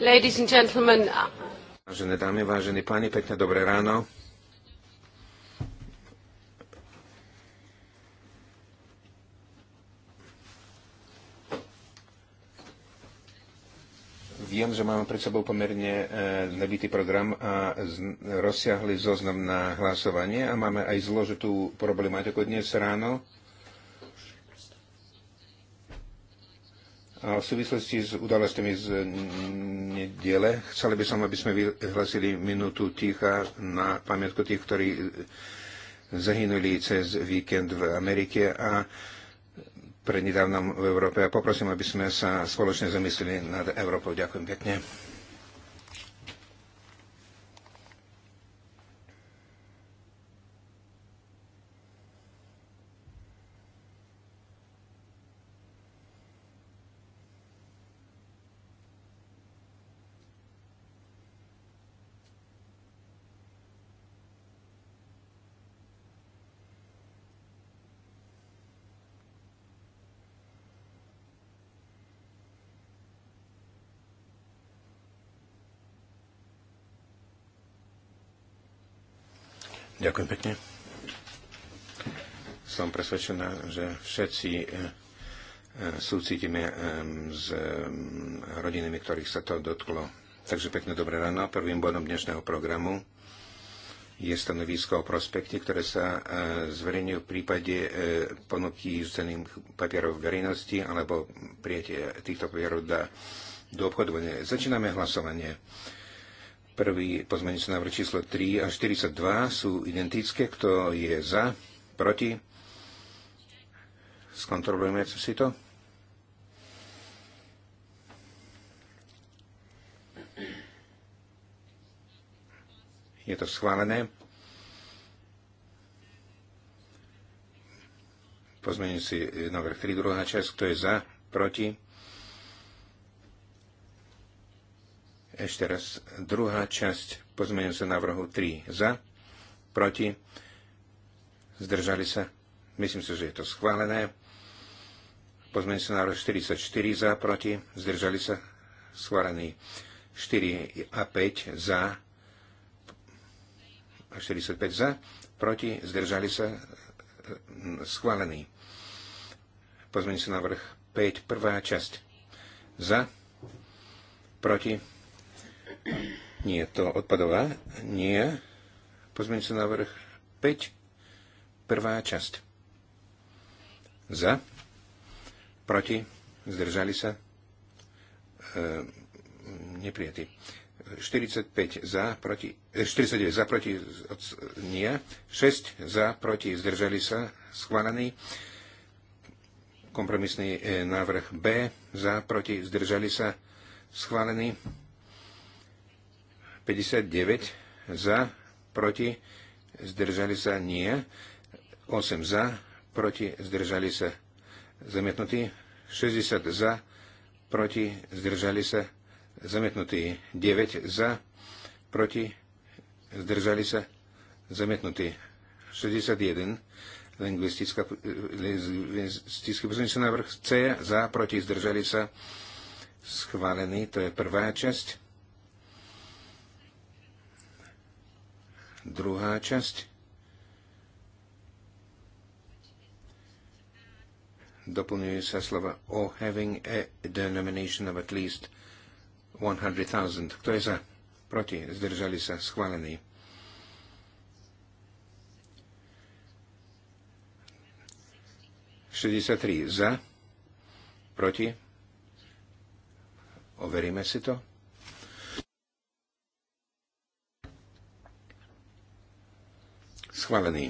Ladies and gentlemen. Uh, Vážené dámy, vážení páni, pekne dobré ráno. Viem, že máme pred sebou pomerne e, nabitý program a rozsiahli zoznam na hlasovanie a máme aj zložitú problematiku dnes ráno. v súvislosti s udalostiami z nedele. Chceli by som, aby sme vyhlasili minútu ticha na pamätku tých, ktorí zahynuli cez víkend v Amerike a prednedávnom v Európe. A poprosím, aby sme sa spoločne zamysleli nad Európou. Ďakujem pekne. Ďakujem pekne. Som presvedčená, že všetci eh, eh, súcitíme eh, s rodinami, ktorých sa to dotklo. Takže pekne dobré ráno. Prvým bodom dnešného programu je stanovisko o prospekte, ktoré sa zverejňuje v prípade ponuky cených papierov verejnosti alebo prijatie týchto papierov do obchodovania. Začíname hlasovanie. Prvý pozmeňujúci návrh číslo 3 a 42 sú identické. Kto je za? Proti? Skontrolujeme si to. Je to schválené. Pozmeňujúci návrh 3, druhá časť. Kto je za? Proti? Ešte raz. Druhá časť pozmeňujúceho návrhu 3 za, proti, zdržali sa. Myslím si, že je to schválené. Pozmeňujúci návrh 44 za, proti, zdržali sa. Schválený 4 a 5 za, a 45 za, proti, zdržali sa, schválený. Pozmeňujúci návrh 5, prvá časť. Za, proti, nie, to odpadová. Nie. Pozmeň sa návrh 5. Prvá časť. Za. Proti. Zdržali sa. E, neprijatý. 45 za, proti, 49 e, za, proti, nie. 6 za, proti, zdržali sa. Schválený. Kompromisný e, návrh B. Za, proti, zdržali sa. Schválený. 59 za, proti, zdržali sa nie, 8 za, proti, zdržali sa zamietnutí, 60 za, proti, zdržali sa zamietnutí, 9 za, proti, zdržali sa zamietnutí, 61 lingvistická, lingvistický pozornosť návrh C za, proti, zdržali sa schválený, to je prvá časť, Druhá časť. Doplňuje sa slova o having a denomination of at least 100,000. Kto je za? Proti. Zdržali sa. Schválený. Šesťdesiat za. Proti. Overíme si to. Schválený.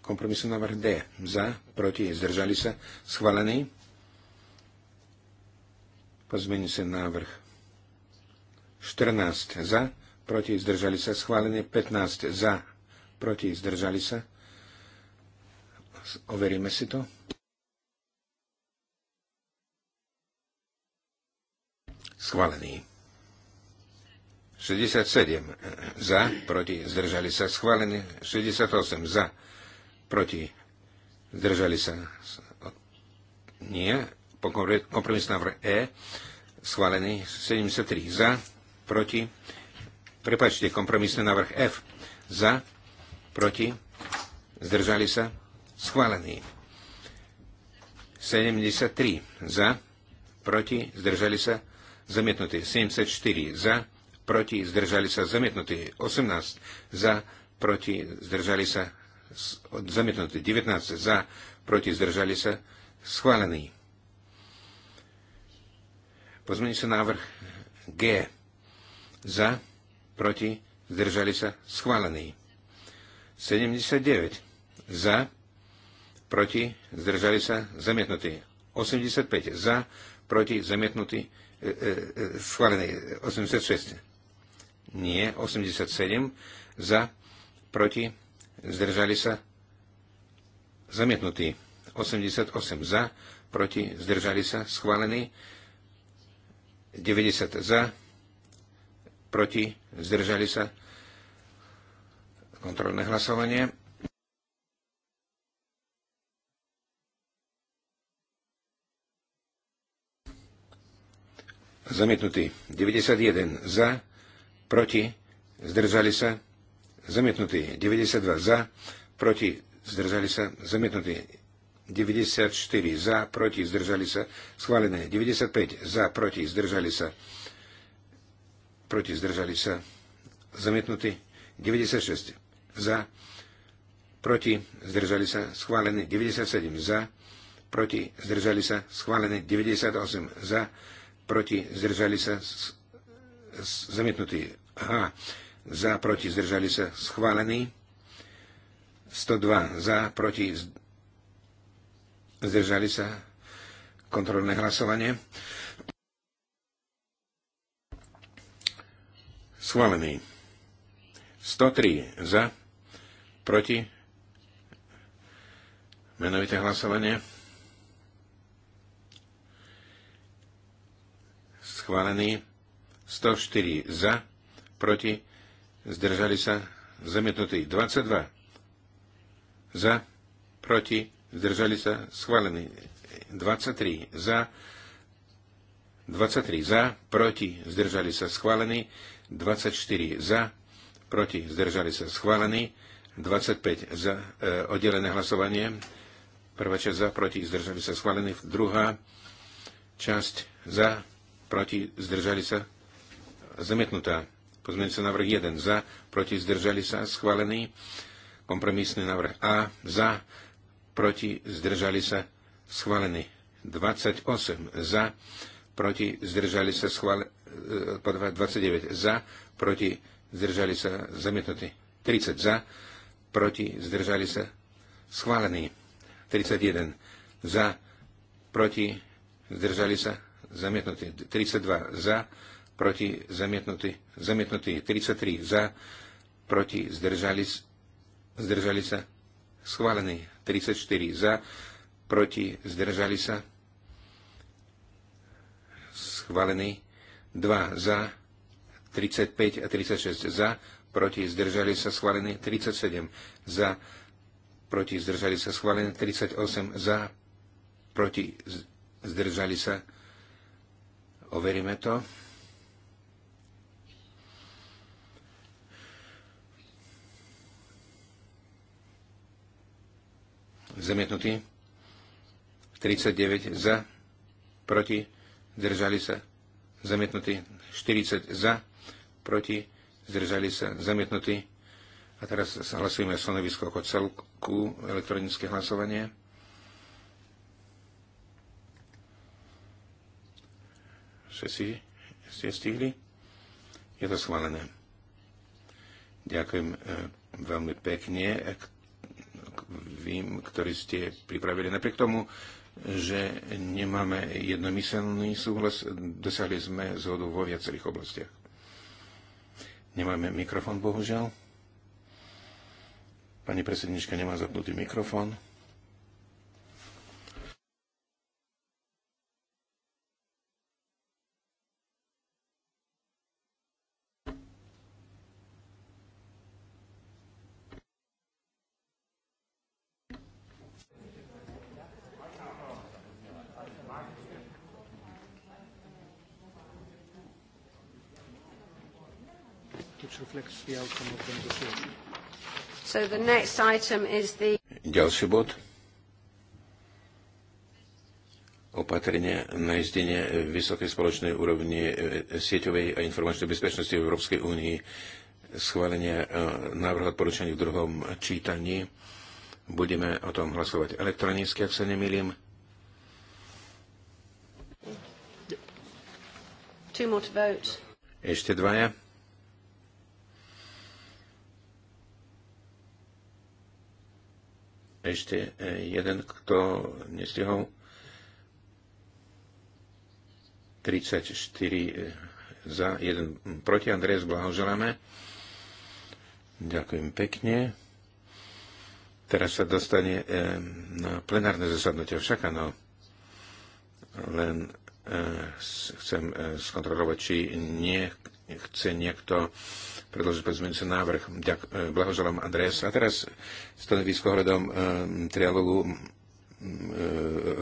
Kompromisný návrh D. Za, proti, zdržali sa. Schválený. sa návrh 14 za, proti, zdržali sa. Schválený 15 za, proti, zdržali sa. Overíme si to. Schválený. 67 za, proti, zdržali sa schválené, 68 za, proti, zdržali sa nie, kompromis návrh E, schválený, 73 za, proti, prepačte, kompromisný návrh F, za, proti, zdržali sa, schválený. 73 za, proti, zdržali sa, zamietnutý. 74 za, proti, zdržali sa zamietnutí. 18 za, proti, zdržali sa zamietnutí. 19 za, proti, zdržali sa schválený. Pozmení sa návrh G. Za, proti, zdržali sa schválený. 79 za, proti, zdržali sa zamietnutí. 85 za, proti, zamietnutí, e, e, e schválený. 86 nie. 87 za, proti, zdržali sa, zamietnutý. 88 za, proti, zdržali sa, schválený. 90 za, proti, zdržali sa, kontrolné hlasovanie. Zamietnutý. 91 za, proti, proti, zdržali sa, zamietnutý 92 za, proti, zdržali sa, zamietnutý 94 za, proti, zdržali sa, schválené 95 za, proti, zdržali sa, proti, zdržali sa, zamietnutý 96 za, proti, zdržali sa, schválené 97 za, proti, zdržali sa, schválené 98 za, proti, zdržali sa, zamietnutý Aha. za, proti, zdržali sa, schválený. 102 za, proti, zdržali sa, kontrolné hlasovanie. Schválený. 103 za, proti, menovité hlasovanie. Schválený. 104 za, proti, zdržali sa, zamietnutí. 22 za, proti, zdržali sa, schválení. 23 za, 23 za, proti, zdržali sa, schválení. 24 za, proti, zdržali sa, schválení. 25 za e, oddelené hlasovanie. Prvá časť za, proti, zdržali sa, schválený. Druhá časť za, proti, zdržali sa, zamietnutá. Pozmeňujúci návrh 1 za, proti zdržali sa, schválený. Kompromisný návrh A za, proti zdržali sa, schválený. 28 e, za, proti zdržali sa, schválený. 29 za, proti zdržali sa, zamietnutý. 30 za, proti zdržali sa, schválený. 31 za, proti zdržali sa, zamietnutý. 32 za, proti zamietnutí, zamietnutý 33 za, proti zdržali, zdržali sa schválený 34 za, proti zdržali sa schválený 2 za, 35 a 36 za, proti zdržali sa schválený 37 za, proti zdržali sa schválený 38 za, proti zdržali sa. Overíme to. Zamietnutí, 39 za. Proti. Zdržali sa. Zamietnutý. 40 za. Proti. Zdržali sa. zamietnutí A teraz sa hlasujeme stanovisko ako celku, elektronické hlasovanie. Všetci ste stihli? Je to schválené. Ďakujem eh, veľmi pekne vím, ktorý ste pripravili. Napriek tomu, že nemáme jednomyselný súhlas, dosiahli sme zhodu vo viacerých oblastiach. Nemáme mikrofón, bohužiaľ. Pani predsednička nemá zapnutý mikrofón. The... Ďalší bod. Opatrenia na jezdenie vysokej spoločnej úrovni e, e, sieťovej a informačnej bezpečnosti v Európskej únii. Schválenie e, návrhu odporúčaní v druhom čítaní. Budeme o tom hlasovať elektronicky, ak sa nemýlim. Ešte dvaja. Ešte e, jeden, kto nestihol. 34 e, za, 1 proti. Andrés, blahoželáme. Ďakujem pekne. Teraz sa dostane e, na plenárne zasadnutie však, áno. Len chcem skontrolovať, či nie chce niekto predložiť pozmeňujúci návrh. Ďak, e, blahoželám Andreas. A teraz stanovisko hľadom e, trialogu e,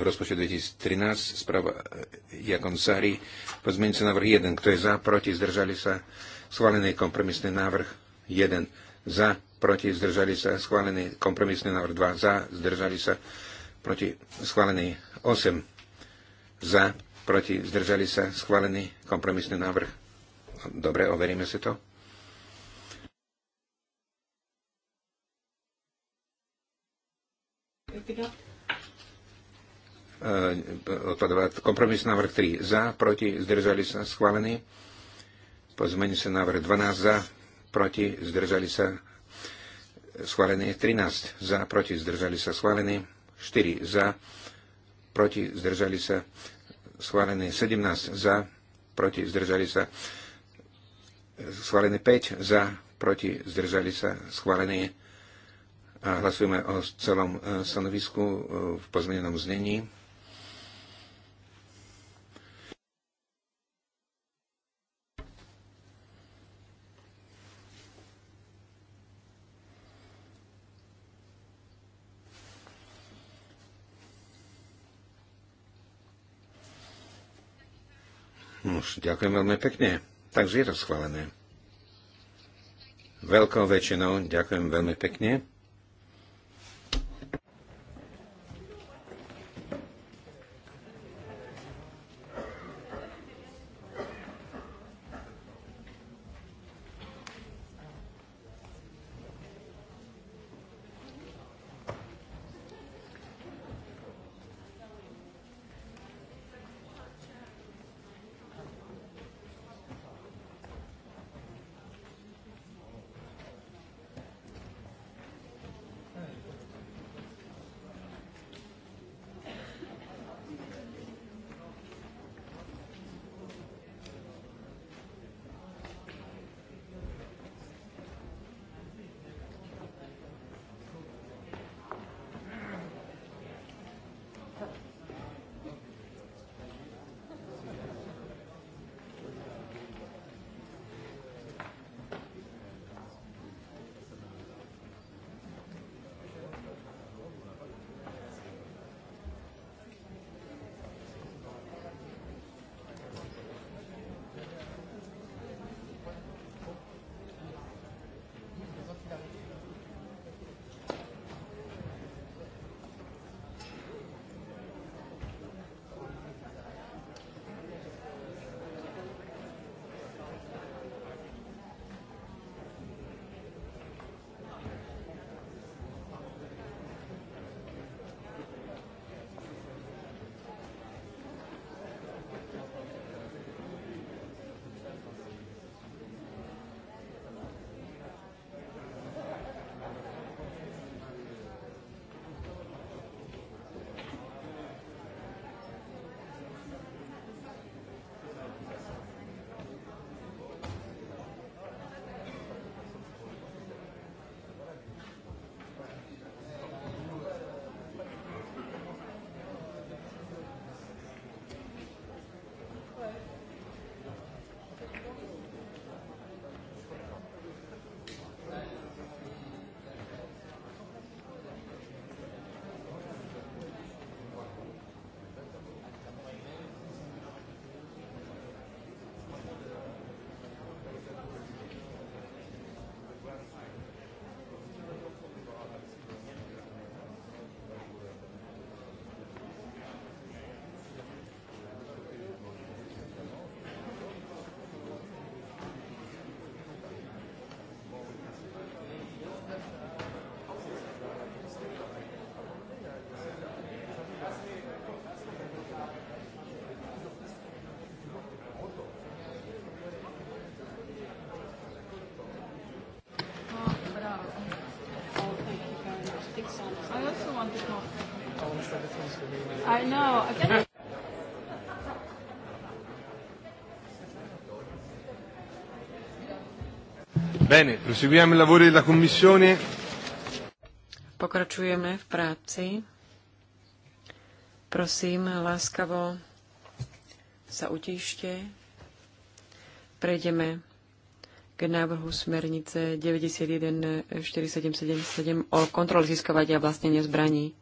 rozpočet 2013, správa e, Jakon Sari, pozmeňujúci návrh 1. Kto je za, proti, zdržali sa? Schválený kompromisný návrh 1. Za, proti, zdržali sa? Schválený kompromisný návrh 2. Za, zdržali sa? Proti, schválený 8. Za, proti, zdržali sa? Schválený kompromisný návrh. Dobre, overíme si to. kritika. E, kompromis návrh 3. Za, proti, zdržali sa, schválený. Pozmení sa návrh 12 za, proti, zdržali sa, schválený. 13 za, proti, zdržali sa, schválený. 4 za, proti, zdržali sa, schválený. 17 za, proti, zdržali sa, schválený. 5 za, proti, zdržali sa, schválený a hlasujeme o celom e, stanovisku e, v pozmenenom znení. Už, ďakujem veľmi pekne. Takže je to schválené. Veľkou väčšinou ďakujem veľmi pekne. Bene, proseguiamo i lavori della Commissione. Pokračujeme v práci. Prosím, láskavo sa utište. Prejdeme k návrhu smernice 914777 o kontrole získavania a vlastnenia zbraní.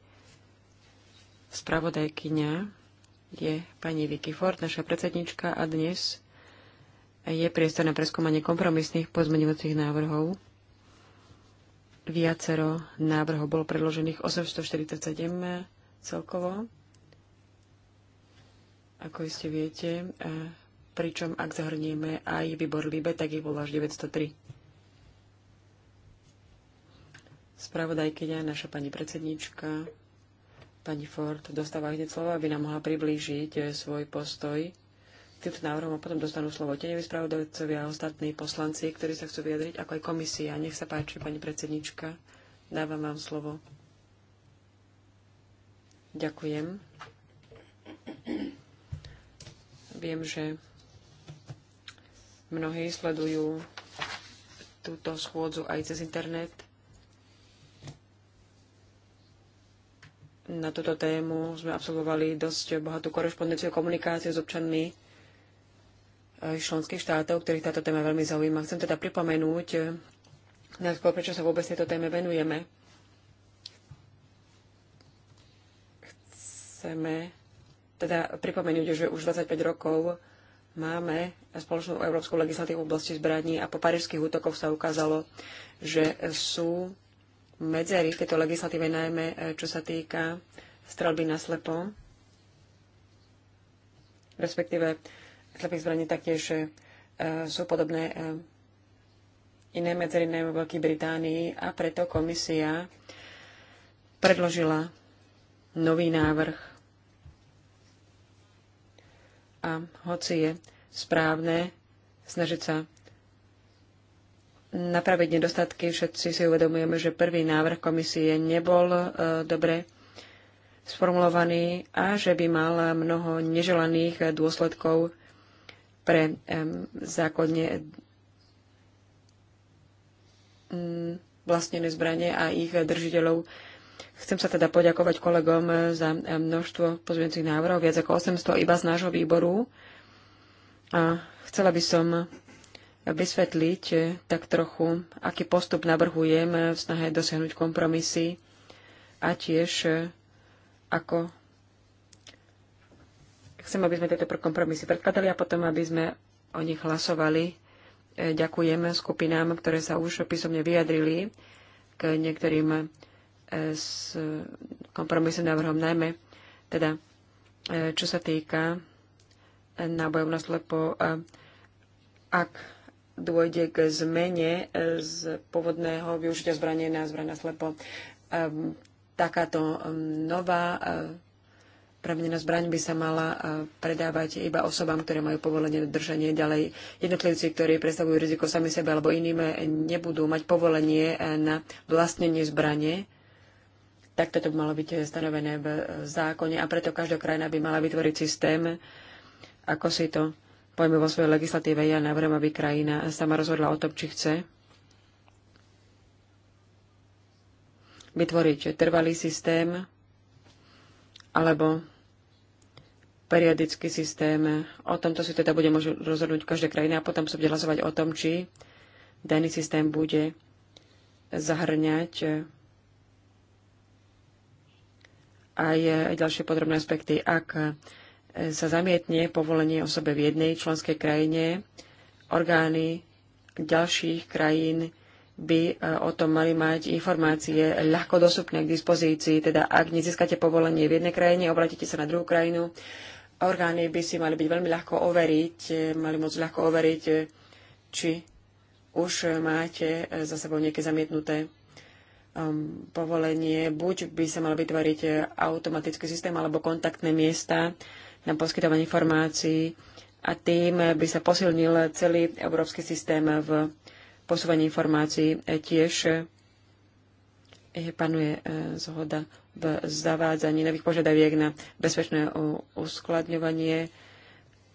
Spravodajkyňa je pani Vicky Ford, naša predsednička a dnes je priestor na preskúmanie kompromisných pozmeňujúcich návrhov. Viacero návrhov bolo predložených 847 celkovo, ako iste viete, e, pričom ak zahrnieme aj výbor Libe, tak ich bolo až 903. Spravodajkyňa, naša pani predsedníčka, pani Ford, dostáva hneď slovo, aby nám mohla priblížiť e, svoj postoj týmto návrhom a potom dostanú slovo tenevi spravodajcovia a ostatní poslanci, ktorí sa chcú vyjadriť, ako aj komisia. Nech sa páči, pani predsednička, dávam vám slovo. Ďakujem. Viem, že mnohí sledujú túto schôdzu aj cez internet. Na túto tému sme absolvovali dosť bohatú korešpondenciu komunikáciu s občanmi členských štátov, ktorých táto téma veľmi zaujíma. Chcem teda pripomenúť, eh, najskôr prečo sa vôbec tejto téme venujeme. Chceme teda pripomenúť, že už 25 rokov máme spoločnú európsku legislatívu v oblasti zbraní a po parížských útokoch sa ukázalo, že sú medzery v tejto legislatíve, najmä eh, čo sa týka strelby na slepo, respektíve slepých zbraní taktiež e, sú podobné e, iné medzery najmä v Veľkej Británii a preto komisia predložila nový návrh. A hoci je správne snažiť sa napraviť nedostatky, všetci si uvedomujeme, že prvý návrh komisie nebol uh, dobre sformulovaný a že by mal mnoho neželaných dôsledkov pre zákonne mm, vlastnené zbranie a ich držiteľov. Chcem sa teda poďakovať kolegom eh, za množstvo pozmeňujúcich návrhov, viac ako 800 iba z nášho výboru. A chcela by som vysvetliť eh, tak trochu, aký postup navrhujem eh, v snahe dosiahnuť kompromisy a tiež ako Chcem, aby sme tieto kompromisy predkladali a potom, aby sme o nich hlasovali. E, ďakujem skupinám, ktoré sa už písomne vyjadrili k niektorým e, s kompromisným návrhom, najmä teda, e, čo sa týka nábojov na slepo, ak dôjde k zmene z pôvodného využitia zbranie na zbraň na slepo. Takáto nová premenená zbraň by sa mala eh, predávať iba osobám, ktoré majú povolenie na držanie ďalej. Jednotlivci, ktorí predstavujú riziko sami sebe alebo iným, eh, nebudú mať povolenie eh, na vlastnenie zbranie, Takto to by malo byť stanovené v zákone a preto každá krajina by mala vytvoriť systém, ako si to pojme vo svojej legislatíve. Ja navrhujem, aby krajina sama rozhodla o tom, či chce vytvoriť trvalý systém alebo periodický systém. O tomto si teda bude môžu rozhodnúť každá krajina a potom sa bude hlasovať o tom, či daný systém bude zahrňať aj ďalšie podrobné aspekty. Ak sa zamietne povolenie osobe v jednej členskej krajine, orgány ďalších krajín by e, o tom mali mať informácie ľahko dostupné k dispozícii. Teda ak nezískate povolenie v jednej krajine, obratíte sa na druhú krajinu, orgány by si mali byť veľmi ľahko overiť, mali môcť ľahko overiť, či už máte za sebou nejaké zamietnuté um, povolenie. Buď by sa mal vytvoriť automatický systém alebo kontaktné miesta na poskytovanie informácií a tým by sa posilnil celý európsky systém v posúvaní informácií. Tiež Eh, panuje eh, zhoda v zavádzaní nových požiadaviek na bezpečné uskladňovanie.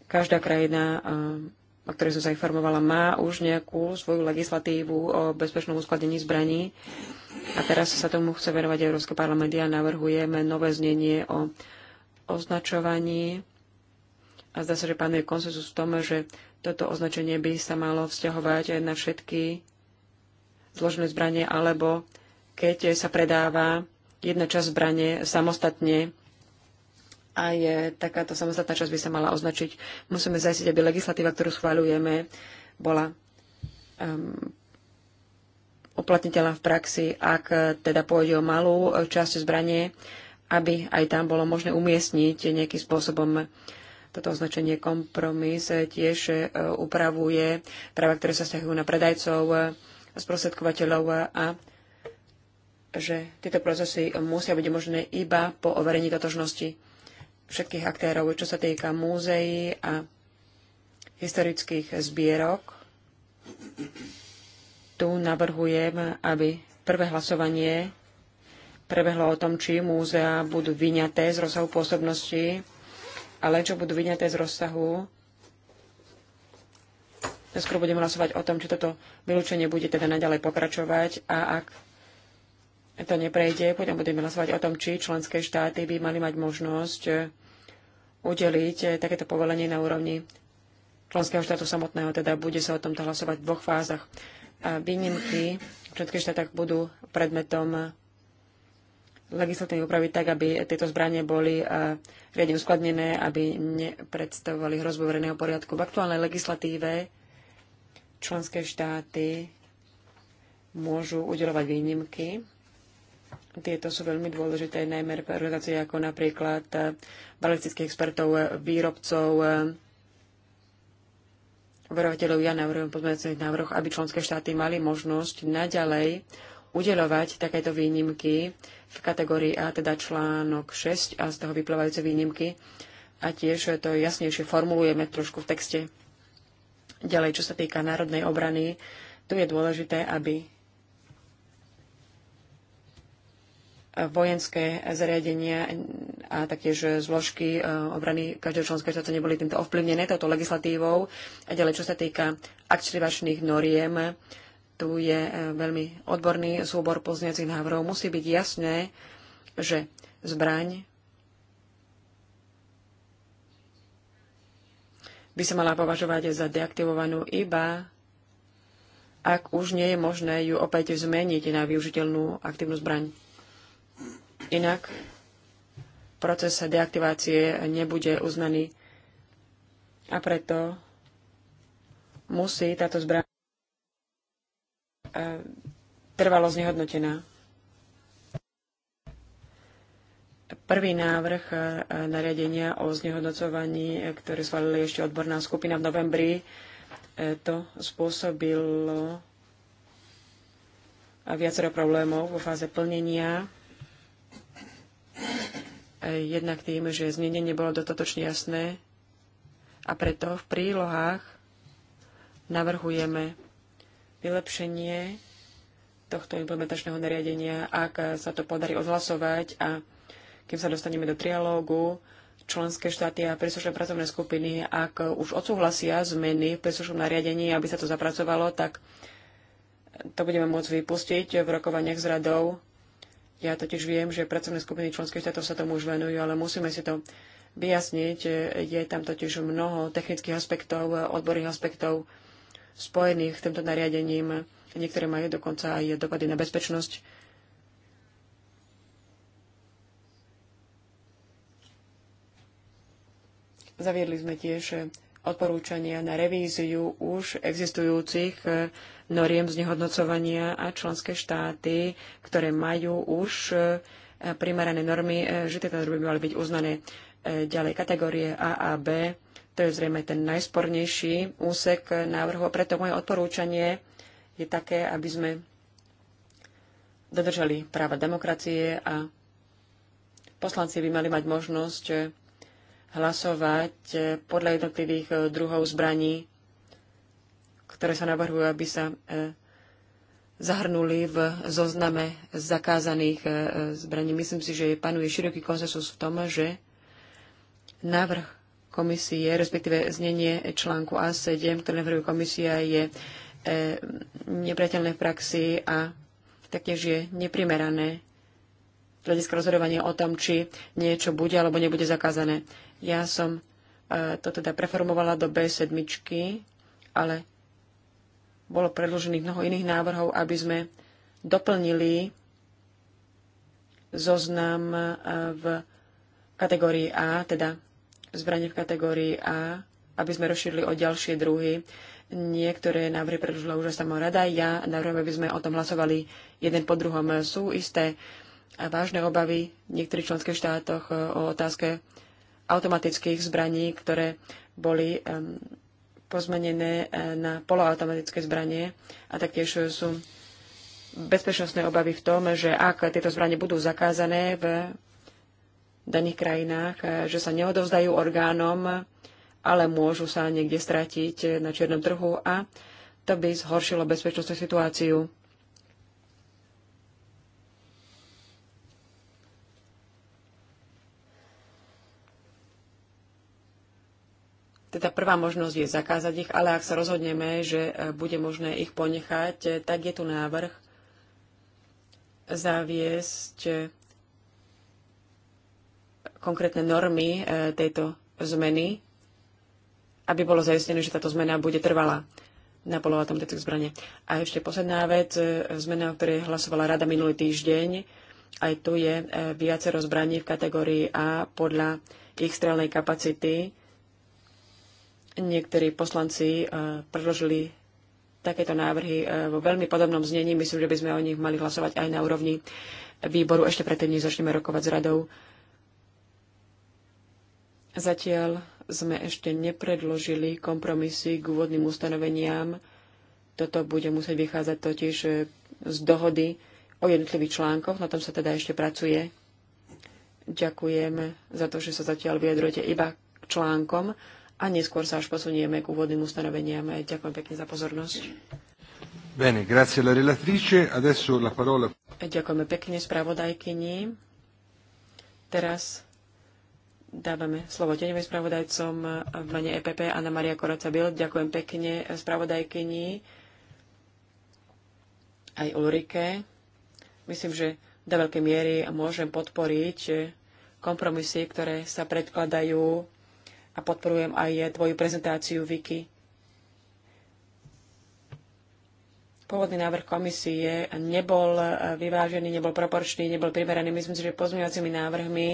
Každá krajina, eh, o ktorej som sa informovala, má už nejakú svoju legislatívu o bezpečnom uskladení zbraní. A teraz sa tomu chce venovať Európske parlament a navrhujeme nové znenie o označovaní. A zdá sa, že panuje konsenzus v tom, že toto označenie by sa malo vzťahovať aj na všetky zložené zbranie alebo keď sa predáva jedna časť zbrane samostatne a je takáto samostatná časť by sa mala označiť. Musíme zajistiť, aby legislatíva, ktorú schváľujeme, bola um, uplatniteľná v praxi, ak teda pôjde o malú časť zbranie, aby aj tam bolo možné umiestniť nejakým spôsobom toto označenie kompromis tiež e, upravuje práva, ktoré sa vzťahujú na predajcov, sprostredkovateľov a že tieto procesy musia byť možné iba po overení totožnosti všetkých aktérov, čo sa týka múzeí a historických zbierok. Tu navrhujem, aby prvé hlasovanie prebehlo o tom, či múzea budú vyňaté z rozsahu pôsobnosti, ale čo budú vyňaté z rozsahu. Neskôr budem hlasovať o tom, či toto vylúčenie bude teda naďalej pokračovať a ak to neprejde, potom budeme hlasovať o tom, či členské štáty by mali mať možnosť e, udeliť e, takéto povolenie na úrovni členského štátu samotného, teda bude sa o tomto hlasovať v dvoch fázach. A výnimky v členských štátach budú predmetom legislatívnej úpravy tak, aby tieto zbranie boli e, riadne uskladnené, aby nepredstavovali hrozbu verejného poriadku. V aktuálnej legislatíve členské štáty môžu udelovať výnimky tieto sú veľmi dôležité, najmä pre organizácie ako napríklad eh, balistických expertov, eh, výrobcov, eh, verovateľov. Ja navrhujem pozmeňovacích návrh, aby členské štáty mali možnosť naďalej udelovať takéto výnimky v kategórii A, teda článok 6 a z toho vyplývajúce výnimky. A tiež to jasnejšie formulujeme trošku v texte. Ďalej, čo sa týka národnej obrany, tu je dôležité, aby vojenské zariadenia a taktiež zložky e, obrany každého členského štátu neboli týmto ovplyvnené, touto legislatívou. A ďalej, čo sa týka aktivačných noriem, tu je e, veľmi odborný súbor pozniacich návrhov. Musí byť jasné, že zbraň by sa mala považovať za deaktivovanú iba ak už nie je možné ju opäť zmeniť na využiteľnú aktívnu zbraň. Inak proces deaktivácie nebude uznaný a preto musí táto zbraň e, trvalo znehodnotená. Prvý návrh e, nariadenia o znehodnocovaní, e, ktorý schválili ešte odborná skupina v novembri, to spôsobilo viacero problémov vo fáze plnenia Eh, jednak tým, že znenie nebolo dostatočne jasné a preto v prílohách navrhujeme vylepšenie tohto implementačného nariadenia, ak sa to podarí odhlasovať a kým sa dostaneme do trialógu, členské štáty a príslušné pracovné skupiny, ak už odsúhlasia zmeny v príslušnom nariadení, aby sa to zapracovalo, tak to budeme môcť vypustiť v rokovaniach s radou ja totiž viem, že pracovné skupiny členských štátov sa tomu už venujú, ale musíme si to vyjasniť. Je tam totiž mnoho technických aspektov, odborných aspektov spojených s týmto nariadením. Niektoré majú dokonca aj dopady na bezpečnosť. Zaviedli sme tiež odporúčania na revíziu už existujúcich noriem znehodnocovania a členské štáty, ktoré majú už e, primerané normy, e, že tieto normy by mali byť uznané e, ďalej kategórie A a B. To je zrejme ten najspornejší úsek návrhu preto moje odporúčanie je také, aby sme dodržali práva demokracie a poslanci by mali mať možnosť hlasovať podľa jednotlivých druhov zbraní ktoré sa navrhujú, aby sa e, zahrnuli v zozname zakázaných e, e, zbraní. Myslím si, že panuje široký konsensus v tom, že návrh komisie, respektíve znenie článku A7, ktoré navrhuje komisia, je nepriateľné v praxi a taktiež je neprimerané hľadiska rozhodovania o tom, či niečo bude alebo nebude zakázané. Ja som to teda preformovala do B7, ale bolo predložených mnoho iných návrhov, aby sme doplnili zoznam e, v kategórii A, teda zbranie v kategórii A, aby sme rozšírili o ďalšie druhy. Niektoré návrhy predložila už sama rada. Ja navrhujem, aby sme o tom hlasovali jeden po druhom. Sú isté vážne obavy v niektorých členských štátoch e, o otázke automatických zbraní, ktoré boli pozmenené e, na poloautomatické zbranie a taktiež sú bezpečnostné obavy v tom, že ak tieto zbranie budú zakázané v daných krajinách, e, že sa neodovzdajú orgánom, ale môžu sa niekde stratiť na čiernom trhu a to by zhoršilo bezpečnostnú situáciu. Teda prvá možnosť je zakázať ich, ale ak sa rozhodneme, že e, bude možné ich ponechať, e, tak je tu návrh zaviesť e, konkrétne normy tejto zmeny, aby bolo zajistené, že táto zmena bude trvalá na polovatom tejto zbrane. A ešte posledná vec, zmena, o ktorej hlasovala rada minulý týždeň, aj tu je viacero zbraní v kategórii A podľa ich strelnej kapacity Niektorí poslanci eh, predložili takéto návrhy eh, vo veľmi podobnom znení. Myslím, že by sme o nich mali hlasovať aj na úrovni výboru ešte predtým, než začneme rokovať s radou. Zatiaľ sme ešte nepredložili kompromisy k úvodným ustanoveniam. Toto bude musieť vychádzať totiž eh, z dohody o jednotlivých článkoch. Na tom sa teda ešte pracuje. Ďakujem za to, že sa zatiaľ vyjadrujete iba k článkom a neskôr sa až posunieme k úvodným ustanoveniam. Ďakujem pekne za pozornosť. Bene, grazie alla relatrice. Adesso la parola... Ďakujeme pekne spravodajkyni. Teraz dávame slovo tenevým spravodajcom v mene EPP Anna Maria koraca -Bil. Ďakujem pekne spravodajkyni aj Ulrike. Myslím, že do veľkej miery môžem podporiť kompromisy, ktoré sa predkladajú a podporujem aj tvoju prezentáciu, Vicky. Pôvodný návrh komisie nebol eh, vyvážený, nebol proporčný, nebol primeraný. Myslím si, že pozmeňovacími návrhmi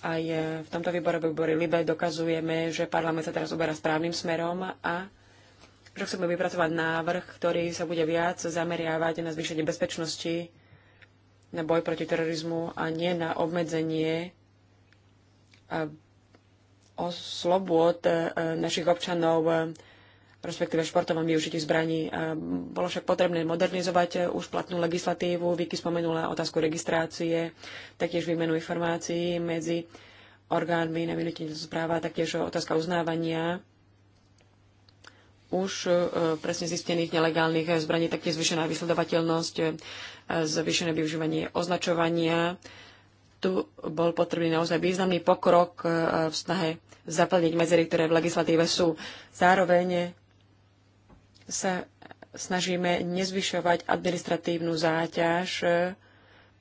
aj eh, v tomto výbore, výbore LIBE, dokazujeme, že parlament sa teraz uberá správnym smerom a že chceme vypracovať návrh, ktorý sa bude viac zameriavať na zvýšenie bezpečnosti, na boj proti terorizmu a nie na obmedzenie eh, o slobôd e, našich občanov, e, respektíve športovom využití zbraní. E, bolo však potrebné modernizovať už platnú legislatívu. Vicky spomenula otázku registrácie, taktiež výmenu informácií medzi orgánmi na vynutenie správa, taktiež otázka uznávania už presne zistených nelegálnych zbraní, taktiež zvyšená vysledovateľnosť, zvyšené využívanie označovania. Tu bol potrebný naozaj významný pokrok v snahe zaplniť medzery, ktoré v legislatíve sú. Zároveň sa snažíme nezvyšovať administratívnu záťaž e,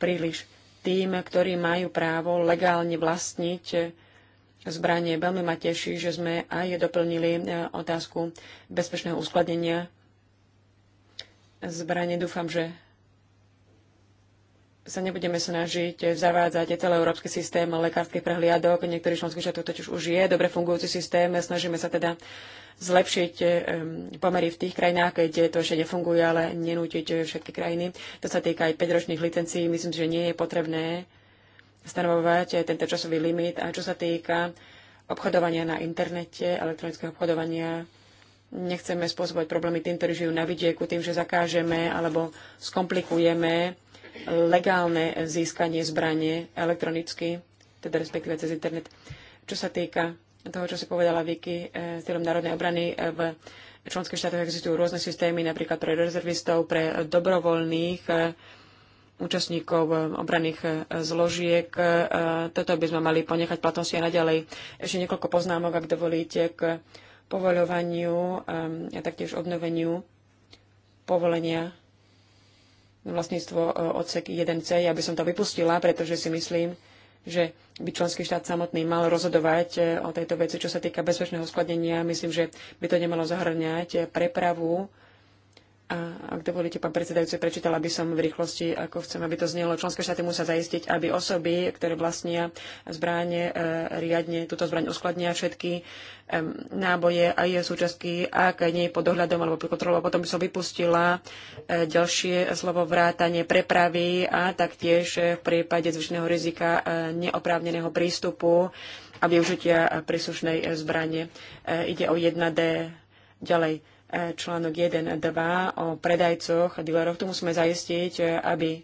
príliš tým, ktorí majú právo legálne vlastniť e, zbranie. Veľmi ma teší, že sme aj doplnili e, otázku bezpečného uskladnenia zbranie. Dúfam, že sa nebudeme snažiť zavádzať celoeurópsky systém lekárskych prehliadok. Niektorých členských štátov totiž už je dobre fungujúci systém. Snažíme sa teda zlepšiť pomery v tých krajinách, kde to ešte nefunguje, ale nenútiť všetky krajiny. To sa týka aj 5-ročných licencií. Myslím si, že nie je potrebné stanovovať tento časový limit. A čo sa týka obchodovania na internete, elektronického obchodovania, nechceme spôsobovať problémy tým, ktorí žijú na vidieku, tým, že zakážeme alebo skomplikujeme legálne získanie zbranie elektronicky, teda respektíve cez internet. Čo sa týka toho, čo si povedala Vicky, eh, s cieľom národnej obrany eh, v členských štátoch existujú rôzne systémy, napríklad pre rezervistov, pre dobrovoľných eh, účastníkov obranných zložiek. Toto by sme mali ponechať platnosti aj naďalej. Ešte niekoľko poznámok, ak dovolíte, k povoľovaniu a taktiež obnoveniu povolenia vlastníctvo e, odsek 1c. Ja by som to vypustila, pretože si myslím, že by členský štát samotný mal rozhodovať e, o tejto veci, čo sa týka bezpečného skladenia. Myslím, že by to nemalo zahrňať prepravu a ak dovolíte, pán predsedajúci, prečítala by som v rýchlosti, ako chcem, aby to znelo. Členské štáty musia zaistiť, aby osoby, ktoré vlastnia zbráne, e, riadne túto zbraň uskladnia všetky e, náboje a jej súčasky, ak nie je pod dohľadom alebo pod kontrolou. Potom by som vypustila e, ďalšie slovo vrátanie prepravy a taktiež e, v prípade zvyšného rizika e, neoprávneného prístupu a využitia príslušnej zbrane. E, ide o 1D ďalej článok 1 a 2 o predajcoch a dealeroch. Tu musíme zaistiť, aby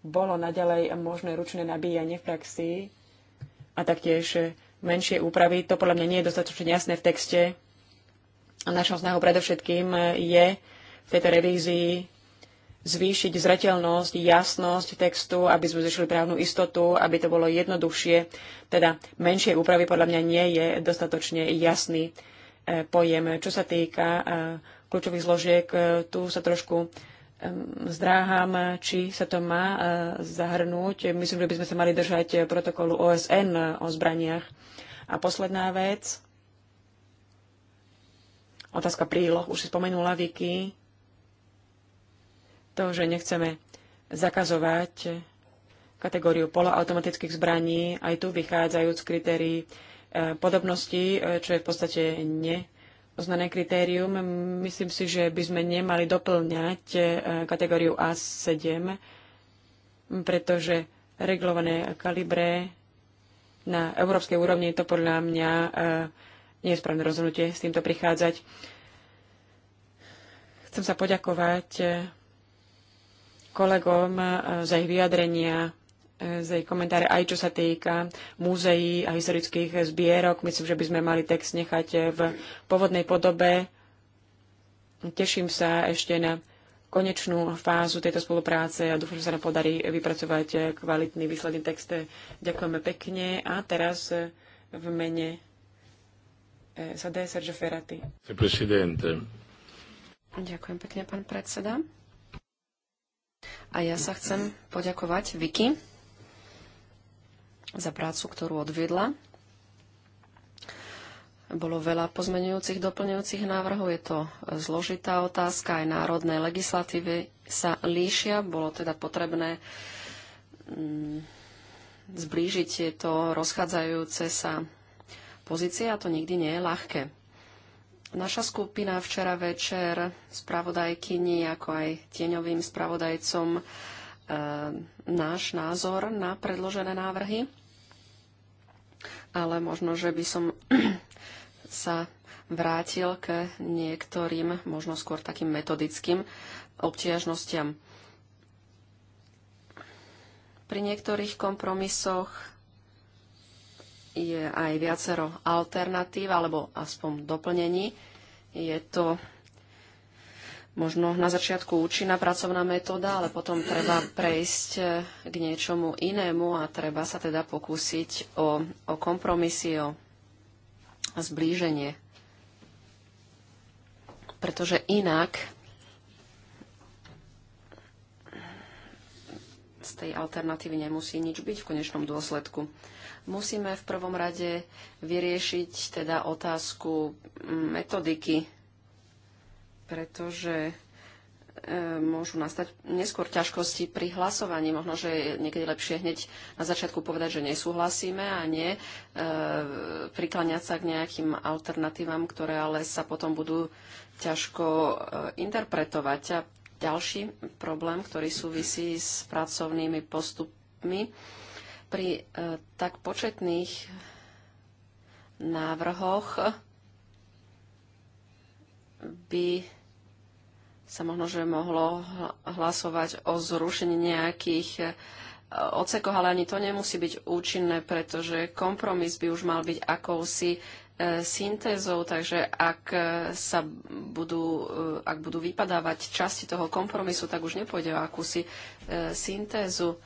bolo naďalej možné ručné nabíjanie v praxi a taktiež menšie úpravy. To podľa mňa nie je dostatočne jasné v texte. A našou snahou predovšetkým je v tejto revízii zvýšiť zretelnosť, jasnosť textu, aby sme zvýšili právnu istotu, aby to bolo jednoduchšie. Teda menšie úpravy podľa mňa nie je dostatočne jasný E, pojem. Čo sa týka e, kľúčových zložiek, e, tu sa trošku zdráham, či sa to má zahrnúť. Myslím, že by sme sa mali držať protokolu OSN o zbraniach. A posledná vec, otázka príloh, už si spomenula Viki, to, že nechceme zakazovať kategóriu poloautomatických zbraní, aj tu vychádzajúc z kritérií podobnosti, eh, čo je v podstate neoznané kritérium. Myslím si, že by sme nemali doplňať eh, kategóriu A7, pretože regulované kalibre na európskej úrovni to podľa mňa eh, nie je správne rozhodnutie s týmto prichádzať. Chcem sa poďakovať kolegom za ich vyjadrenia za jej komentáre, aj čo sa týka múzeí a historických zbierok. Myslím, že by sme mali text nechať v povodnej podobe. Teším sa ešte na konečnú fázu tejto spolupráce a dúfam, že sa nám podarí vypracovať kvalitný výsledný text. Ďakujeme pekne a teraz v mene e, Sade Sergio Ferrati. Ďakujem pekne, pán predseda. A ja sa chcem poďakovať Viki za prácu, ktorú odviedla. Bolo veľa pozmenujúcich, doplňujúcich návrhov. Je to zložitá otázka. Aj národné legislatívy sa líšia. Bolo teda potrebné mm, zblížiť tieto rozchádzajúce sa pozície a to nikdy nie je ľahké. Naša skupina včera večer spravodajkyni, ako aj tieňovým spravodajcom, Ehm, náš názor na predložené návrhy, ale možno, že by som sa vrátil k niektorým, možno skôr takým metodickým obtiažnostiam. Pri niektorých kompromisoch je aj viacero alternatív alebo aspoň doplnení. Je to možno na začiatku účinná pracovná metóda, ale potom treba prejsť eh, k niečomu inému a treba sa teda pokúsiť o, o kompromisy, o zblíženie. Pretože inak z tej alternatívy nemusí nič byť v konečnom dôsledku musíme v prvom rade vyriešiť teda otázku metodiky pretože e, môžu nastať neskôr ťažkosti pri hlasovaní. Možno, že je niekedy lepšie hneď na začiatku povedať, že nesúhlasíme a nie e, prikláňať sa k nejakým alternatívam, ktoré ale sa potom budú ťažko e, interpretovať. A ďalší problém, ktorý súvisí s pracovnými postupmi pri e, tak početných návrhoch by sa možno, že mohlo hlasovať o zrušení nejakých e, ocekoch, ale ani to nemusí byť účinné, pretože kompromis by už mal byť akousi e, syntézou, takže ak e, sa budú, ak budú vypadávať časti toho kompromisu, tak už nepôjde o akúsi syntézu.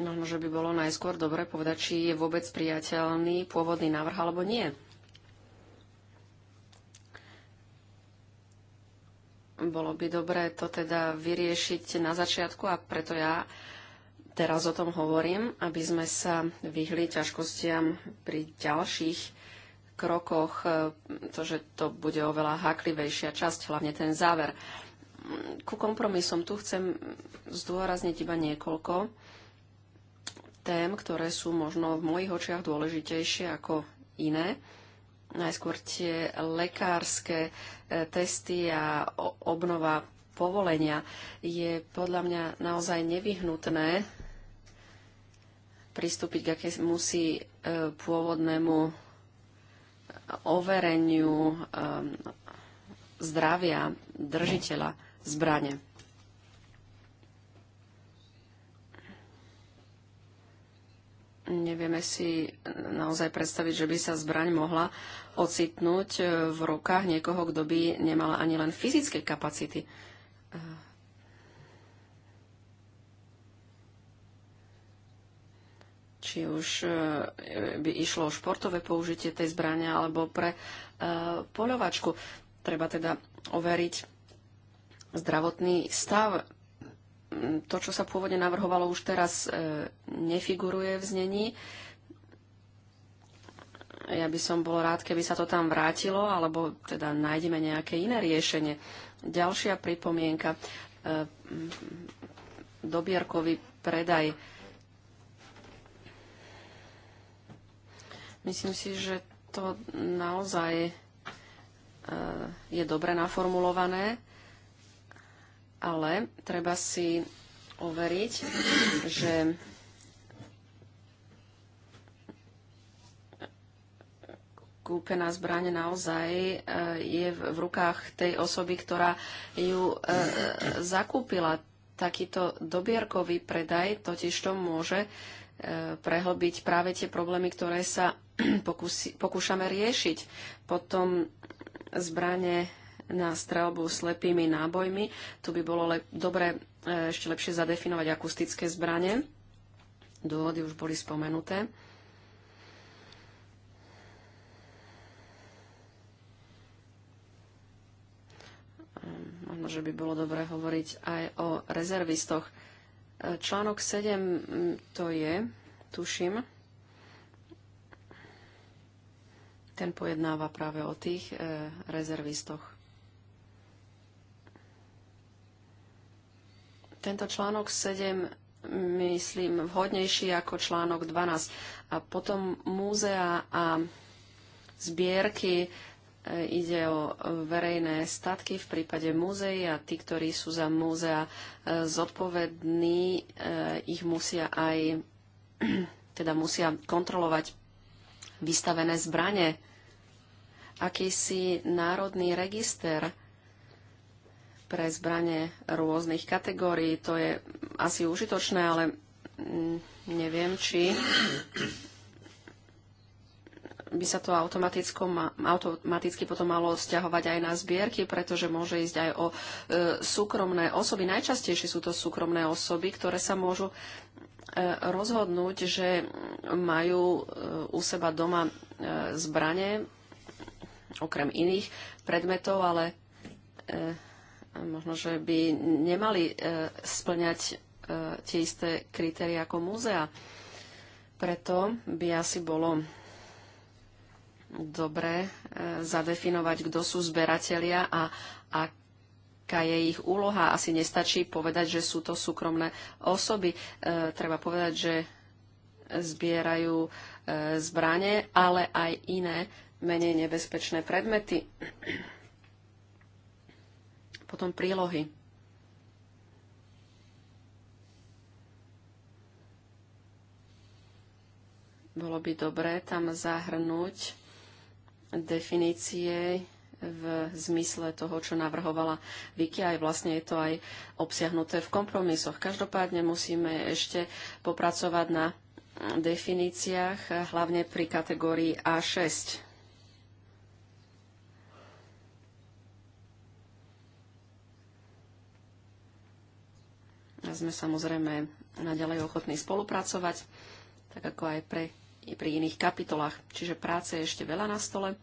Možno, že by bolo najskôr dobre povedať, či je vôbec priateľný pôvodný návrh alebo nie. Bolo by dobré to teda vyriešiť na začiatku a preto ja teraz o tom hovorím, aby sme sa vyhli ťažkostiam pri ďalších krokoch, e, to, že to bude oveľa haklivejšia časť, hlavne ten záver. Ku kompromisom tu chcem zdôrazniť iba niekoľko tém, ktoré sú možno v mojich očiach dôležitejšie ako iné najskôr tie lekárske e, testy a obnova povolenia je podľa mňa naozaj nevyhnutné pristúpiť k musí e, pôvodnému overeniu e, zdravia držiteľa zbrane. Nevieme si eh, naozaj predstaviť, že by sa zbraň mohla ocitnúť eh, v rukách niekoho, kto by nemala ani len fyzické kapacity. Eh, či už by išlo o športové použitie tej zbrania alebo pre poľovačku. Treba teda overiť zdravotný stav to, čo sa pôvodne navrhovalo, už teraz e, nefiguruje v znení. Ja by som bol rád, keby sa to tam vrátilo, alebo teda nájdeme nejaké iné riešenie. Ďalšia pripomienka. E, dobierkový predaj. Myslím si, že to naozaj e, je dobre naformulované ale treba si overiť, že kúpená zbraň naozaj eh, je v rukách tej osoby, ktorá ju eh, zakúpila. Takýto dobierkový predaj totiž to môže eh, prehlbiť práve tie problémy, ktoré sa pokúsi, pokúšame riešiť. Potom zbranie na strelbu slepými nábojmi. Tu by bolo lep- dobre e, ešte lepšie zadefinovať akustické zbranie. Dôvody už boli spomenuté. Ehm, možno, že by bolo dobre hovoriť aj o rezervistoch. E, článok 7 mm, to je, tuším, ten pojednáva práve o tých e, rezervistoch. tento článok 7 myslím vhodnejší ako článok 12. A potom múzea a zbierky e, ide o verejné statky v prípade múzeí a tí, ktorí sú za múzea e, zodpovední, e, ich musia aj teda musia kontrolovať vystavené zbranie. Akýsi národný register pre zbranie rôznych kategórií. To je asi užitočné, ale mm, neviem, či by sa to automaticky potom malo stiahovať aj na zbierky, pretože môže ísť aj o e, súkromné osoby. Najčastejšie sú to súkromné osoby, ktoré sa môžu e, rozhodnúť, že majú e, u seba doma zbranie, okrem iných predmetov, ale možno, že by nemali e, splňať e, tie isté kritéria ako múzea. Preto by asi bolo dobre e, zadefinovať, kto sú zberatelia a aká je ich úloha. Asi nestačí povedať, že sú to súkromné osoby. E, treba povedať, že zbierajú e, zbranie, ale aj iné menej nebezpečné predmety potom prílohy. Bolo by dobré tam zahrnúť definície v zmysle toho, čo navrhovala Vicky, aj vlastne je to aj obsiahnuté v kompromisoch. Každopádne musíme ešte popracovať na definíciách, hlavne pri kategórii A6. sme samozrejme naďalej ochotní spolupracovať, tak ako aj pre, i pri iných kapitolách. Čiže práce je ešte veľa na stole,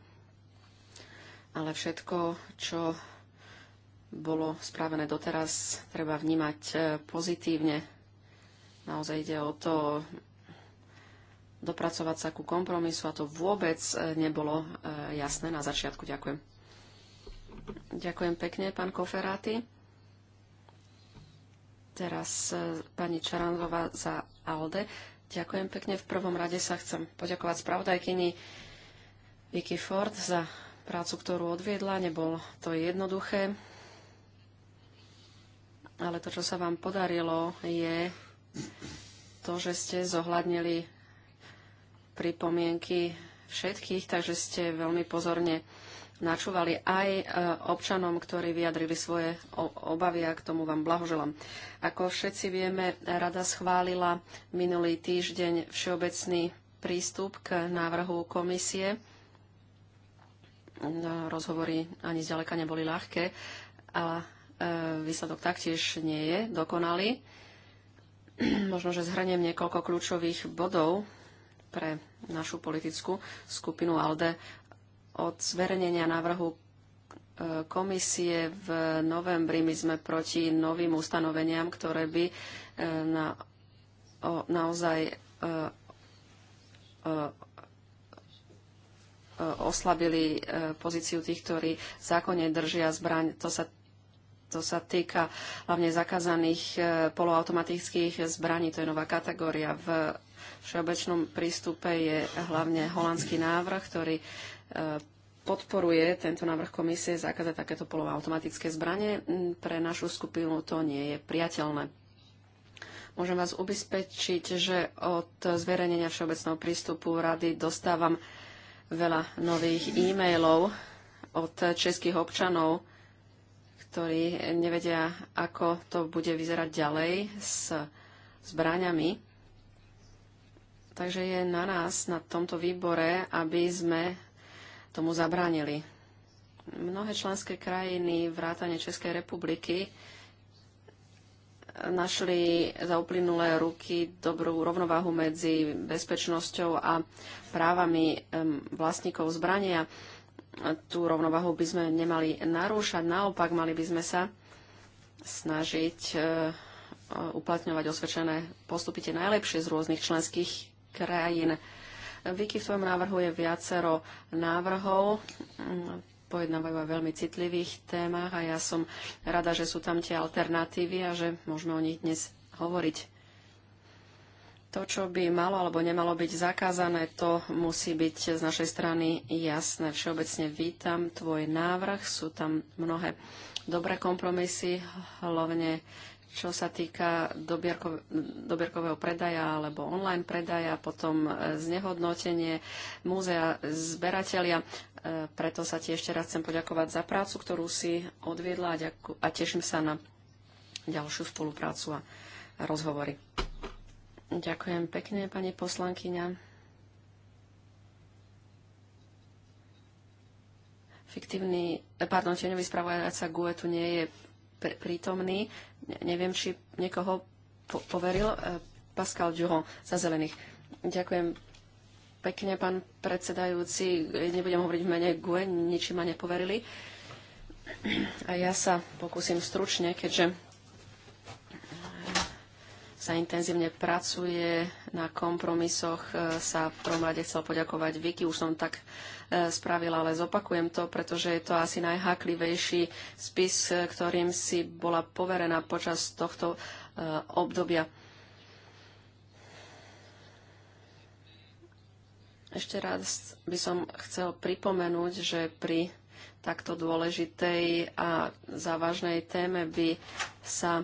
ale všetko, čo bolo spravené doteraz, treba vnímať e, pozitívne. Naozaj ide o to dopracovať sa ku kompromisu a to vôbec e, nebolo e, jasné na začiatku. Ďakujem. Ďakujem pekne, pán Koferáty. Teraz e, pani Čaranová za ALDE. Ďakujem pekne. V prvom rade sa chcem poďakovať spravodajkyni Vicky Ford za prácu, ktorú odviedla. Nebolo to jednoduché, ale to, čo sa vám podarilo, je to, že ste zohľadnili pripomienky všetkých, takže ste veľmi pozorne načúvali aj e, občanom, ktorí vyjadrili svoje obavy a k tomu vám blahoželám. Ako všetci vieme, rada schválila minulý týždeň všeobecný prístup k návrhu komisie. E, rozhovory ani zďaleka neboli ľahké a e, výsledok taktiež nie je dokonalý. Možno, že zhrniem niekoľko kľúčových bodov pre našu politickú skupinu ALDE od zverejnenia návrhu e, komisie v novembri my sme proti novým ustanoveniam, ktoré by e, na, o, naozaj o, e, o, oslabili pozíciu tých, ktorí zákonne držia zbraň. To sa, to sa týka hlavne zakázaných poloautomatických zbraní. To je nová kategória. V všeobecnom prístupe je hlavne holandský návrh, ktorý podporuje tento návrh komisie zakázať takéto poloautomatické zbranie. Mm, pre našu skupinu to nie je priateľné. Môžem vás ubezpečiť, že od zverejnenia všeobecného prístupu rady dostávam veľa nových e-mailov od českých občanov, ktorí nevedia, ako to bude vyzerať ďalej s zbraniami. Takže je na nás, na tomto výbore, aby sme tomu zabránili. Mnohé členské krajiny, vrátane Českej republiky, našli za uplynulé ruky dobrú rovnováhu medzi bezpečnosťou a právami vlastníkov zbrania. Tú rovnováhu by sme nemali narúšať, naopak mali by sme sa snažiť e, uplatňovať osvedčené postupite najlepšie z rôznych členských krajín. Vicky, v svojom návrhu je viacero návrhov pojednávajú o veľmi citlivých témach a ja som rada, že sú tam tie alternatívy a že môžeme o nich dnes hovoriť. To, čo by malo alebo nemalo byť zakázané, to musí byť z našej strany jasné. Všeobecne vítam tvoj návrh, sú tam mnohé dobré kompromisy, hlavne čo sa týka dobierko, dobierkového predaja alebo online predaja, potom e, znehodnotenie múzea zberatelia. E, preto sa ti ešte raz chcem poďakovať za prácu, ktorú si odviedla a, a teším sa na ďalšiu spoluprácu a rozhovory. Ďakujem pekne, pani poslankyňa. Fiktívny, pardon, tieňový spravodajca GUE tu nie je prítomný neviem, či niekoho po poveril. E, Pascal Durand za zelených. Ďakujem pekne, pán predsedajúci. Nebudem hovoriť v mene GUE, ničím ma nepoverili. A ja sa pokúsim stručne, keďže sa intenzívne pracuje na kompromisoch. E, sa v prvom rade chcel poďakovať Viki, už som tak e, spravila, ale zopakujem to, pretože je to asi najhaklivejší spis, e, ktorým si bola poverená počas tohto obdobia. Ešte raz by som chcel pripomenúť, že pri takto dôležitej a závažnej téme by sa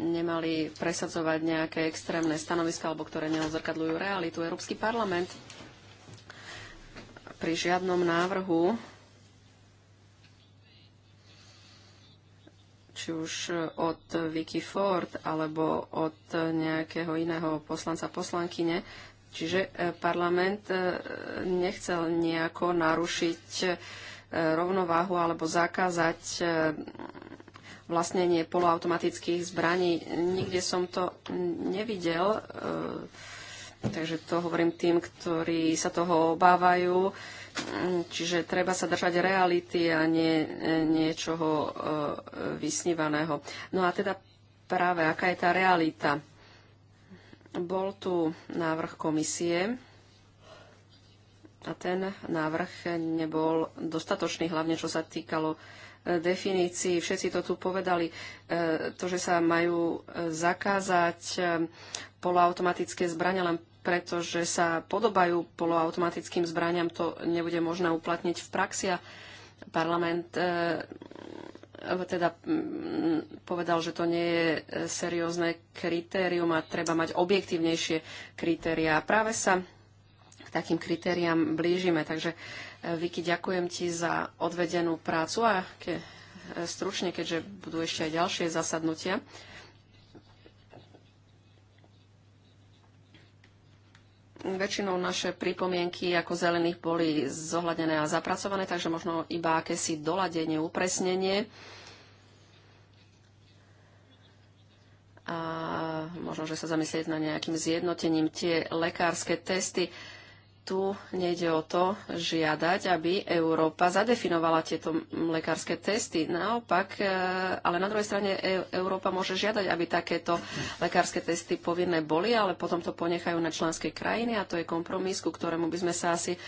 nemali presadzovať nejaké extrémne stanoviska, alebo ktoré neodzrkadľujú realitu. Európsky parlament pri žiadnom návrhu, či už od Vicky Ford alebo od nejakého iného poslanca poslankyne, čiže e, parlament e, nechcel nejako narušiť e, rovnováhu alebo zakázať vlastnenie poloautomatických zbraní. Nikde som to nevidel, e, takže to hovorím tým, ktorí sa toho obávajú. Čiže treba sa držať reality a nie e, niečoho e, vysnívaného. No a teda práve aká je tá realita? Bol tu návrh komisie a ten návrh nebol dostatočný, hlavne čo sa týkalo definícií. Všetci to tu povedali. E, to, že sa majú e, zakázať e, poloautomatické zbrania len preto, že sa podobajú poloautomatickým zbraniam, to nebude možné uplatniť v praxi. A parlament teda povedal, že to nie je seriózne kritérium a treba mať objektívnejšie kritéria. A práve sa k takým kritériám blížime. Takže Vicky, ďakujem ti za odvedenú prácu a ke, stručne, keďže budú ešte aj ďalšie zasadnutia. Väčšinou naše pripomienky ako zelených boli zohľadené a zapracované, takže možno iba akési doladenie, upresnenie. A možno, že sa zamyslieť na nejakým zjednotením tie lekárske testy tu nejde o to žiadať, aby Európa zadefinovala tieto lekárske testy. Naopak, e, ale na druhej strane e, Európa môže žiadať, aby takéto lekárske testy povinné boli, ale potom to ponechajú na členské krajiny a to je kompromis, ku ktorému by sme sa asi e,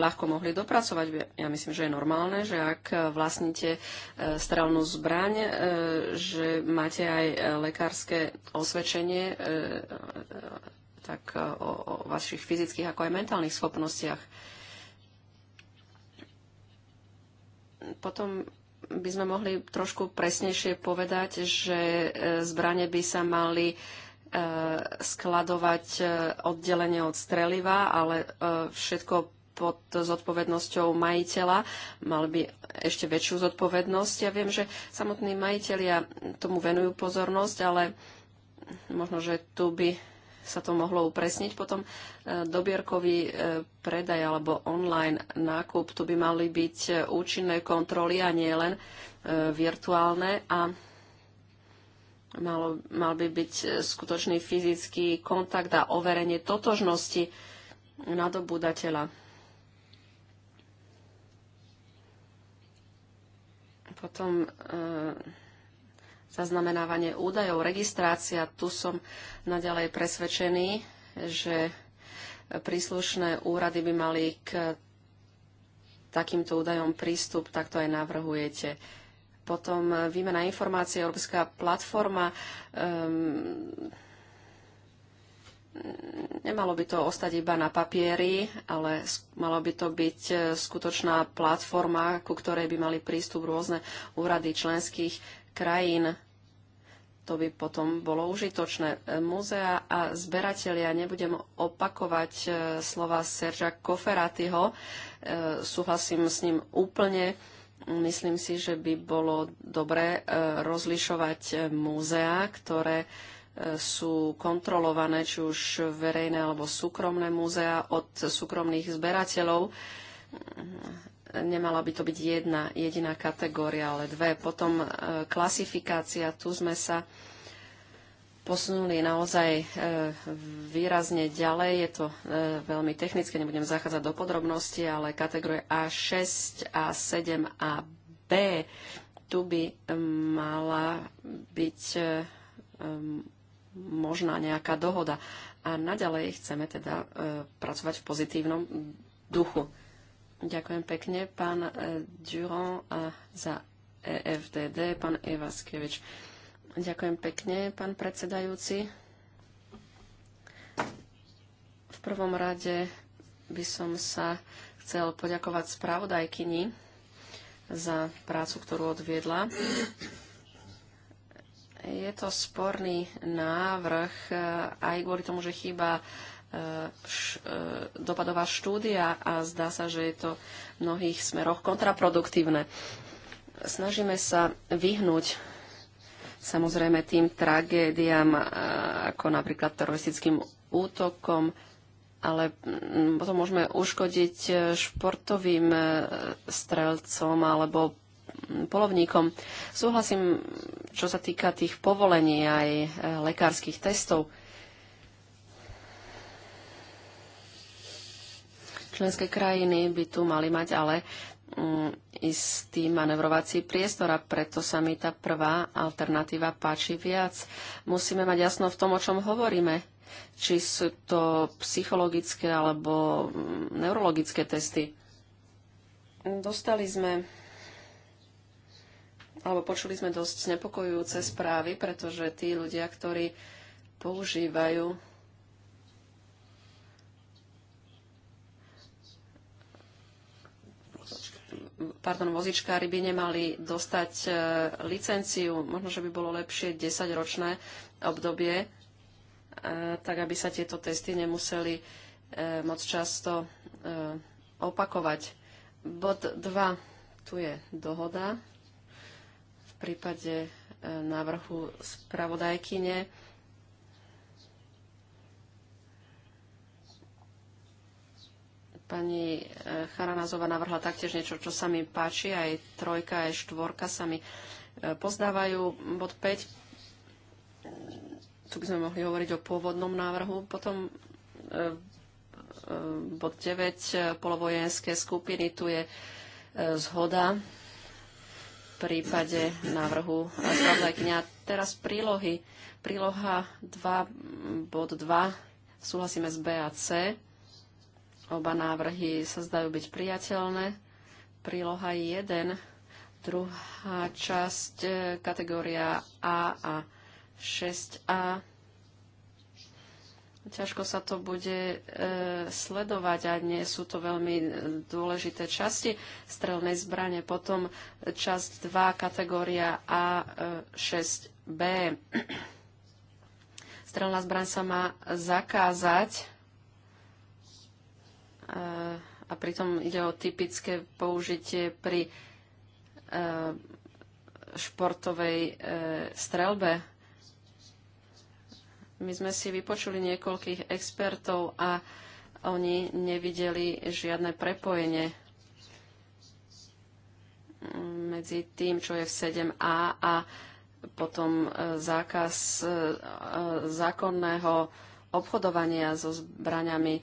ľahko mohli dopracovať. Ja myslím, že je normálne, že ak vlastníte strelnú zbraň, že máte aj lekárske osvedčenie tak e, o, o vašich fyzických ako aj mentálnych schopnostiach. Potom by sme mohli trošku presnejšie povedať, že e, zbranie by sa mali e, skladovať oddelenie od streliva, ale všetko pod zodpovednosťou majiteľa, mal by ešte väčšiu zodpovednosť. Ja viem, že samotní majiteľia tomu venujú pozornosť, ale možno, že tu by sa to mohlo upresniť. Potom e, dobierkový e, predaj alebo online nákup, tu by mali byť e, účinné kontroly a nie len virtuálne a malo, mal by byť skutočný fyzický kontakt a overenie totožnosti nadobúdateľa Potom zaznamenávanie údajov, registrácia. Tu som naďalej presvedčený, že príslušné úrady by mali k takýmto údajom prístup, tak to aj navrhujete. Potom výmena informácií, Európska platforma. Um, nemalo by to ostať iba na papieri, ale malo by to byť e, skutočná platforma, ku ktorej by mali prístup rôzne úrady členských krajín. To by potom bolo užitočné. Múzea a zberatelia, nebudem opakovať e, slova Serža Koferatyho, e, súhlasím s ním úplne. Myslím si, že by bolo dobré e, rozlišovať múzea, ktoré sú kontrolované, či už verejné alebo súkromné múzea od súkromných zberateľov Nemala by to byť jedna jediná kategória, ale dve. Potom e, klasifikácia, tu sme sa posunuli naozaj e, výrazne ďalej. Je to e, veľmi technické, nebudem zachádzať do podrobností, ale kategórie A6, A7 a B, tu by mala byť možná nejaká dohoda. A naďalej chceme teda pracovať v pozitívnom duchu. Ďakujem pekne, pán eh, Durand a za EFDD, pán Evaskevič. Ďakujem pekne, pán predsedajúci. V prvom rade by som sa chcel poďakovať spravodajkyni za prácu, ktorú odviedla. Je to sporný návrh eh, aj kvôli tomu, že chýba E, dopadová štúdia a zdá sa, že je to v mnohých smeroch kontraproduktívne. Snažíme sa vyhnúť samozrejme tým tragédiám, e, ako napríklad teroristickým útokom, ale potom môžeme uškodiť e, športovým strelcom alebo polovníkom. Súhlasím, čo sa týka tých povolení aj lekárskych testov. Členské krajiny by tu mali mať ale mm, istý manevrovací priestor a preto sa mi tá prvá alternatíva páči viac. Musíme mať jasno v tom, o čom hovoríme. Či sú to psychologické alebo mm, neurologické testy. Dostali sme alebo počuli sme dosť znepokojujúce správy, pretože tí ľudia, ktorí používajú pardon, vozičkári by nemali dostať e, licenciu. Možno, že by bolo lepšie 10-ročné obdobie, e, tak aby sa tieto testy nemuseli e, moc často opakovať. Bod 2. Tu je dohoda v prípade návrhu spravodajkyne Pani e, Charanazova navrhla taktiež niečo, čo sa mi páči. Aj trojka, aj štvorka sa mi e, pozdávajú. Bod 5, tu by sme mohli hovoriť o pôvodnom návrhu. Potom e, bod 9, polovojenské skupiny, tu je zhoda v prípade návrhu spravodajkňa. Teraz prílohy. Príloha 2, bod 2, súhlasíme s B a C. Oba návrhy sa zdajú byť priateľné. Príloha 1, druhá časť, e, kategória A a 6A. Ťažko sa to bude e, sledovať a nie sú to veľmi dôležité časti strelnej zbrane. Potom časť 2, kategória A6B. E, Strelná zbraň sa má zakázať a pritom ide o typické použitie pri e, športovej e, strelbe. My sme si vypočuli niekoľkých expertov a oni nevideli žiadne prepojenie medzi tým, čo je v 7a a potom e, zákaz zákonného obchodovania so zbraňami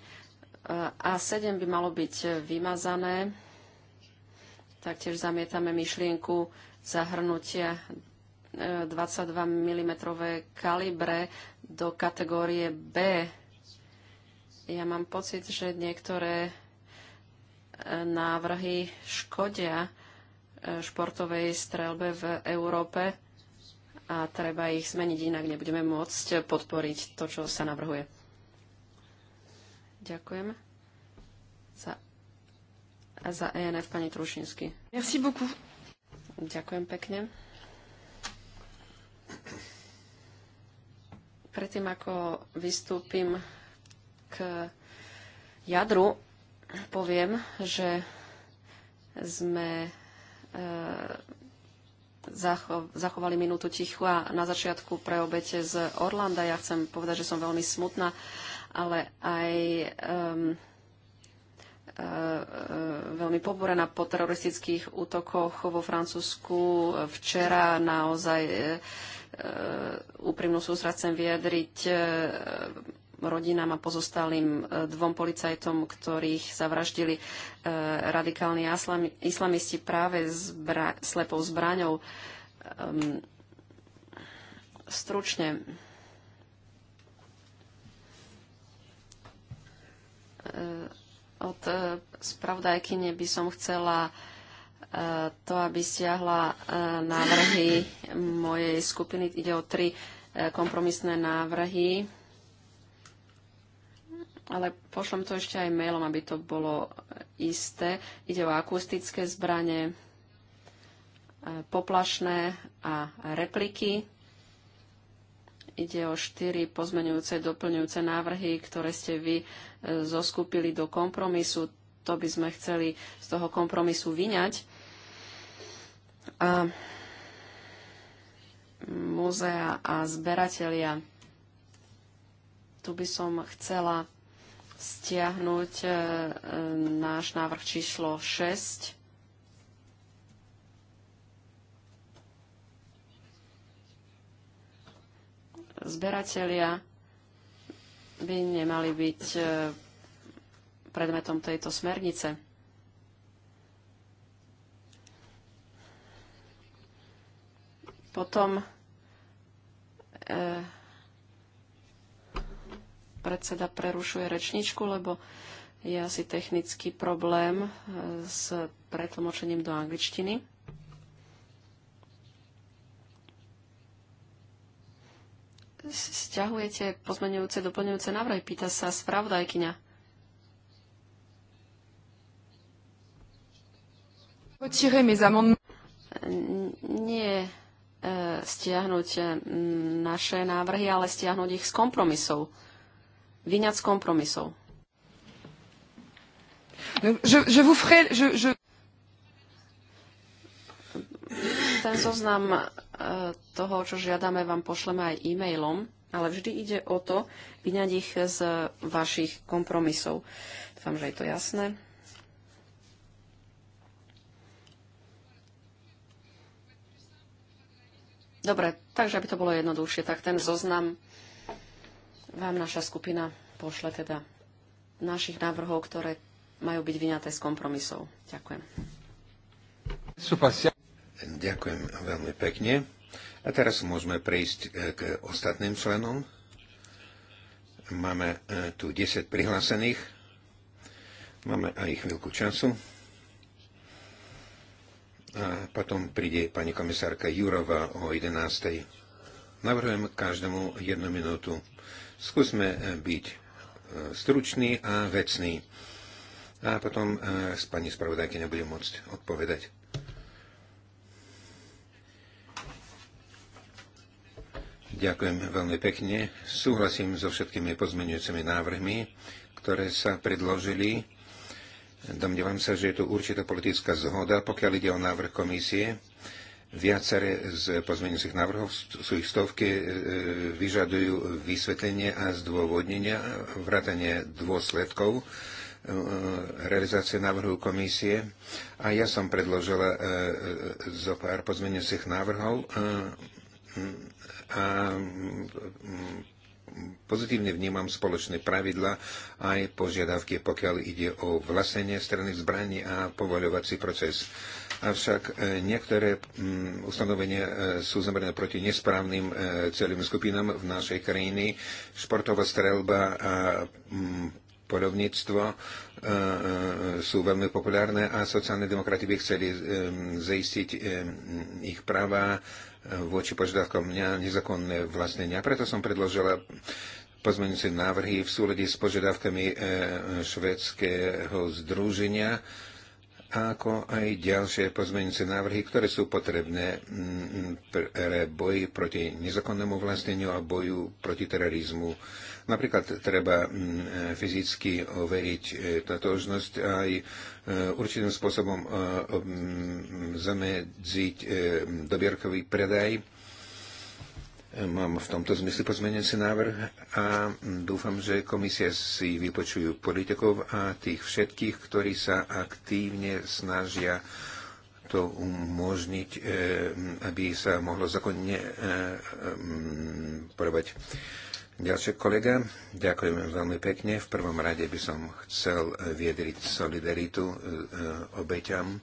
a7 by malo byť vymazané. Taktiež zamietame myšlienku zahrnutia 22 e, mm kalibre do kategórie B. Ja mám pocit, že niektoré e, návrhy škodia e, športovej strelbe v Európe a treba ich zmeniť, inak nebudeme môcť podporiť to, čo sa navrhuje. Ďakujem. Za, a za ENF pani Trušinsky. Merci beaucoup. Ďakujem pekne. Predtým, ako vystúpim k jadru, poviem, že sme e, zachovali minútu tichu a na začiatku pre obete z Orlanda. Ja chcem povedať, že som veľmi smutná ale aj um, veľmi poborená po teroristických útokoch vo Francúzsku. Včera naozaj e, úprimnú sústrať chcem vyjadriť rodinám a pozostalým dvom policajtom, ktorých zavraždili radikálni islamisti práve zbra- slepou zbraňou. Ehm, stručne od e, e, spravodajkyne by som chcela e, to, aby stiahla návrhy mojej skupiny. Ide o tri kompromisné návrhy. Ale pošlem to ešte aj mailom, aby to bolo isté. Ide o akustické zbranie, poplašné a repliky. Ide o štyri pozmeňujúce, doplňujúce návrhy, ktoré ste vy e, zoskupili do kompromisu. To by sme chceli z toho kompromisu vyňať. A múzea a zberatelia. Tu by som chcela stiahnuť e, e, náš návrh číslo 6 zberatelia by nemali byť e, predmetom tejto smernice. Potom e, predseda prerušuje rečničku, lebo je asi technický problém e, s pretlmočením do angličtiny. stiahujete pozmenujúce, doplňujúce návrhy? Pýta sa spravodajkyňa. Nie e, stiahnuť e, naše návrhy, ale stiahnuť ich z kompromisov. Vyňať z kompromisov. Je, je vous ferai, je, je... Ten zoznam e, toho, čo žiadame, vám pošleme aj e-mailom, ale vždy ide o to vyňať ich z vašich kompromisov. Dúfam, že je to jasné. Dobre, takže aby to bolo jednoduchšie, tak ten zoznam vám naša skupina pošle teda našich návrhov, ktoré majú byť vyňaté z kompromisov. Ďakujem. Ďakujem veľmi pekne. A teraz môžeme prejsť e, k ostatným členom. Máme e, tu 10 prihlásených. Máme aj chvíľku času. A potom príde pani komisárka Jurova o 11. Navrhujem každému jednu minútu. Skúsme e, byť stručný a vecný. A potom s pani spravodajky nebudem môcť odpovedať. Ďakujem veľmi pekne. Súhlasím so všetkými pozmenujúcimi návrhmi, ktoré sa predložili. Domnievam sa, že je tu určitá politická zhoda, pokiaľ ide o návrh komisie. Viacere z pozmenujúcich návrhov sú ich stovky, e, vyžadujú vysvetlenie a zdôvodnenia, vrátanie dôsledkov e, realizácie návrhu komisie a ja som predložila e, zo pár pozmenujúcich návrhov a mm, pozitívne vnímam spoločné pravidla aj požiadavky, pokiaľ ide o vlastenie strany zbraní a povoľovací proces. Avšak e, niektoré mm, ustanovenia e, sú zamerané proti nesprávnym e, celým skupinám v našej krajine. Športová strelba a mm, polovníctvo sú veľmi populárne a sociálne demokrati by chceli zaistiť ich práva voči požiadavkom nezákonné vlastnenia. Preto som predložila pozmeňujúce návrhy v súlede s požiadavkami e, švedského združenia ako aj ďalšie pozmeňujúce návrhy, ktoré sú potrebné pre boj proti nezákonnému vlastneniu a boju proti terorizmu. Napríklad treba mm, e, fyzicky overiť e, totožnosť aj e, určitým spôsobom mm, zamedziť dobierkový predaj. Mám v tomto zmysle pozmenený návrh a mm, dúfam, že komisia si vypočujú politikov a tých všetkých, ktorí sa aktívne snažia to umožniť, aby sa mohlo zákonne porovať. Ďalšie kolega, ďakujem veľmi pekne. V prvom rade by som chcel e, viedriť solidaritu e, e, obeťam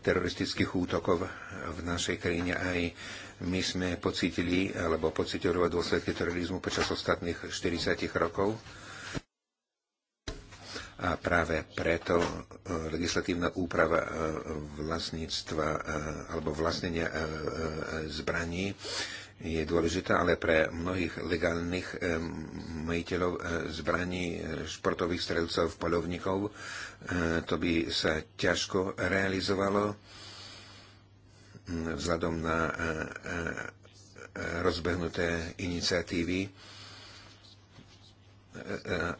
teroristických útokov v našej krajine. Aj my sme pocítili, alebo pocítili dôsledky terorizmu počas ostatných 40 rokov. A práve preto legislatívna úprava vlastníctva alebo vlastnenia zbraní je dôležitá, ale pre mnohých legálnych eh, majiteľov eh, zbraní, eh, športových strelcov, polovníkov to by sa ťažko realizovalo mm, vzhľadom na rozbehnuté iniciatívy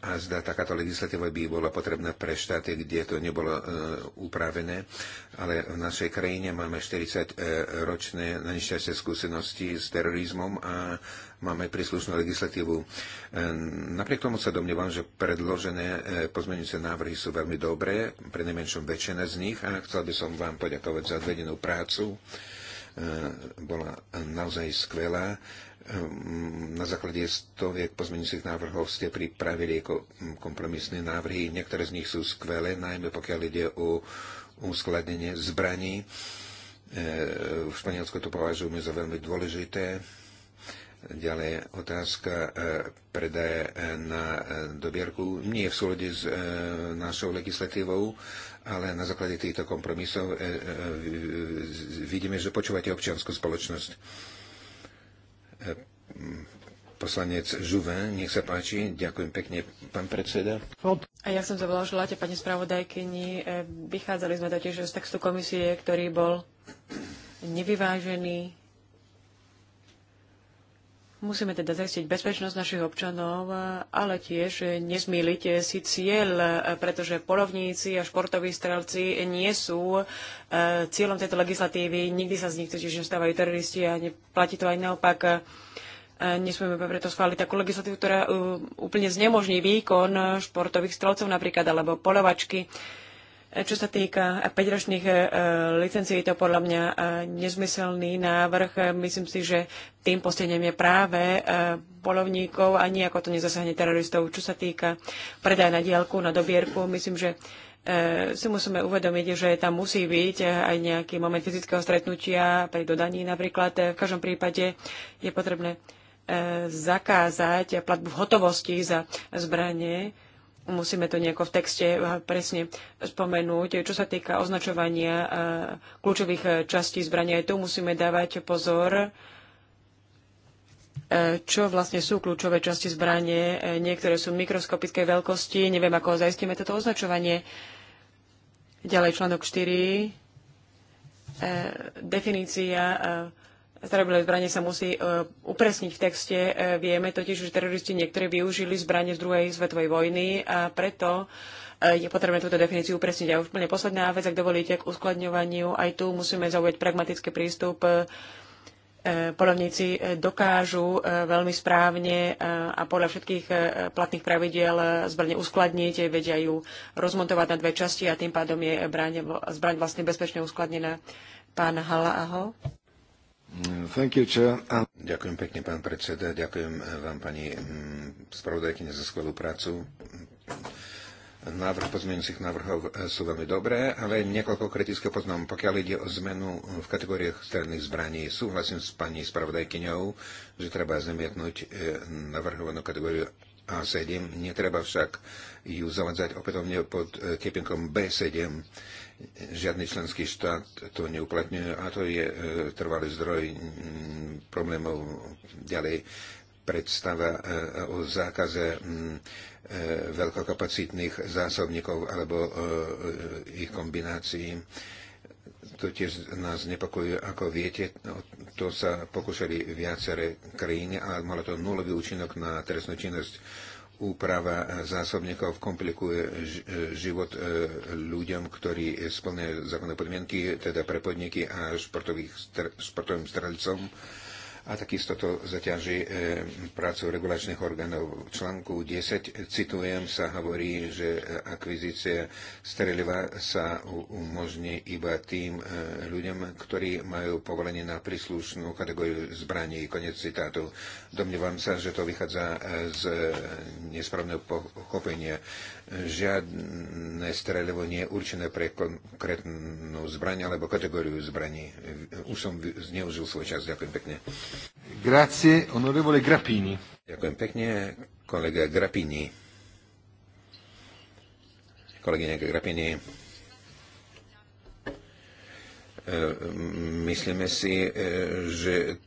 a zda takáto legislatíva by bola potrebná pre štáty, kde to nebolo e, upravené, ale v našej krajine máme 40-ročné e, na nešťastie skúsenosti s terorizmom a máme príslušnú legislatívu. E, napriek tomu sa domnievam, že predložené e, pozmeňujúce návrhy sú veľmi dobré, pre najmenšom väčšina z nich a chcel by som vám poďakovať za odvedenú prácu. E, bola naozaj skvelá. Ehm, na základe stoviek pozmeňujúcich návrhov ste pripravili mm, kompromisné návrhy. Niektoré z nich sú skvelé, najmä pokiaľ ide o uskladnenie zbraní. Ehm, v Španielsku to považujeme za veľmi dôležité. Ďalej otázka ehm, predaje na dobierku nie je v súlade s našou legislatívou, ale na základe týchto kompromisov vidíme, že počúvate občianskú spoločnosť Poslanec Žuven, nech sa páči. Ďakujem pekne, pán predseda. A ja som zavolažila pani spravodajkyni. E, vychádzali sme totiž z textu komisie, ktorý bol nevyvážený, Musíme teda zajistiť bezpečnosť našich občanov, ale tiež nezmýliť si cieľ, pretože polovníci a športoví strelci nie sú cieľom tejto legislatívy. Nikdy sa z nich totiž nestávajú teroristi a platí to aj naopak. Nesmieme preto schváliť takú legislatívu, ktorá úplne znemožní výkon športových strelcov napríklad, alebo polovačky. Čo sa týka 5-ročných e, licencií, to podľa mňa e, nezmyselný návrh. Myslím si, že tým je práve e, polovníkov a nejako to nezasahne teroristov. Čo sa týka predaj na diálku, na dobierku, myslím, že si musíme uvedomiť, že tam musí byť aj nejaký moment fyzického stretnutia pri dodaní napríklad. V každom prípade je potrebné zakázať platbu v hotovosti za zbranie musíme to nejako v texte eh, presne spomenúť. Čo sa týka označovania eh, kľúčových eh, častí zbrania, aj tu musíme dávať pozor, čo vlastne sú kľúčové časti zbranie. Niektoré sú mikroskopické veľkosti, neviem, ako zaistíme toto označovanie. Ďalej článok 4, definícia strelbné zbranie sa musí e, upresniť v texte. E, vieme totiž, že teroristi niektorí využili zbranie z druhej svetovej vojny a preto e, je potrebné túto definíciu upresniť. A už úplne posledná vec, ak dovolíte, k uskladňovaniu. Aj tu musíme zaujať pragmatický prístup. Polovníci dokážu veľmi správne a podľa všetkých platných pravidiel zbranie uskladniť, vedia ju rozmontovať na dve časti a tým pádom je zbraň vlastne bezpečne uskladnená. Pán Hala, aho. Um, ďakujem pekne, pán predseda. Ďakujem eh, vám, pani mm, spravodajkyne, za skvelú prácu. Návrh pozmeňujúcich návrhov eh, sú veľmi dobré, ale niekoľko kritických poznám. Pokiaľ ide o zmenu eh, v kategóriách strelných zbraní, súhlasím s pani spravodajkyňou, že treba zamietnúť navrhovanú kategóriu A7. Netreba však ju zavadzať opätovne pod kepinkom B7 žiadny členský štát to neuplatňuje a to je e, trvalý zdroj problémov ďalej predstava e, o zákaze e, veľkokapacitných zásobníkov alebo ich kombinácií. To tiež nás nepokojuje, ako viete, no, to sa pokúšali viaceré krajiny, ale malo to nulový účinok na trestnú činnosť úprava zásobníkov komplikuje život e, ľuďom, ktorí splňajú zákonné podmienky, teda pre podniky a športových, športovým strelcom a takisto to zaťaží e, prácu regulačných orgánov. V článku 10 citujem sa hovorí, že akvizícia streliva sa umožní iba tým e, ľuďom, ktorí majú povolenie na príslušnú kategóriu zbraní. Konec citátu. Domnievam sa, že to vychádza e, z nesprávneho pochopenia žiadne strelivo nie je určené pre konkrétnu zbraň alebo kategóriu zbraní. Už som zneužil svoj čas. Ďakujem pekne. Grazie, onorevole Grappini. Ďakujem pekne, kolega Grappini. Kolegyňa Grappini. E, myslíme si, e, že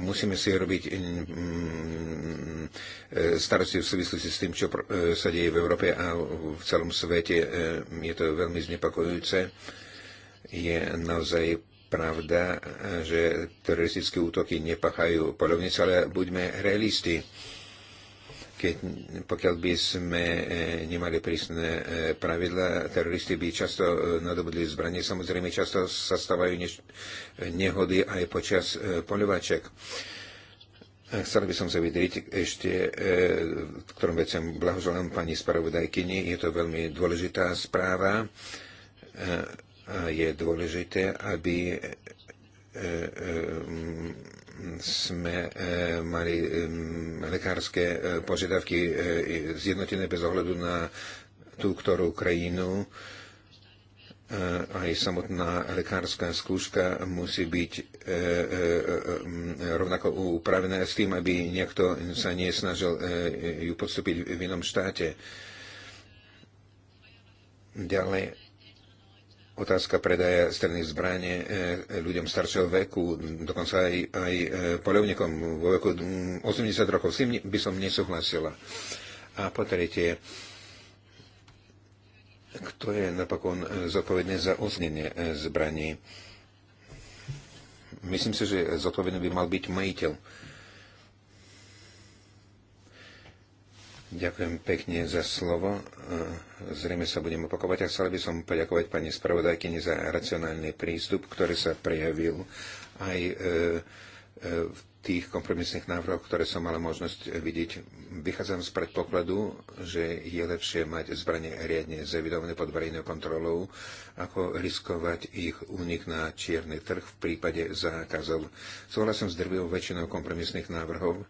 musíme si robiť e, starosti v súvislosti s tým, čo sa deje v Európe a v celom svete. Je to veľmi znepokojujúce. Je naozaj pravda, že teroristické útoky nepachajú polovnice, ale buďme realisti keď, pokiaľ by sme e, nemali prísne e, pravidla, teroristi by často e, nadobudli zbranie. Samozrejme, často sa stávajú nehody aj počas poľovaček. Chcel by som sa vydriť ešte e, ktorom vecem blahoželám pani spravodajkyni. Je to veľmi dôležitá správa. Je dôležité, aby sme e, mali lekárske e, požiadavky e, zjednotené bez ohľadu na tú, ktorú krajinu. Aj samotná lekárska skúška musí byť rovnako upravená s tým, aby niekto sa nesnažil ju podstúpiť v inom štáte. Ďalej, otázka predaja strelných zbranie e, e, ľuďom staršieho veku, dokonca aj, aj e, polovníkom vo veku 80 rokov. S tým by som nesúhlasila. A po tretie, kto je napokon zodpovedný za oznenie zbraní? Myslím si, že zodpovedný by mal byť majiteľ Ďakujem pekne za slovo. E, zrejme sa budem opakovať a chcel by som poďakovať pani spravodajkyni za racionálny prístup, ktorý sa prejavil aj e, e, v tých kompromisných návrhoch, ktoré som mala možnosť vidieť. Vychádzam z predpokladu, že je lepšie mať zbranie riadne zavidované pod verejnou kontrolou, ako riskovať ich únik na čierny trh v prípade zákazov. Súhlasím s drvivou väčšinou kompromisných návrhov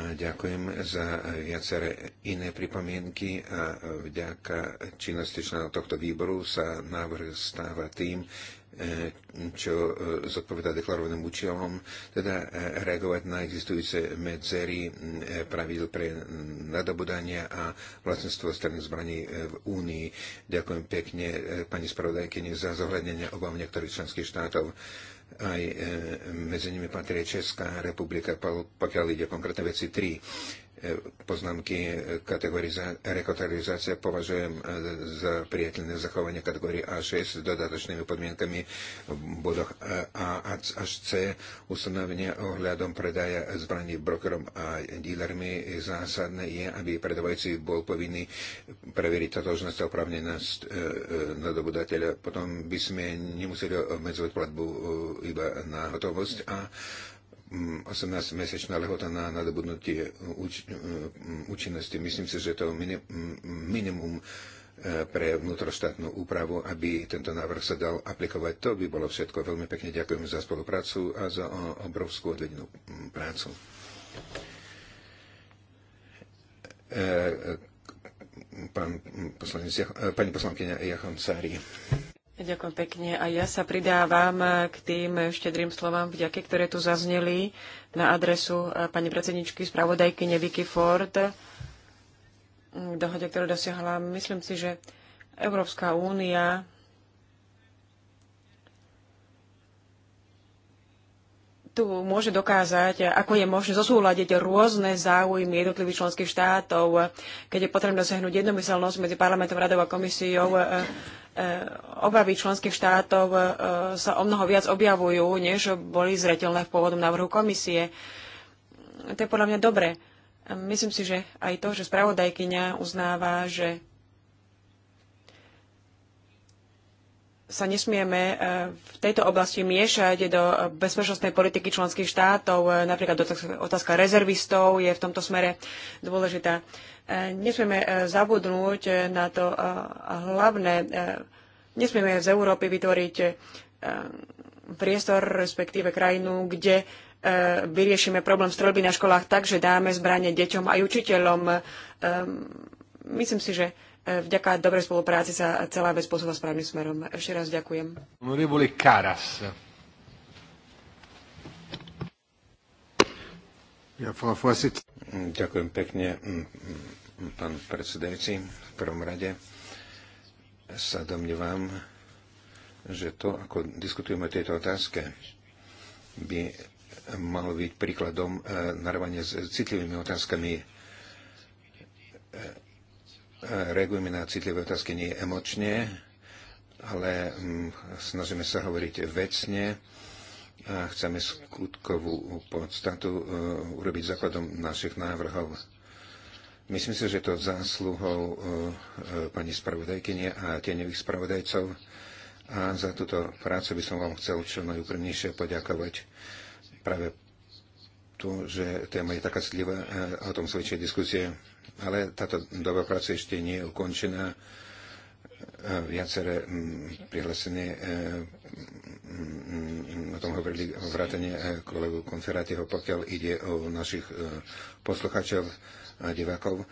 ďakujem za viaceré iné pripomienky a vďaka činnosti členov tohto výboru sa návrh stáva tým, e, čo e, zodpoveda deklarovaným účelom, teda e, reagovať na existujúce medzery pravidel pre nadobudanie a vlastníctvo strany zbraní v Únii. Ďakujem pekne pani spravodajkyni za zohľadnenie obav niektorých členských štátov aj e, medzi nimi patrí Česká republika, pokiaľ ide konkrétne veci 3 poznámky rekategorizácia považujem e, za priateľné zachovanie kategórie A6 s dodatočnými podmienkami v bodoch e, A až C. Ustanovenie ohľadom predaja zbraní brokerom a dílermi zásadné je, aby predavajúci bol povinný preveriť totožnosť a oprávnenosť e, dobudateľa. Potom by sme nemuseli obmedzovať platbu iba na hotovosť a 18-mesečná lehota na nadobudnutie e, úč- e, účinnosti. Myslím si, že to minimum e, pre vnútroštátnu úpravu, aby tento návrh sa dal aplikovať. To by bolo všetko. Veľmi pekne ďakujem za spoluprácu a za obrovskú odvedenú prácu. Pán poslanec, pani poslankyňa Jachon Sári. Ďakujem pekne. A ja sa pridávam k tým štedrým slovám vďaky, ktoré tu zazneli na adresu eh, pani predsedničky spravodajky Vicky Ford k dohode, ktorú dosiahla. Myslím si, že Európska únia tu môže dokázať, ako je možné zosúľadiť rôzne záujmy jednotlivých členských štátov, keď je potrebné dosiahnuť jednomyselnosť medzi parlamentom, radou a komisiou. Eh, E, obavy členských štátov e, sa o mnoho viac objavujú, než boli zretelné v pôvodnom návrhu komisie. To je podľa mňa dobre. Myslím si, že aj to, že spravodajkyňa uznáva, že sa nesmieme e, v tejto oblasti miešať do bezpečnostnej politiky členských štátov. E, napríklad otázka rezervistov je v tomto smere dôležitá. E, nesmieme zabudnúť na to hlavné. Nesmieme z Európy vytvoriť priestor, respektíve krajinu, kde vyriešime problém streľby na školách tak, že dáme zbranie deťom aj učiteľom. Myslím si, že E, vďaka dobrej spolupráci sa celá vec posúva správnym smerom. Ešte raz ďakujem. Honorevole Karas. Ďakujem pekne, pán predsedajúci. V prvom rade sa domnívam, že to, ako diskutujeme o tejto otázke, by malo byť príkladom e, narovania s citlivými otázkami e, reagujeme na citlivé otázky nie emočne, ale mm, snažíme sa hovoriť vecne a chceme skutkovú podstatu e, urobiť základom našich návrhov. Myslím si, že to zásluhou e, pani spravodajkyne a tieňových spravodajcov a za túto prácu by som vám chcel čo najúprimnejšie poďakovať práve to, že téma je taká citlivá, e, o tom svedčia diskusie ale táto doba práce ešte nie je ukončená. E, viaceré prihlásenie o tom hovorili vrátane e, kolegu Konferátieho, pokiaľ ide o našich e, posluchačov a divákov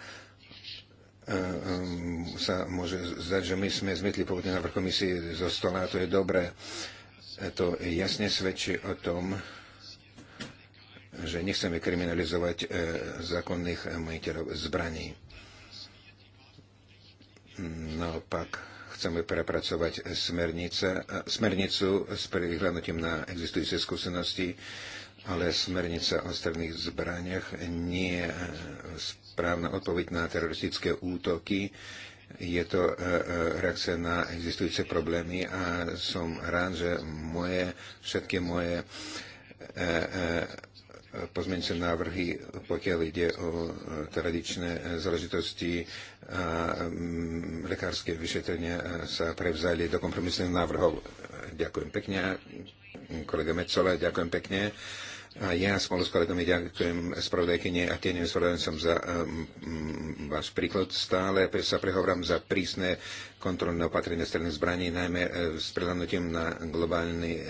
sa môže zdať, že my sme zmietli pôvodne na komisie zo stola a to je dobré. To jasne svedčí o tom, že nechceme kriminalizovať e, zákonných e, majiteľov zbraní. Naopak, chceme prepracovať e, smernice, smernicu s prihľadnutím na existujúce skúsenosti, ale smernica o strelných zbraniach nie je správna odpoveď na teroristické útoky. Je to reakcia na existujúce problémy a som rád, že moje, všetky moje pozmeňujúce návrhy, pokiaľ ide o e, tradičné e, záležitosti a mm, lekárske vyšetrenia e, sa prevzali do kompromisných návrhov. Ďakujem pekne. Kolega Mecola, ďakujem pekne. A ja spolu s kolegami ďakujem spravodajkyne a tieňovým spravodajcom za váš príklad. Stále sa prehovorám za prísne kontrolné opatrenia strelných zbraní, najmä s prehľadnutím na globálny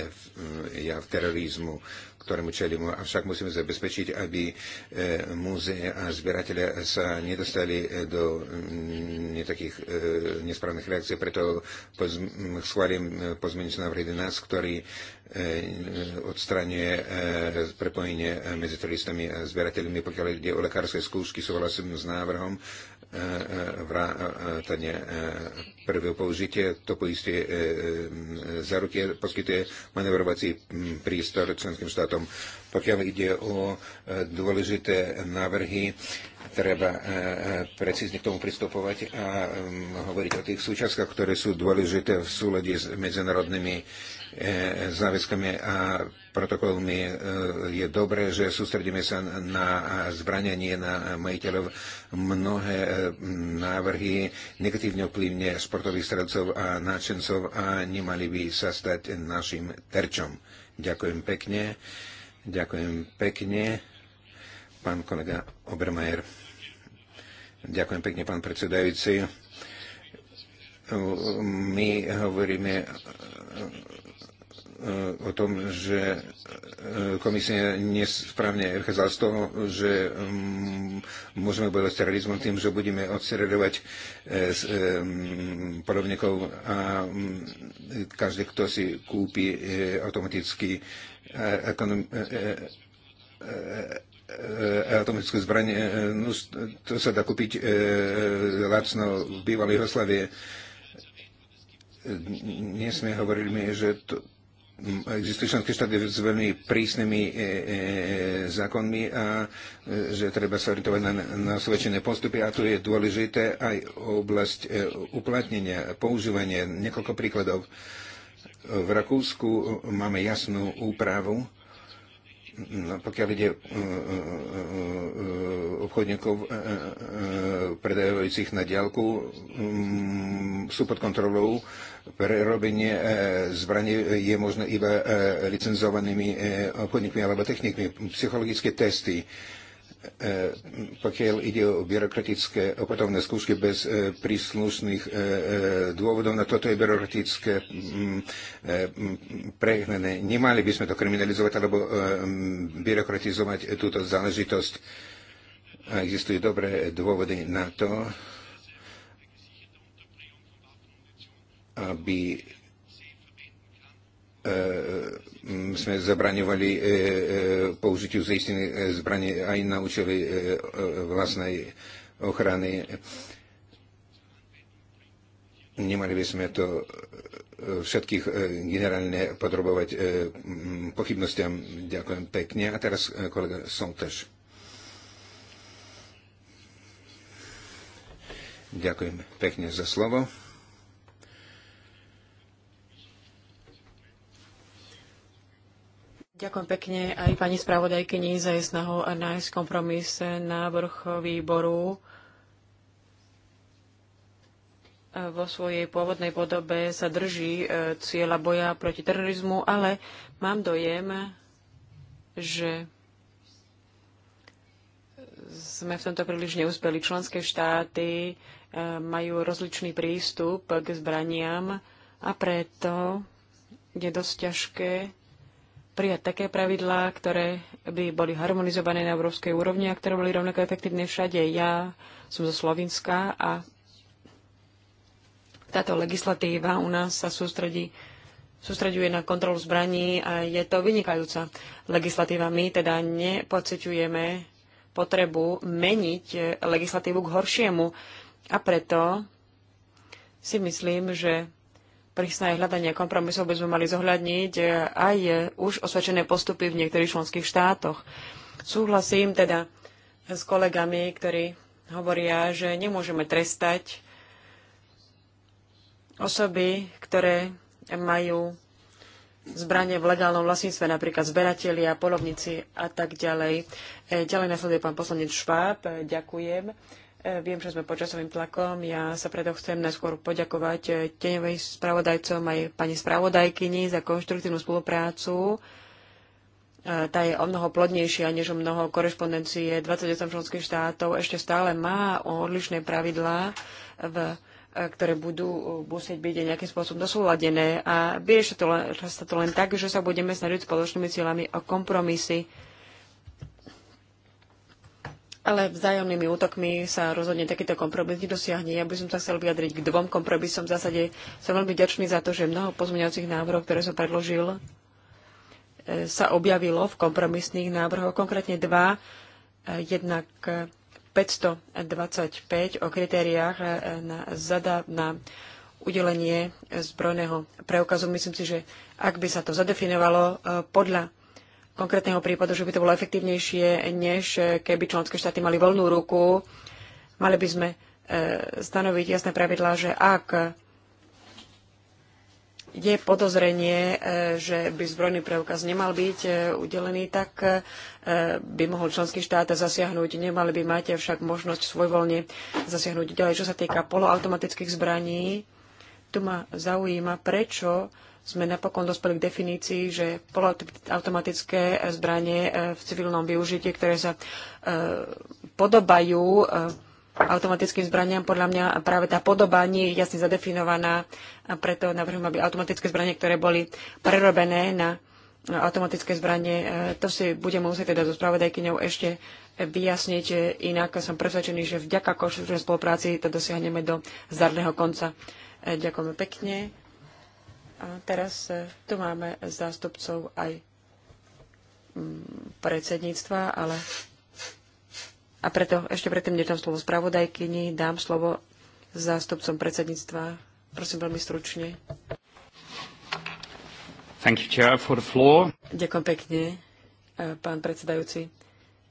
jav terorizmu ktorému čelíme. Avšak musíme zabezpečiť, aby e, múzeje a zbierateľe sa nedostali e, do mm, takých e, nesprávnych reakcií. Preto schválim pozmeniť návrh 11, ktorý odstraňuje prepojenie medzi turistami a zbierateľmi, Pokiaľ ide o lekárske skúšky, súhlasím s návrhom, E, e, vrátanie e, prvého použitia. To poistie záruky poskytuje manevrovací prístor členským štátom. Pokiaľ ide o dôležité návrhy, treba precízne k tomu pristupovať a hovoriť o tých súčastkách, ktoré sú dôležité v súlade s medzinárodnými záväzkami a protokolmi. E, je dobré, že sústredíme sa na zbranenie na majiteľov. Mnohé e, návrhy negatívne ovplyvne sportových stredcov a náčencov a nemali by sa stať našim terčom. Ďakujem pekne. Ďakujem pekne. Pán kolega Obermajer. Ďakujem pekne, pán predsedajúci. My hovoríme E, o tom, že e, komisia nesprávne vychádzala z toho, že mm, môžeme bojovať s terorizmom tým, že budeme odsredovať e, mm, podobníkov a mm, každý, kto si kúpi automaticky automatickú zbraň, no, to sa dá kúpiť lacno v bývalej Jugoslavie dnes sme hovorili, že to, existujú členské štáty s veľmi prísnymi e, e, e, zákonmi a e, že treba sa orientovať na, na osvedčené postupy a tu je dôležité aj oblasť e, uplatnenia, používania. Niekoľko príkladov. V Rakúsku máme jasnú úpravu, no, pokiaľ ide obchodníkov e, e, predajúcich na diálku, sú pod kontrolou prerobenie e, zbraní je možné iba e, licenzovanými e, obchodníkmi alebo technikmi, psychologické testy pokiaľ ide o byrokratické opatovné skúšky bez príslušných dôvodov, na no toto je byrokratické prehnané. Nemali by sme to kriminalizovať alebo byrokratizovať túto záležitosť. Existujú dobré dôvody na to, aby e, sme zabraňovali e, e, použitiu zaistené zbranie aj na účely vlastnej ochrany. Nemali by sme to všetkých generálne podrobovať pochybnostiam. Ďakujem pekne. A teraz kolega Soltež. Ďakujem pekne za slovo. Ďakujem pekne aj pani spravodajkyni za jej snahu a nájsť kompromis návrh výboru. Vo svojej pôvodnej podobe sa drží e, cieľa boja proti terorizmu, ale mám dojem, že sme v tomto príliš neúspeli. Členské štáty e, majú rozličný prístup k zbraniam a preto je dosť ťažké prijať také pravidlá, ktoré by boli harmonizované na európskej úrovni a ktoré boli rovnako efektívne všade. Ja som zo Slovenska a táto legislatíva u nás sa sústredí sústreďuje na kontrolu zbraní a je to vynikajúca legislatíva. My teda nepociťujeme potrebu meniť legislatívu k horšiemu a preto si myslím, že pri snahe hľadania kompromisov by sme mali zohľadniť eh, aj eh, už osvedčené postupy v niektorých členských štátoch. Súhlasím teda s kolegami, ktorí hovoria, že nemôžeme trestať osoby, ktoré majú zbranie v legálnom vlastníctve, napríklad zberatelia, polovníci a tak ďalej. Eh, ďalej nasleduje pán poslanec Šváb. Ďakujem. E, viem, že sme pod časovým tlakom. Ja sa preto chcem najskôr poďakovať e, teňovej spravodajcom aj pani spravodajkyni za konštruktívnu spoluprácu. E, tá je o mnoho plodnejšia než o mnoho korešpondencie 28 členských štátov. Ešte stále má odlišné pravidlá, v, ktoré budú musieť byť nejakým spôsobom dosúladené. A vyrieši sa to len tak, že sa budeme snažiť spoločnými cieľami o kompromisy ale vzájomnými útokmi sa rozhodne takýto kompromis nedosiahne. Ja by som sa chcel vyjadriť k dvom kompromisom. V zásade som veľmi ďačný za to, že mnoho pozmeňovacích návrhov, ktoré som predložil, e, sa objavilo v kompromisných návrhoch. Konkrétne dva, e, jednak 525 o kritériách e, na, zada, na udelenie zbrojného preukazu. Myslím si, že ak by sa to zadefinovalo podľa konkrétneho prípadu, že by to bolo efektívnejšie, než eh, keby členské štáty mali voľnú ruku. Mali by sme eh, stanoviť jasné pravidlá, že ak je podozrenie, eh, že by zbrojný preukaz nemal byť udelený, tak by mohol členský štát zasiahnuť. Nemali by mať však možnosť svojvoľne zasiahnuť ďalej. Čo sa týka poloautomatických zbraní, tu ma zaujíma, prečo sme napokon dospeli k definícii, že automatické zbranie e, v civilnom využití, ktoré sa e, podobajú e, automatickým zbraniam, podľa mňa práve tá podoba nie je jasne zadefinovaná a preto navrhujem, aby automatické zbranie, ktoré boli prerobené na automatické zbranie, to si budeme musieť teda so spravodajkyňou ešte vyjasniť. Inak som presvedčený, že vďaka konštruktívnej spolupráci to dosiahneme do zdarného konca. Ďakujeme pekne. A teraz e, tu máme zástupcov aj mm, predsedníctva, ale a preto ešte predtým, nedám slovo spravodajkyni, dám slovo zástupcom predsedníctva. Prosím veľmi stručne. Thank you, Chair, for the floor. Ďakujem pekne, e, pán predsedajúci.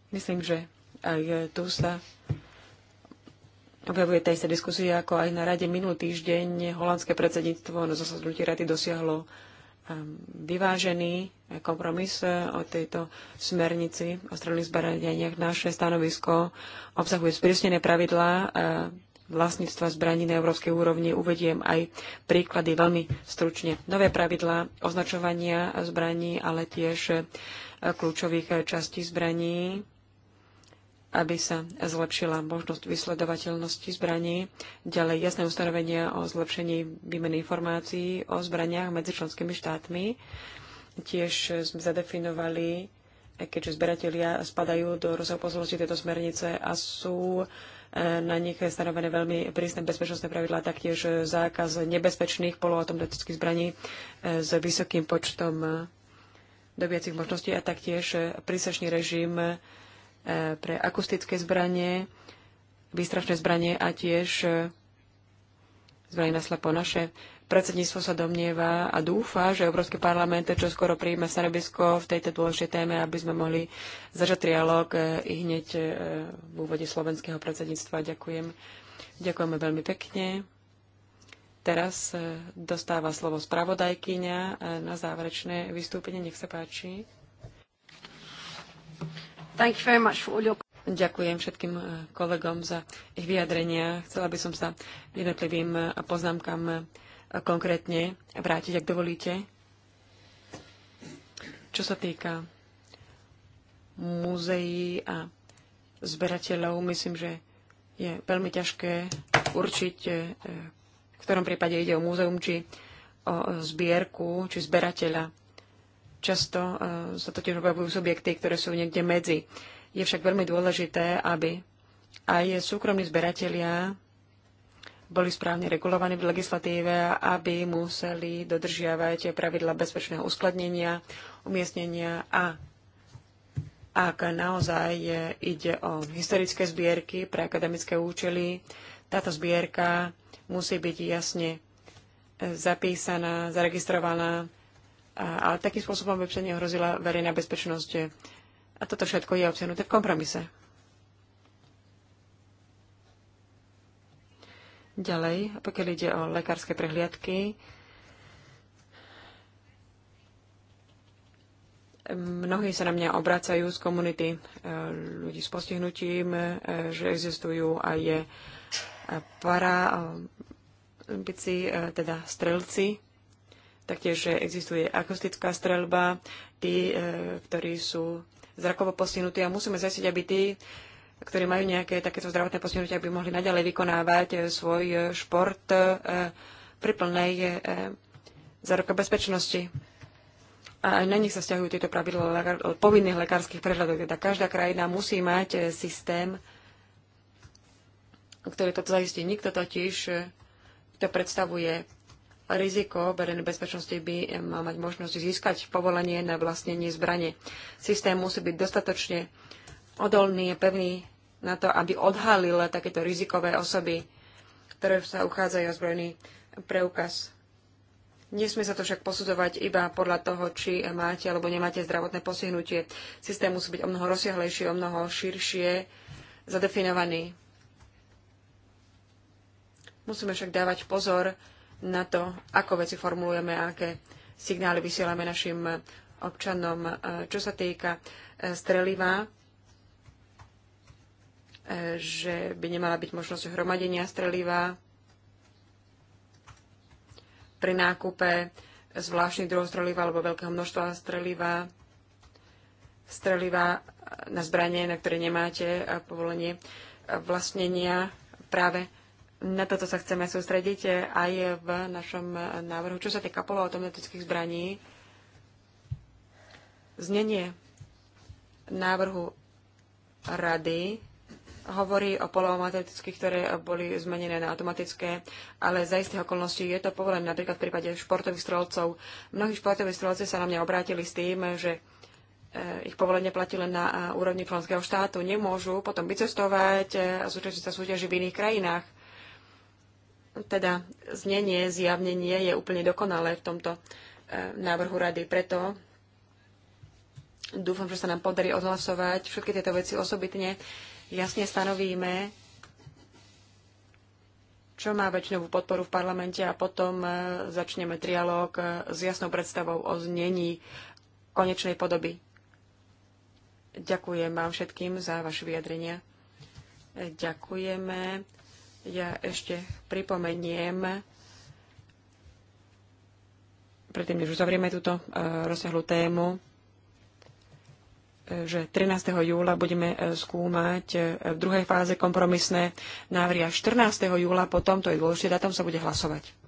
Myslím, že aj e, tu sa objavuje tá istá diskusia, ako aj na rade minulý týždeň holandské predsedníctvo na zasadnutí rady dosiahlo um, vyvážený kompromis uh, o tejto smernici o strelných zbraniach. Naše stanovisko obsahuje sprísnené pravidlá uh, vlastníctva zbraní na európskej úrovni. Uvediem aj príklady veľmi stručne. Nové pravidlá označovania zbraní, ale tiež uh, kľúčových častí zbraní aby sa zlepšila možnosť vysledovateľnosti zbraní, ďalej jasné ustanovenia o zlepšení výmeny informácií o zbraniach medzi členskými štátmi. Tiež sme zadefinovali, keďže zberatelia spadajú do rozsahu pozornosti tejto smernice a sú e, na nich stanovené veľmi prísne bezpečnostné pravidlá, taktiež zákaz nebezpečných poloautomatických zbraní e, s vysokým počtom e, dobiacich možností a taktiež prísešný režim E, pre akustické zbranie, výstrašné zbranie a tiež e, zbranie na slepo naše. Predsedníctvo sa domnieva a dúfa, že Európsky parlament čo skoro príjme stanovisko v tejto dôležitej téme, aby sme mohli začať trialog e, i hneď v úvode slovenského predsedníctva. Ďakujem. Ďakujeme veľmi pekne. Teraz dostáva slovo spravodajkyňa na záverečné vystúpenie. Nech sa páči. Your... Ďakujem všetkým e, kolegom za ich vyjadrenia. Chcela by som sa jednotlivým e, poznámkam e, konkrétne vrátiť, ak dovolíte. Čo sa týka múzeí a zberateľov, myslím, že je veľmi ťažké určiť, v ktorom prípade ide o múzeum, či o zbierku, či zberateľa. Často e, sa totiž objavujú subjekty, ktoré sú niekde medzi. Je však veľmi dôležité, aby aj súkromní zberatelia boli správne regulovaní v legislatíve, aby museli dodržiavať pravidla bezpečného uskladnenia, umiestnenia a ak naozaj ide o historické zbierky pre akademické účely, táto zbierka musí byť jasne zapísaná, zaregistrovaná a, ale takým spôsobom by sa nehrozila verejná bezpečnosť. A toto všetko je obsiahnuté v kompromise. Ďalej, pokiaľ ide o lekárske prehliadky, mnohí sa na mňa obracajú z komunity e, ľudí s postihnutím, e, že existujú je para, e, bici, teda strelci, Taktiež existuje akustická streľba, tí, e, ktorí sú zrakovo postihnutí a musíme zasiť, aby tí, ktorí majú nejaké takéto zdravotné postihnutia, aby mohli naďalej vykonávať e, svoj e, šport pri plnej zároka bezpečnosti. A aj na nich sa stiahujú tieto pravidla povinných lekárskych prehľadov. Teda každá krajina musí mať systém, ktorý toto zaistí. Nikto totiž, to predstavuje riziko verejnej bezpečnosti by mal mať možnosť získať povolenie na vlastnenie zbranie. Systém musí byť dostatočne odolný a pevný na to, aby odhalil takéto rizikové osoby, ktoré sa uchádzajú o zbrojný preukaz. Nesmie sa to však posudzovať iba podľa toho, či máte alebo nemáte zdravotné postihnutie. Systém musí byť o mnoho rozsiahlejší, o mnoho širšie zadefinovaný. Musíme však dávať pozor na to, ako veci formulujeme, aké signály vysielame našim občanom. E, čo sa týka e, streliva, e, že by nemala byť možnosť hromadenia streliva pri nákupe zvláštnych druh streliva alebo veľkého množstva streliva, streliva na zbranie, na ktoré nemáte povolenie vlastnenia práve na toto sa chceme sústrediť aj v našom návrhu. Čo sa týka poloautomatických zbraní, znenie návrhu rady hovorí o poloautomatických, ktoré boli zmenené na automatické, ale za istých okolností je to povolené napríklad v prípade športových strelcov. Mnohí športoví strelci sa na mňa obrátili s tým, že e, ich povolenie platí len na e, úrovni členského štátu, nemôžu potom vycestovať e, a súčasť sa súťaži v iných krajinách. Teda znenie, zjavnenie je úplne dokonalé v tomto e, návrhu rady. Preto dúfam, že sa nám podarí odhlasovať všetky tieto veci osobitne. Jasne stanovíme, čo má väčšinovú podporu v parlamente a potom e, začneme trialóg e, s jasnou predstavou o znení konečnej podoby. Ďakujem vám všetkým za vaše vyjadrenia. Ďakujeme. Ja ešte pripomeniem, predtým, než uzavrieme túto e, rozsiahlu tému, e, že 13. júla budeme e, skúmať v druhej fáze kompromisné návrhy a 14. júla potom, to je dôležité, datum sa bude hlasovať.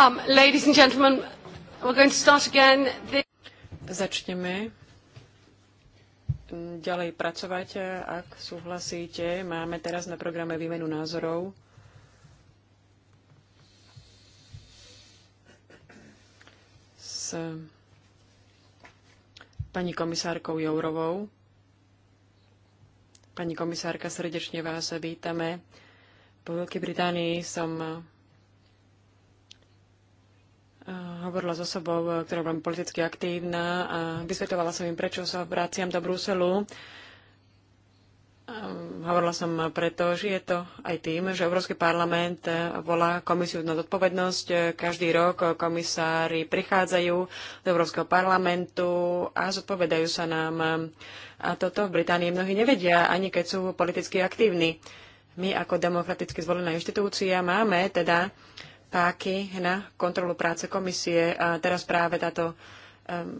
Um, ladies and gentlemen, we're going to start again. The... Začneme ďalej pracovať, ak súhlasíte. Máme teraz na programe výmenu názorov. S pani komisárkou Jourovou. Pani komisárka, srdečne vás vítame. Po Veľkej Británii som hovorila s osobou, e, ktorá bola politicky aktívna a vysvetovala som im, prečo sa vraciam do Bruselu. E, hovorila som preto, že je to aj tým, že Európsky parlament volá komisiu na zodpovednosť. Každý rok komisári prichádzajú do Európskeho parlamentu a zodpovedajú sa nám. A toto v Británii mnohí nevedia, ani keď sú politicky aktívni. My ako demokraticky zvolená inštitúcia máme teda uh, páky na kontrolu práce komisie a teraz práve táto um,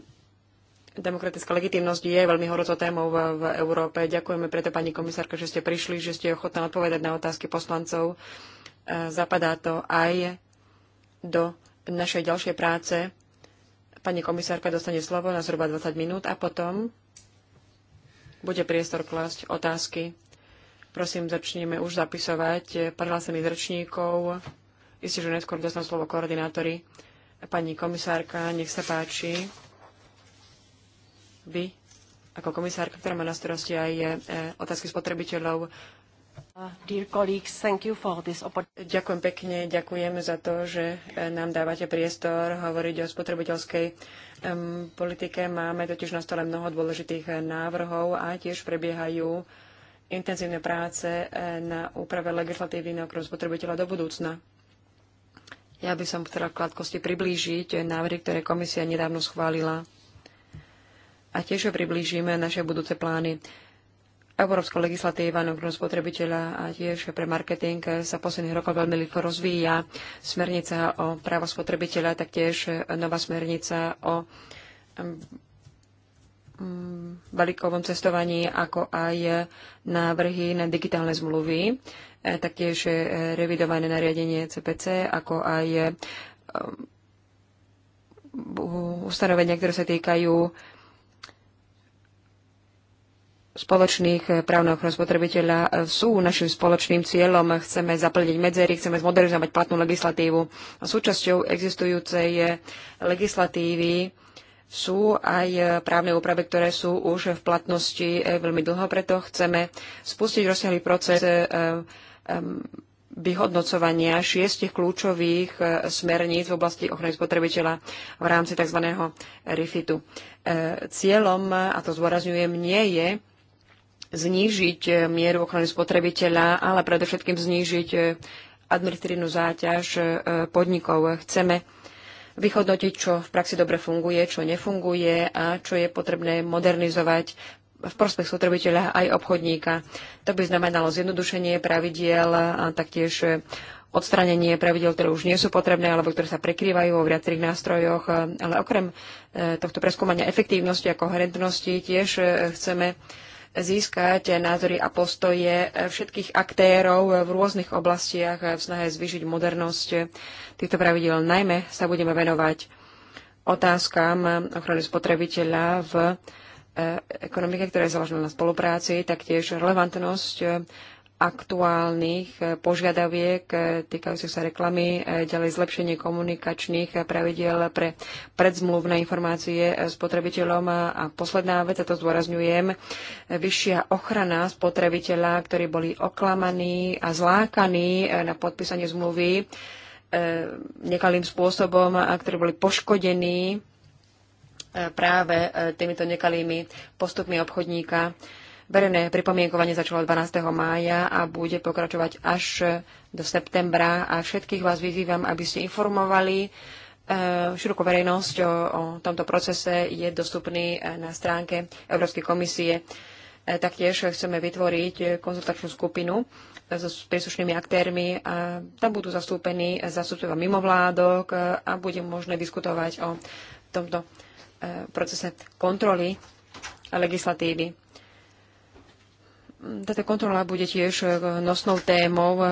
demokratická legitimnosť je veľmi horúcou témou v, v Európe. Ďakujeme preto, pani komisárka, že ste prišli, že ste ochotná odpovedať na otázky poslancov. E, zapadá to aj do našej ďalšej práce. Pani komisárka dostane slovo na zhruba 20 minút a potom bude priestor klásť otázky. Prosím, začneme už zapisovať prihlásených rečníkov. Isté, že neskôr dostanú slovo koordinátori. Pani komisárka, nech sa páči. Vy, ako komisárka, ktorá má na starosti aj e, otázky spotrebiteľov, uh, Ďakujem pekne, ďakujem za to, že e, nám dávate priestor hovoriť o spotrebiteľskej politike. Máme totiž na stole mnoho dôležitých e, návrhov a tiež prebiehajú intenzívne práce e, na úprave legislatívy na okruh spotrebiteľa do budúcna. Ja by som chcela v krátkosti priblížiť návrhy, ktoré komisia nedávno schválila. A tiež priblížime naše budúce plány. Európska legislatíva na ochranu spotrebiteľa a tiež pre marketing sa posledných rokov veľmi rýchlo rozvíja. Smernica o právo spotrebiteľa, taktiež nová smernica o Mm, balíkovom cestovaní, ako aj návrhy na digitálne zmluvy, e, taktiež e, revidované nariadenie CPC, ako aj e, um, ustanovenia, ktoré sa týkajú spoločných práv na ochranu spotrebiteľa sú našim spoločným cieľom. Chceme zaplniť medzery, chceme zmodernizovať platnú legislatívu. A súčasťou existujúcej legislatívy sú aj eh, právne úpravy, ktoré sú už v platnosti eh, veľmi dlho, preto chceme spustiť rozsiahly proces eh, vyhodnocovania šiestich kľúčových smerníc v oblasti ochrany spotrebiteľa v rámci tzv. RIFITu. Cieľom, a to zdôrazňujem, nie je znížiť mieru ochrany spotrebiteľa, ale predovšetkým znížiť administratívnu záťaž podnikov. Chceme vyhodnotiť, čo v praxi dobre funguje, čo nefunguje a čo je potrebné modernizovať v prospech spotrebiteľa aj obchodníka. To by znamenalo zjednodušenie pravidiel a taktiež odstranenie pravidel, ktoré už nie sú potrebné alebo ktoré sa prekrývajú vo viacerých nástrojoch. Ale okrem eh, tohto preskúmania efektívnosti a koherentnosti tiež eh, chceme získať názory a postoje všetkých aktérov v rôznych oblastiach v snahe zvýšiť modernosť týchto pravidel. Najmä sa budeme venovať otázkam ochrany spotrebiteľa v eh, ekonomike, ktorá je založená na spolupráci, taktiež relevantnosť aktuálnych eh, požiadaviek eh, týkajúcich sa reklamy, eh, ďalej zlepšenie komunikačných pravidiel pre predzmluvné informácie spotrebiteľom a posledná vec, a to zdôrazňujem, vyššia ochrana spotrebiteľa, ktorí boli oklamaní a zlákaní na podpísanie zmluvy nekalým spôsobom a ktorí boli poškodení práve týmito nekalými postupmi obchodníka Verejné pripomienkovanie začalo 12. mája a bude pokračovať až do septembra a všetkých vás vyzývam, aby ste informovali eh, širokú verejnosť o, o tomto procese je dostupný eh, na stránke Európskej komisie. Eh, taktiež chceme vytvoriť konzultačnú skupinu so príslušnými aktérmi a tam budú zastúpení zastupcovia mimovládok a bude možné diskutovať o tomto procese kontroly legislatívy. Táto kontrola bude tiež e, nosnou témou e,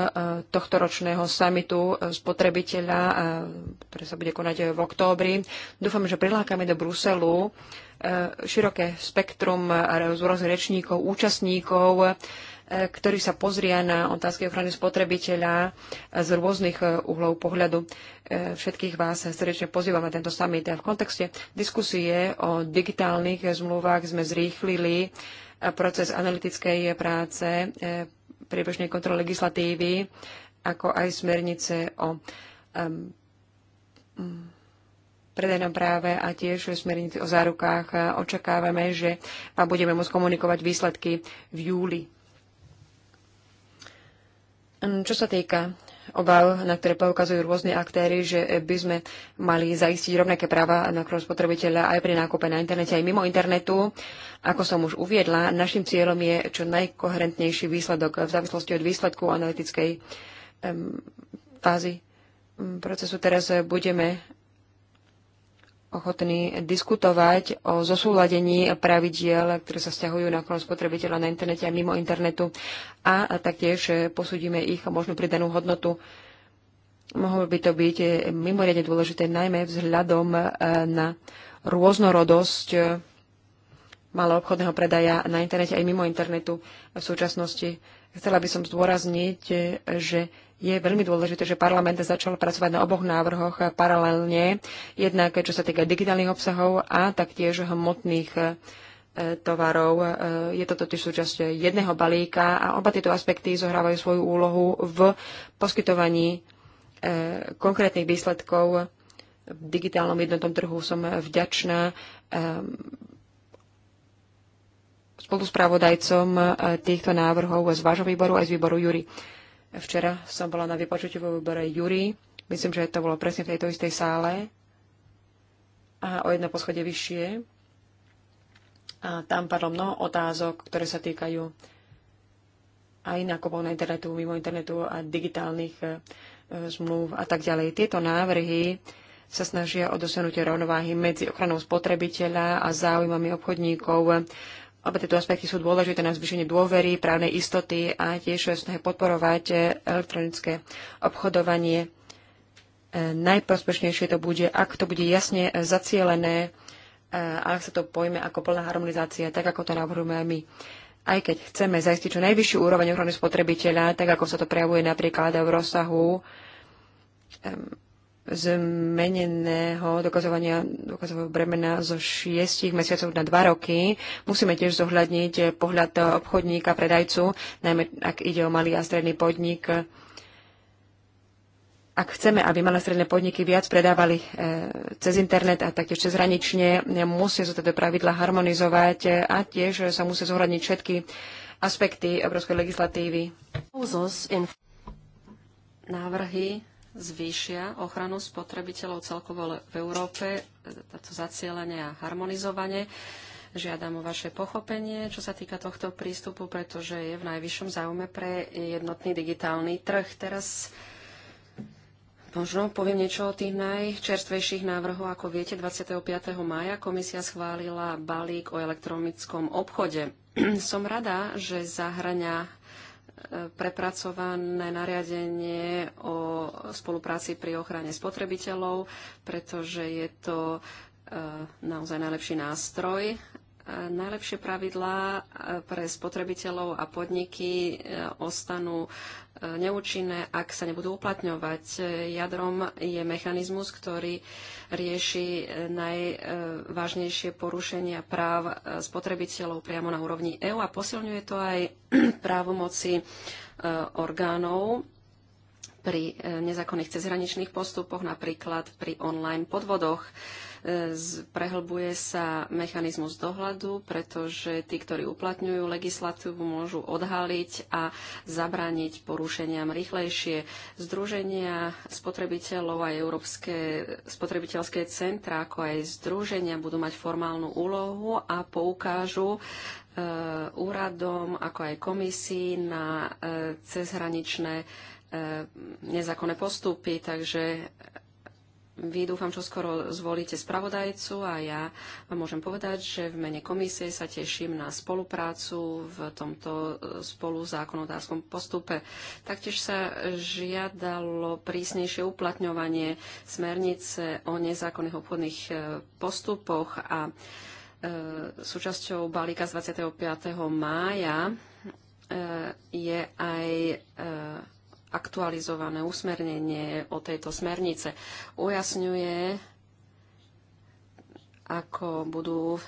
tohto ročného samitu e, spotrebiteľa, ktoré sa bude konať v októbri. Dúfam, že prilákame do Bruselu široké spektrum rôznych rečníkov, účastníkov, ktorí sa pozria na otázky ochrany spotrebiteľa z rôznych uhlov pohľadu. Všetkých vás srdečne pozývam na tento summit. V kontexte diskusie o digitálnych zmluvách sme zrýchlili proces analytickej práce, e, priebežnej kontroly legislatívy, ako aj smernice o um, predajnom práve a tiež smernice o zárukách. Očakávame, že vám budeme môcť komunikovať výsledky v júli. Čo sa týka obav, na ktoré poukazujú rôzne aktéry, že by sme mali zaistiť rovnaké práva na krok spotrebiteľa aj pri nákupe na internete, aj mimo internetu. Ako som už uviedla, našim cieľom je čo najkoherentnejší výsledok v závislosti od výsledku analytickej um, fázy mm, procesu. Teraz budeme ochotní diskutovať o zosúladení pravidiel, ktoré sa stiahujú na ochranu spotrebiteľa na internete a mimo internetu a taktiež posúdime ich možnú pridanú hodnotu. Mohlo by to byť mimoriadne dôležité najmä vzhľadom e, na rôznorodosť e, malého obchodného predaja na internete aj mimo internetu v súčasnosti. Chcela by som zdôrazniť, e, že je veľmi dôležité, že parlament začal pracovať na oboch návrhoch paralelne, jednak čo sa týka digitálnych obsahov a taktiež hmotných e, tovarov. E, je to totiž súčasť jedného balíka a oba tieto aspekty zohrávajú svoju úlohu v poskytovaní e, konkrétnych výsledkov v digitálnom jednotnom trhu. Som vďačná spoluspravodajcom týchto návrhov z vášho výboru aj z výboru Jury. Včera som bola na vypočutí vo výbore Jury. Myslím, že to bolo presne v tejto istej sále a o jedno poschodie vyššie. A tam padlo mnoho otázok, ktoré sa týkajú aj nákupov na internetu, mimo internetu a digitálnych e, zmluv a tak ďalej. Tieto návrhy sa snažia o dosiahnutie rovnováhy medzi ochranou spotrebiteľa a záujmami obchodníkov. Obe tieto aspekty sú dôležité na zvýšenie dôvery, právnej istoty a tiež snahy podporovať e, elektronické obchodovanie. E, najprospešnejšie to bude, ak to bude jasne e, zacielené a ak sa to pojme ako plná harmonizácia, tak ako to navrhujeme aj my. Aj keď chceme zaistiť čo najvyššiu úroveň ochrany spotrebiteľa, tak ako sa to prejavuje napríklad v rozsahu zmeneného dokazovania dokazového bremena zo 6 mesiacov na 2 roky. Musíme tiež zohľadniť pohľad obchodníka, predajcu, najmä ak ide o malý a stredný podnik. Ak chceme, aby malé stredné podniky viac predávali e, cez internet a taktiež cez hranične, musia sa teda pravidla harmonizovať a tiež sa musia zohľadniť všetky aspekty európskej legislatívy. Návrhy zvýšia ochranu spotrebiteľov celkovo v Európe, e, to zacielenie a harmonizovanie. Žiadam o vaše pochopenie, čo sa týka tohto prístupu, pretože je v najvyššom záujme pre jednotný digitálny trh. Teraz možno poviem niečo o tých najčerstvejších návrhoch. Ako viete, 25. mája komisia schválila balík o elektronickom obchode. Som rada, že zahrania prepracované nariadenie o spolupráci pri ochrane spotrebiteľov, pretože je to e, naozaj najlepší nástroj najlepšie pravidlá e, pre spotrebiteľov a podniky e, ostanú e, neúčinné, ak sa nebudú uplatňovať. Jadrom je mechanizmus, ktorý rieši najvážnejšie porušenia práv spotrebiteľov priamo na úrovni EÚ a posilňuje to aj právomoci orgánov pri nezákonných cezhraničných postupoch, napríklad pri online podvodoch prehlbuje sa mechanizmus dohľadu, pretože tí, ktorí uplatňujú legislatívu, môžu odhaliť a zabrániť porušeniam rýchlejšie. Združenia spotrebiteľov a Európske spotrebiteľské centra, ako aj združenia, budú mať formálnu úlohu a poukážu e, úradom, ako aj komisii na e, cezhraničné e, nezákonné postupy, takže vy dúfam, čo skoro zvolíte spravodajcu a ja vám môžem povedať, že v mene komisie sa teším na spoluprácu v tomto e, spolu zákonodárskom postupe. Taktiež sa žiadalo prísnejšie uplatňovanie smernice o nezákonných obchodných e, postupoch a e, súčasťou balíka z 25. mája je aj aktualizované usmernenie o tejto smernice. Ujasňuje, ako budú e,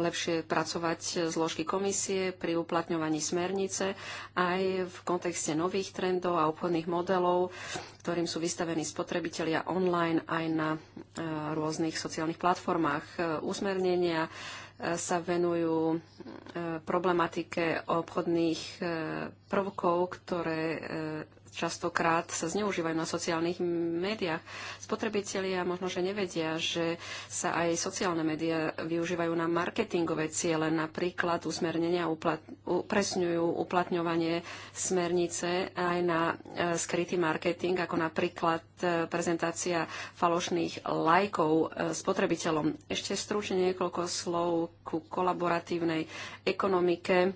lepšie pracovať zložky komisie pri uplatňovaní smernice aj v kontexte nových trendov a obchodných modelov, ktorým sú vystavení spotrebitelia online aj na e, rôznych sociálnych platformách. E, usmernenia sa venujú e, problematike obchodných e, prvkov, ktoré e, častokrát sa zneužívajú na sociálnych médiách. Spotrebitelia možno, že nevedia, že sa aj sociálne médiá využívajú na marketingové ciele, napríklad usmernenia uplat- upresňujú uplatňovanie smernice aj na e, skrytý marketing, ako napríklad e, prezentácia falošných lajkov e, spotrebiteľom. Ešte stručne niekoľko slov ku kolaboratívnej ekonomike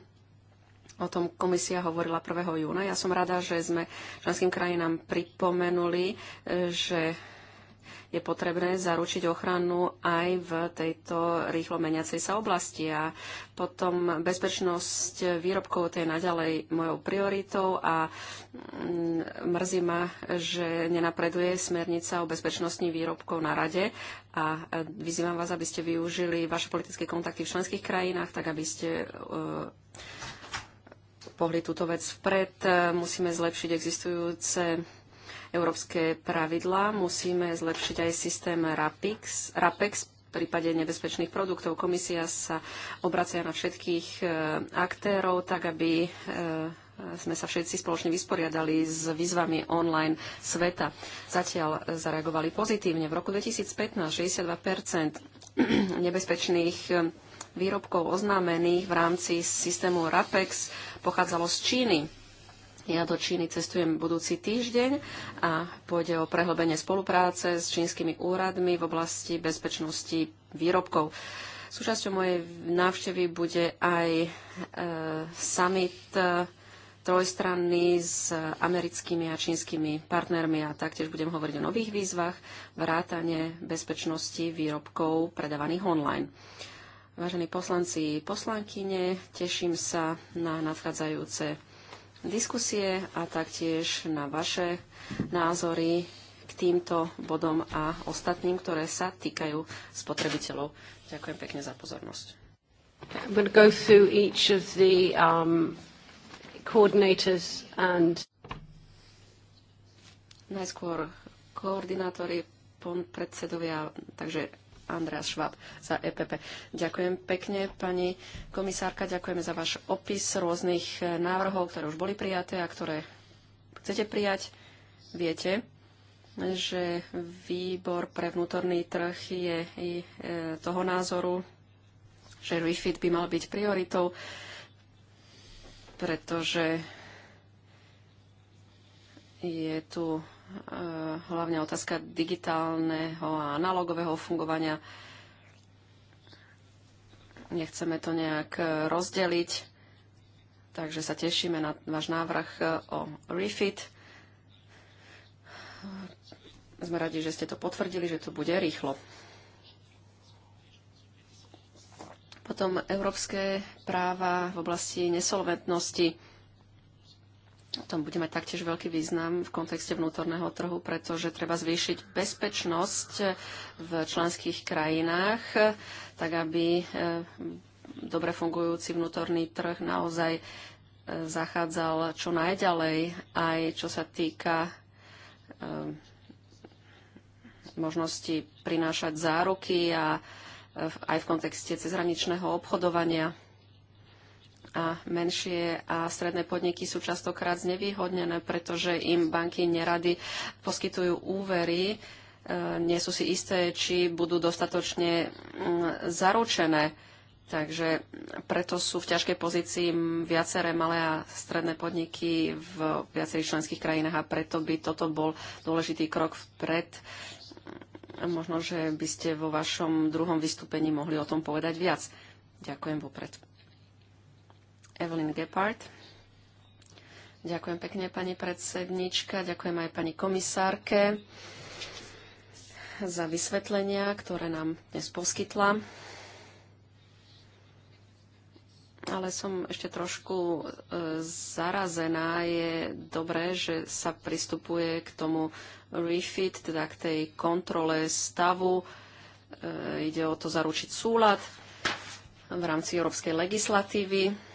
O tom komisia hovorila 1. júna. Ja som rada, že sme členským krajinám pripomenuli, e, že je potrebné zaručiť ochranu aj v tejto rýchlo meniacej sa oblasti. A potom bezpečnosť výrobkov, to je naďalej mojou prioritou a mm, mrzí ma, že nenapreduje smernica o bezpečnosti výrobkov na rade a e, vyzývam vás, aby ste využili vaše politické kontakty v členských krajinách, tak aby ste uh, pohli túto vec vpred. Musíme zlepšiť existujúce európske pravidlá, musíme zlepšiť aj systém RAPEX, RAPEX v prípade nebezpečných produktov. Komisia sa obracia na všetkých e, aktérov, tak aby e, sme sa všetci spoločne vysporiadali s výzvami online sveta. Zatiaľ zareagovali pozitívne. V roku 2015 62 nebezpečných e, výrobkov oznámených v rámci systému RAPEX pochádzalo z Číny. Ja do Číny cestujem budúci týždeň a pôjde o prehlbenie spolupráce s čínskymi úradmi v oblasti bezpečnosti výrobkov. Súčasťou mojej návštevy bude aj e, summit e, trojstranný s americkými a čínskymi partnermi a taktiež budem hovoriť o nových výzvach, vrátane bezpečnosti výrobkov predávaných online. Vážení poslanci, poslankyne, teším sa na nadchádzajúce diskusie a taktiež na vaše názory k týmto bodom a ostatným, ktoré sa týkajú spotrebiteľov. Ďakujem pekne za pozornosť. Um, Najskôr koordinátori, predsedovia, takže Andreas Schwab za EPP. Ďakujem pekne, pani komisárka, ďakujeme za váš opis rôznych eh, návrhov, ktoré už boli prijaté a ktoré chcete prijať. Viete, že výbor pre vnútorný trh je i eh, toho názoru, že refit by mal byť prioritou, pretože je tu Eh, hlavne otázka digitálneho a analogového fungovania. Nechceme to nejak eh, rozdeliť, takže sa tešíme na váš návrh eh, o refit. Sme radi, že ste to potvrdili, že to bude rýchlo. Potom európske práva v oblasti nesolventnosti tom bude mať taktiež veľký význam v kontexte vnútorného trhu, pretože treba zvýšiť bezpečnosť v členských krajinách, tak aby e, dobre fungujúci vnútorný trh naozaj e, zachádzal čo najďalej, aj čo sa týka e, možnosti prinášať záruky a aj v kontexte cezhraničného obchodovania a menšie a stredné podniky sú častokrát znevýhodnené, pretože im banky nerady poskytujú úvery, e, nie sú si isté, či budú dostatočne mm, zaručené. Takže preto sú v ťažkej pozícii viaceré malé a stredné podniky v viacerých členských krajinách a preto by toto bol dôležitý krok vpred. Možno, že by ste vo vašom druhom vystúpení mohli o tom povedať viac. Ďakujem vopred. Evelyn Gepard. Ďakujem pekne, pani predsednička. Ďakujem aj pani komisárke za vysvetlenia, ktoré nám dnes poskytla. Ale som ešte trošku e, zarazená. Je dobré, že sa pristupuje k tomu refit, teda k tej kontrole stavu. E, ide o to zaručiť súlad v rámci európskej legislatívy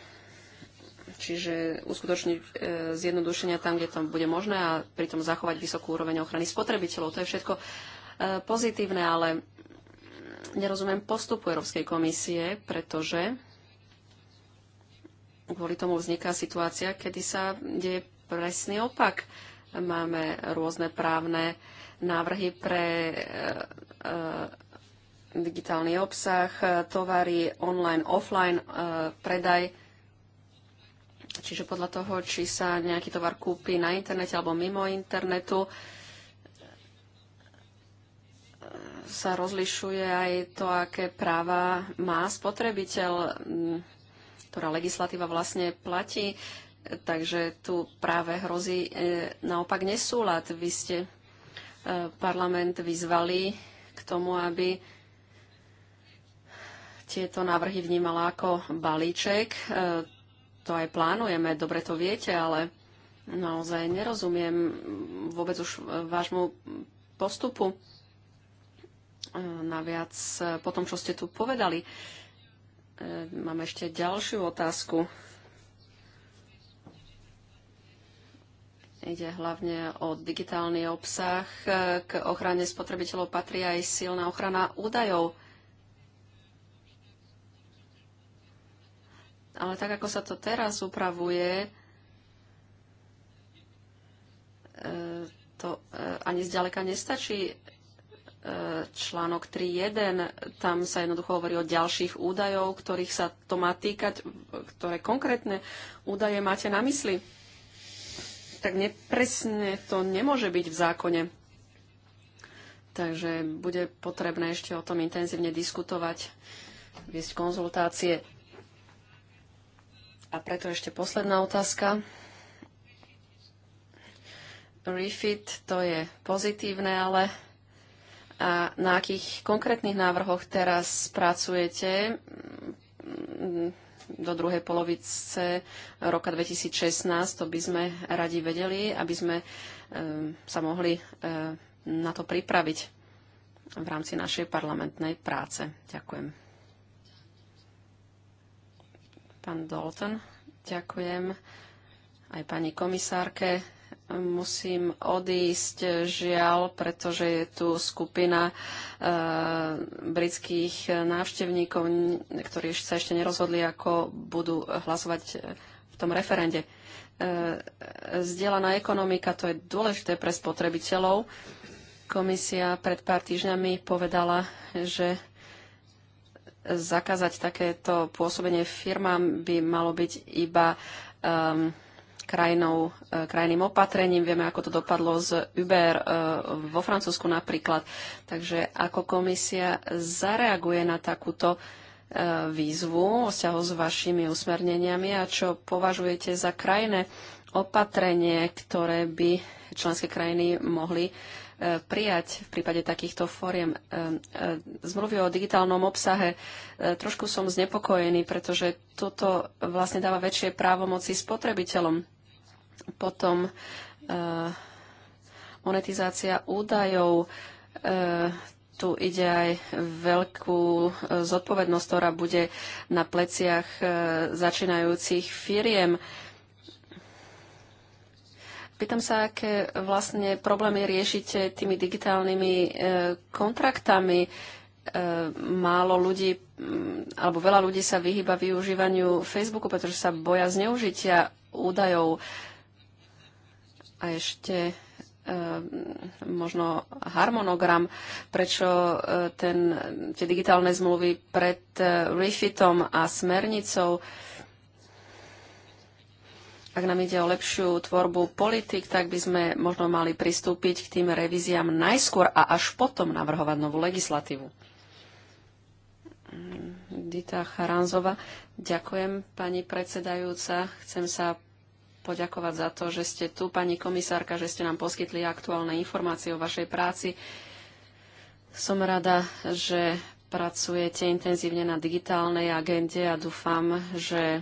čiže uskutočniť e, zjednodušenia tam, kde to bude možné a pritom zachovať vysokú úroveň ochrany spotrebiteľov. To je všetko e, pozitívne, ale nerozumiem postupu Európskej komisie, pretože kvôli tomu vzniká situácia, kedy sa deje presný opak. Máme rôzne právne návrhy pre e, digitálny obsah, tovary, online, offline, predaj. Čiže podľa toho, či sa nejaký tovar kúpi na internete alebo mimo internetu, sa rozlišuje aj to, aké práva má spotrebiteľ, ktorá legislatíva vlastne platí. Takže tu práve hrozí e, naopak nesúlad. Vy ste e, parlament vyzvali k tomu, aby tieto návrhy vnímala ako balíček e, to aj plánujeme, dobre to viete, ale naozaj nerozumiem vôbec už vášmu postupu. E, naviac po tom, čo ste tu povedali, e, mám ešte ďalšiu otázku. Ide hlavne o digitálny obsah. K ochrane spotrebiteľov patrí aj silná ochrana údajov. Ale tak, ako sa to teraz upravuje, e, to e, ani zďaleka nestačí e, článok 3.1, tam sa jednoducho hovorí o ďalších údajov, ktorých sa to má týkať, ktoré konkrétne údaje máte na mysli. Tak nepresne to nemôže byť v zákone. Takže bude potrebné ešte o tom intenzívne diskutovať, viesť konzultácie. A preto ešte posledná otázka. Refit to je pozitívne, ale a na akých konkrétnych návrhoch teraz pracujete do druhej polovice roka 2016, to by sme radi vedeli, aby sme e, sa mohli e, na to pripraviť v rámci našej parlamentnej práce. Ďakujem. Pán Dalton, ďakujem aj pani komisárke. Musím odísť, žiaľ, pretože je tu skupina e, britských návštevníkov, ktorí sa ešte nerozhodli, ako budú hlasovať v tom referende. E, zdieľaná ekonomika, to je dôležité pre spotrebiteľov. Komisia pred pár týždňami povedala, že zakázať takéto pôsobenie firmám by malo byť iba um, krajinou, eh, krajným opatrením. Vieme, ako to dopadlo z Uber eh, vo Francúzsku napríklad. Takže ako komisia zareaguje na takúto eh, výzvu o vzťahu s vašimi usmerneniami a čo považujete za krajné opatrenie, ktoré by členské krajiny mohli prijať v prípade takýchto fóriem. Zmluvy o digitálnom obsahe e, trošku som znepokojený, pretože toto vlastne dáva väčšie právomoci spotrebiteľom. Potom e, monetizácia údajov. E, tu ide aj veľkú zodpovednosť, ktorá bude na pleciach začínajúcich firiem Pýtam sa, aké vlastne problémy riešite tými digitálnymi e, kontraktami. E, málo ľudí, mm, alebo veľa ľudí sa vyhýba využívaniu Facebooku, pretože sa boja zneužitia údajov. A ešte e, možno harmonogram, prečo ten, tie digitálne zmluvy pred refitom a smernicou ak nám ide o lepšiu tvorbu politik, tak by sme možno mali pristúpiť k tým revíziám najskôr a až potom navrhovať novú legislatívu. Dita Charanzova. Ďakujem, pani predsedajúca. Chcem sa poďakovať za to, že ste tu, pani komisárka, že ste nám poskytli aktuálne informácie o vašej práci. Som rada, že pracujete intenzívne na digitálnej agende a dúfam, že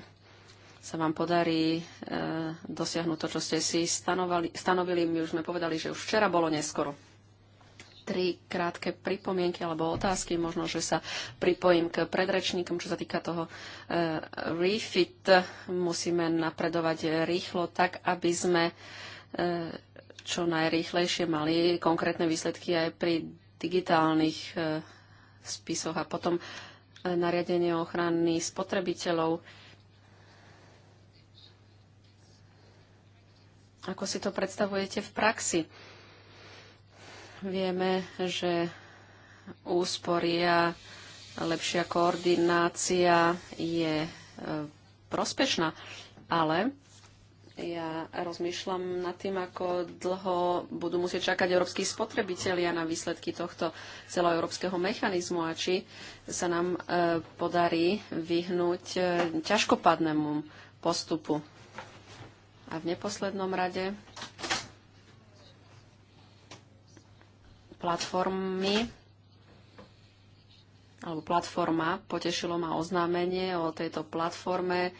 sa vám podarí e, dosiahnuť to, čo ste si stanovali, stanovili. My už sme povedali, že už včera bolo neskoro. Tri krátke pripomienky alebo otázky. Možno, že sa pripojím k predrečníkom, čo sa týka toho e, refit. Musíme napredovať rýchlo, tak aby sme e, čo najrýchlejšie mali konkrétne výsledky aj pri digitálnych e, spisoch a potom e, nariadenie ochrany spotrebiteľov. E, Ako si to predstavujete v praxi? Vieme, že úspory a lepšia koordinácia je e, prospešná, ale ja rozmýšľam nad tým, ako dlho budú musieť čakať európsky spotrebitelia na výsledky tohto celoeurópskeho mechanizmu a či sa nám e, podarí vyhnúť e, ťažkopadnému postupu. A v neposlednom rade platformy alebo platforma, potešilo ma oznámenie o tejto platforme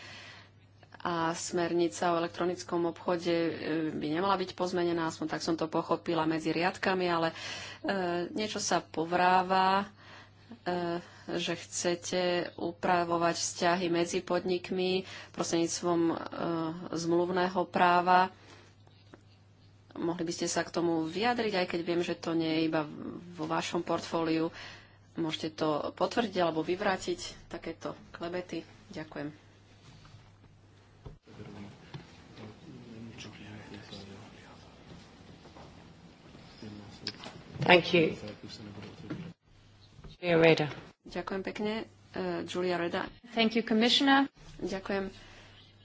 a smernica o elektronickom obchode e, by nemala byť pozmenená, aspoň tak som to pochopila medzi riadkami, ale e, niečo sa povráva. E, že chcete upravovať vzťahy medzi podnikmi prostredníctvom e, zmluvného práva. Mohli by ste sa k tomu vyjadriť, aj keď viem, že to nie je iba vo vašom portfóliu. Môžete to potvrdiť alebo vyvrátiť, takéto klebety. Ďakujem. Thank you. you. Ďakujem pekne. E, Julia Reda. Thank you, commissioner. Ďakujem.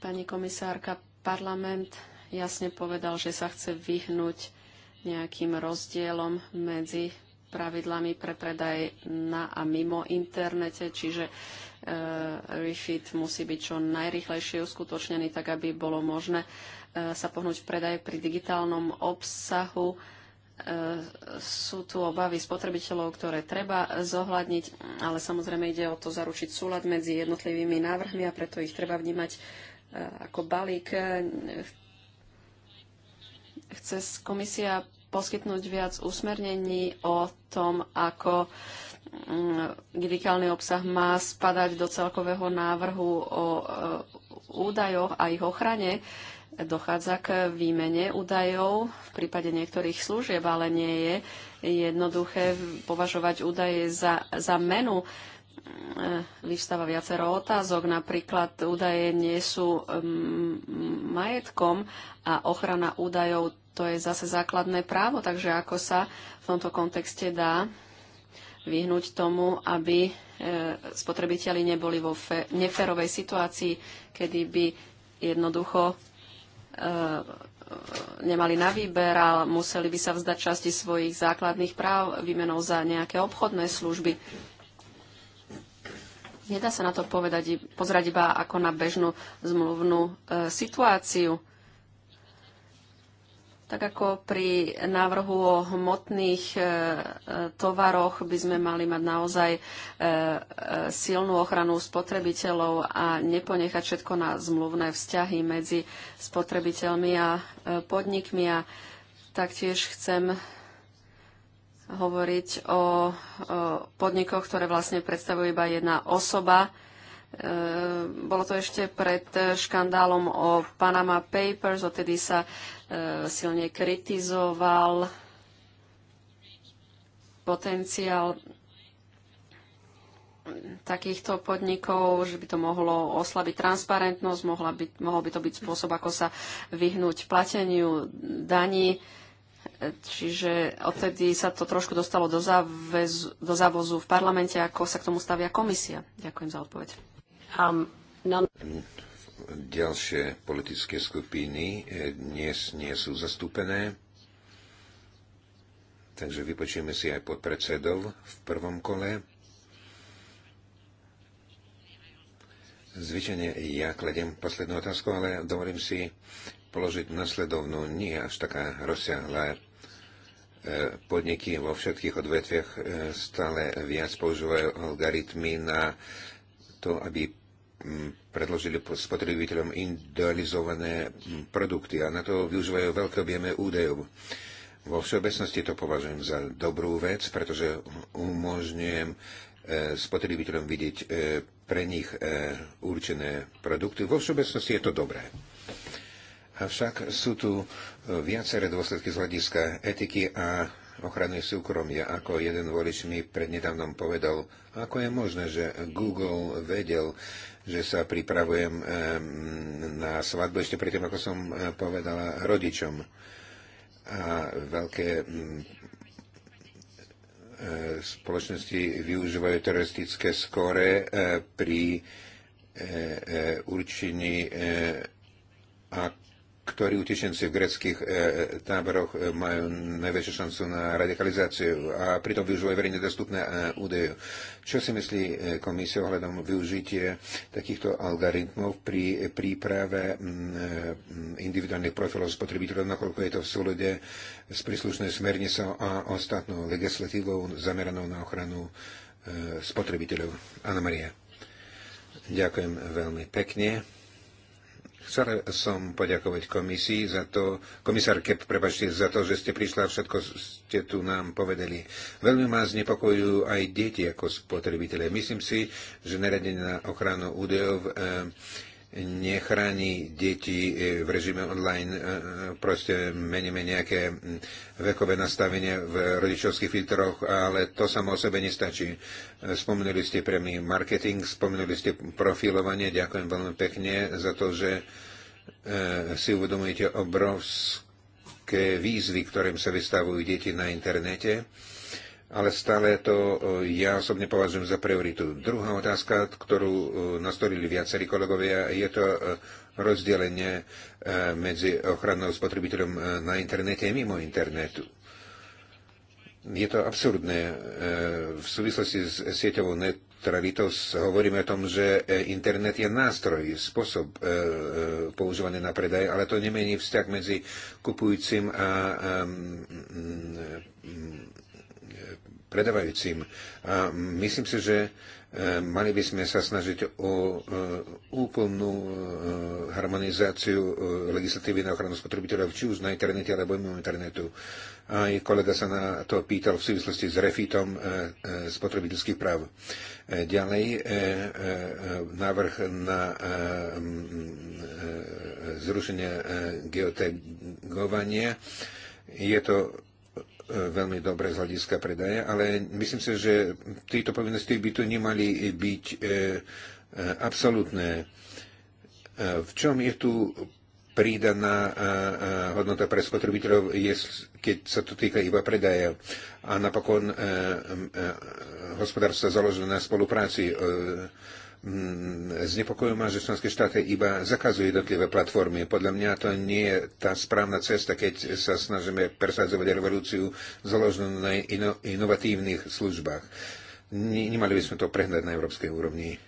Pani komisárka, parlament jasne povedal, že sa chce vyhnúť nejakým rozdielom medzi pravidlami pre predaj na a mimo internete, čiže uh, refit musí byť čo najrychlejšie uskutočnený, tak aby bolo možné uh, sa pohnúť v predaj pri digitálnom obsahu. Uh, E, sú tu obavy spotrebiteľov, ktoré treba zohľadniť, ale samozrejme ide o to zaručiť súlad medzi jednotlivými návrhmi a preto ich treba vnímať e, ako balík. Chce komisia poskytnúť viac usmernení o tom, ako mm, digitálny obsah má spadať do celkového návrhu o e, údajoch a ich ochrane dochádza k výmene údajov v prípade niektorých služieb, ale nie je jednoduché považovať údaje za, za menu. Mm, vyvstáva viacero otázok, napríklad údaje nie sú mm, majetkom a ochrana údajov to je zase základné právo, takže ako sa v tomto kontexte dá vyhnúť tomu, aby e, spotrebiteľi neboli vo neferovej situácii, kedy by jednoducho E, nemali na výber a museli by sa vzdať časti svojich základných práv výmenou za nejaké obchodné služby. Nedá sa na to povedať, pozrieť iba ako na bežnú zmluvnú e, situáciu. Tak ako pri návrhu o hmotných e, e, tovaroch by sme mali mať naozaj e, silnú ochranu spotrebiteľov a neponechať všetko na zmluvné vzťahy medzi spotrebiteľmi a podnikmi. A taktiež chcem hovoriť o podnikoch, ktoré vlastne predstavuje iba jedna osoba E, bolo to ešte pred e, škandálom o Panama Papers, odtedy sa e, silne kritizoval potenciál takýchto podnikov, že by to mohlo oslabiť transparentnosť, mohla by, mohol by to byť spôsob, ako sa vyhnúť plateniu daní. Čiže odtedy sa to trošku dostalo do, do závozu v parlamente, ako sa k tomu stavia komisia. Ďakujem za odpoveď. Um, non... Ďalšie politické skupiny e, dnes nie sú zastúpené, takže vypočujeme si aj podpredsedov v prvom kole. Zvyčajne ja kladiem poslednú otázku, ale dovolím si položiť nasledovnú, nie až taká rozsiahla e, podniky vo všetkých odvetviach e, stále viac používajú algoritmy na to, aby predložili spotrebiteľom individualizované produkty a na to využívajú veľké objemy údajov. Vo všeobecnosti to považujem za dobrú vec, pretože umožňujem e, spotrebiteľom vidieť e, pre nich e, určené produkty. Vo všeobecnosti je to dobré. Avšak sú tu viaceré dôsledky z hľadiska etiky a ochrany súkromia, ako jeden volič mi prednedávnom povedal, ako je možné, že Google vedel, že sa pripravujem eh, na svadbu ešte predtým, ako som eh, povedala rodičom. A veľké eh, spoločnosti využívajú teroristické skóre pri určení ak ktorí utečenci v greckých e, táboroch e, majú najväčšiu šancu na radikalizáciu a pritom využívajú verejne dostupné e, údaje. Čo si myslí e, komisia ohľadom využitie takýchto algoritmov pri príprave e, individuálnych profilov spotrebiteľov, nakoľko je to v súlede s príslušnou smernicou a ostatnou legislatívou zameranou na ochranu e, spotrebiteľov? Anna Maria. Ďakujem veľmi pekne. Chcel som poďakovať komisii za to, komisárke, prepačte, za to, že ste prišla a všetko ste tu nám povedali. Veľmi ma znepokojujú aj deti ako spotrebitelia. Myslím si, že naradenie na ochranu údajov eh, nechráni deti e, v režime online, e, e, proste meníme nejaké vekové nastavenie v rodičovských filtroch, ale to samo o sebe nestačí. Spomenuli ste pre mňa marketing, spomenuli ste profilovanie, ďakujem veľmi pekne za to, že si uvedomujete obrovské výzvy, ktorým sa vystavujú deti na internete ale stále to e, ja osobne považujem za prioritu. Druhá otázka, ktorú e, nastorili viacerí kolegovia, je to e, rozdelenie medzi ochranou spotrebiteľom na internete a mimo internetu. Je to absurdné. V súvislosti s sieťovou neutralitou hovoríme o tom, že internet je nástroj, spôsob používania na predaj, ale to nemení vzťah medzi kupujúcim a predávajúcim. A myslím si, že e, mali by sme sa snažiť o e, úplnú e, harmonizáciu legislatívy na ochranu spotrebiteľov, či už na internete alebo mimo internetu. Aj kolega sa na to pýtal v súvislosti s refitom spotrebiteľských práv. Ďalej návrh na zrušenie geotagovania. Je to E, veľmi dobré z hľadiska predaja, ale myslím si, že tieto povinnosti by tu nemali byť e, e absolútne. E, v čom je tu prídaná hodnota pre spotrebiteľov, keď sa to týka iba predaja. A napokon hospodárstvo založené na spolupráci Mm, Znepokojujú ma, že členské štáty iba zakazujú jednotlivé platformy. Podľa mňa to nie je tá správna cesta, keď sa snažíme presadzovať revolúciu založenú na ino- inovatívnych službách. Nemali by sme to prehnať na európskej úrovni.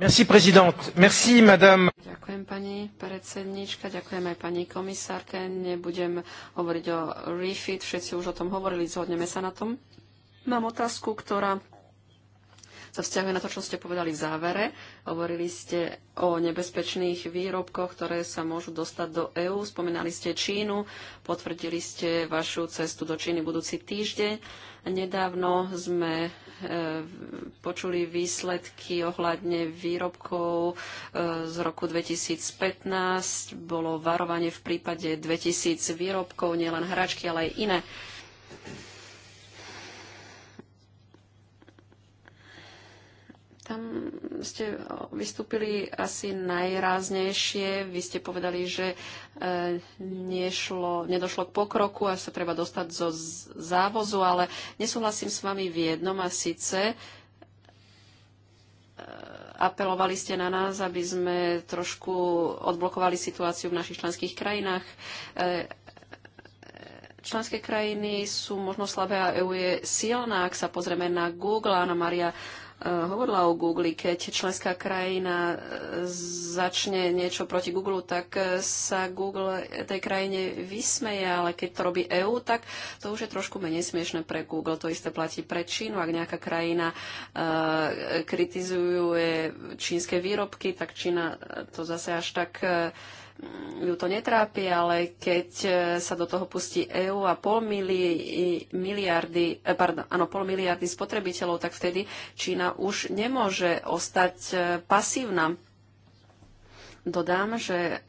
Merci, prezident. Merci, madame. Ďakujem, pani predsednička, ďakujem aj pani komisárke. Nebudem hovoriť o refit, všetci už o tom hovorili, zhodneme sa na tom. Mám otázku, ktorá sa vzťahuje na to, čo ste povedali v závere. Hovorili ste o nebezpečných výrobkoch, ktoré sa môžu dostať do EÚ. Spomínali ste Čínu, potvrdili ste vašu cestu do Číny budúci týždeň. Nedávno sme e, počuli výsledky ohľadne výrobkov e, z roku 2015. Bolo varovanie v prípade 2000 výrobkov, nielen hračky, ale aj iné Tam ste vystúpili asi najráznejšie. Vy ste povedali, že e, nešlo, nedošlo k pokroku a sa treba dostať zo závozu, ale nesúhlasím s vami v jednom a síce e, apelovali ste na nás, aby sme trošku odblokovali situáciu v našich členských krajinách. E, členské krajiny sú možno slabé a EU je silná, ak sa pozrieme na Google, na Maria hovorila o Google. Keď členská krajina e, začne niečo proti Google, tak e, sa Google tej krajine vysmeje, ale keď to robí EÚ, tak to už je trošku menej smiešne pre Google. To isté platí pre Čínu. Ak nejaká krajina e, kritizuje čínske výrobky, tak Čína to zase až tak ju to netrápi, ale keď e, sa do toho pustí EÚ a pol miliardy, e, pardon, áno, pol miliardy spotrebiteľov, tak vtedy Čína už nemôže ostať e, pasívna. Dodám, že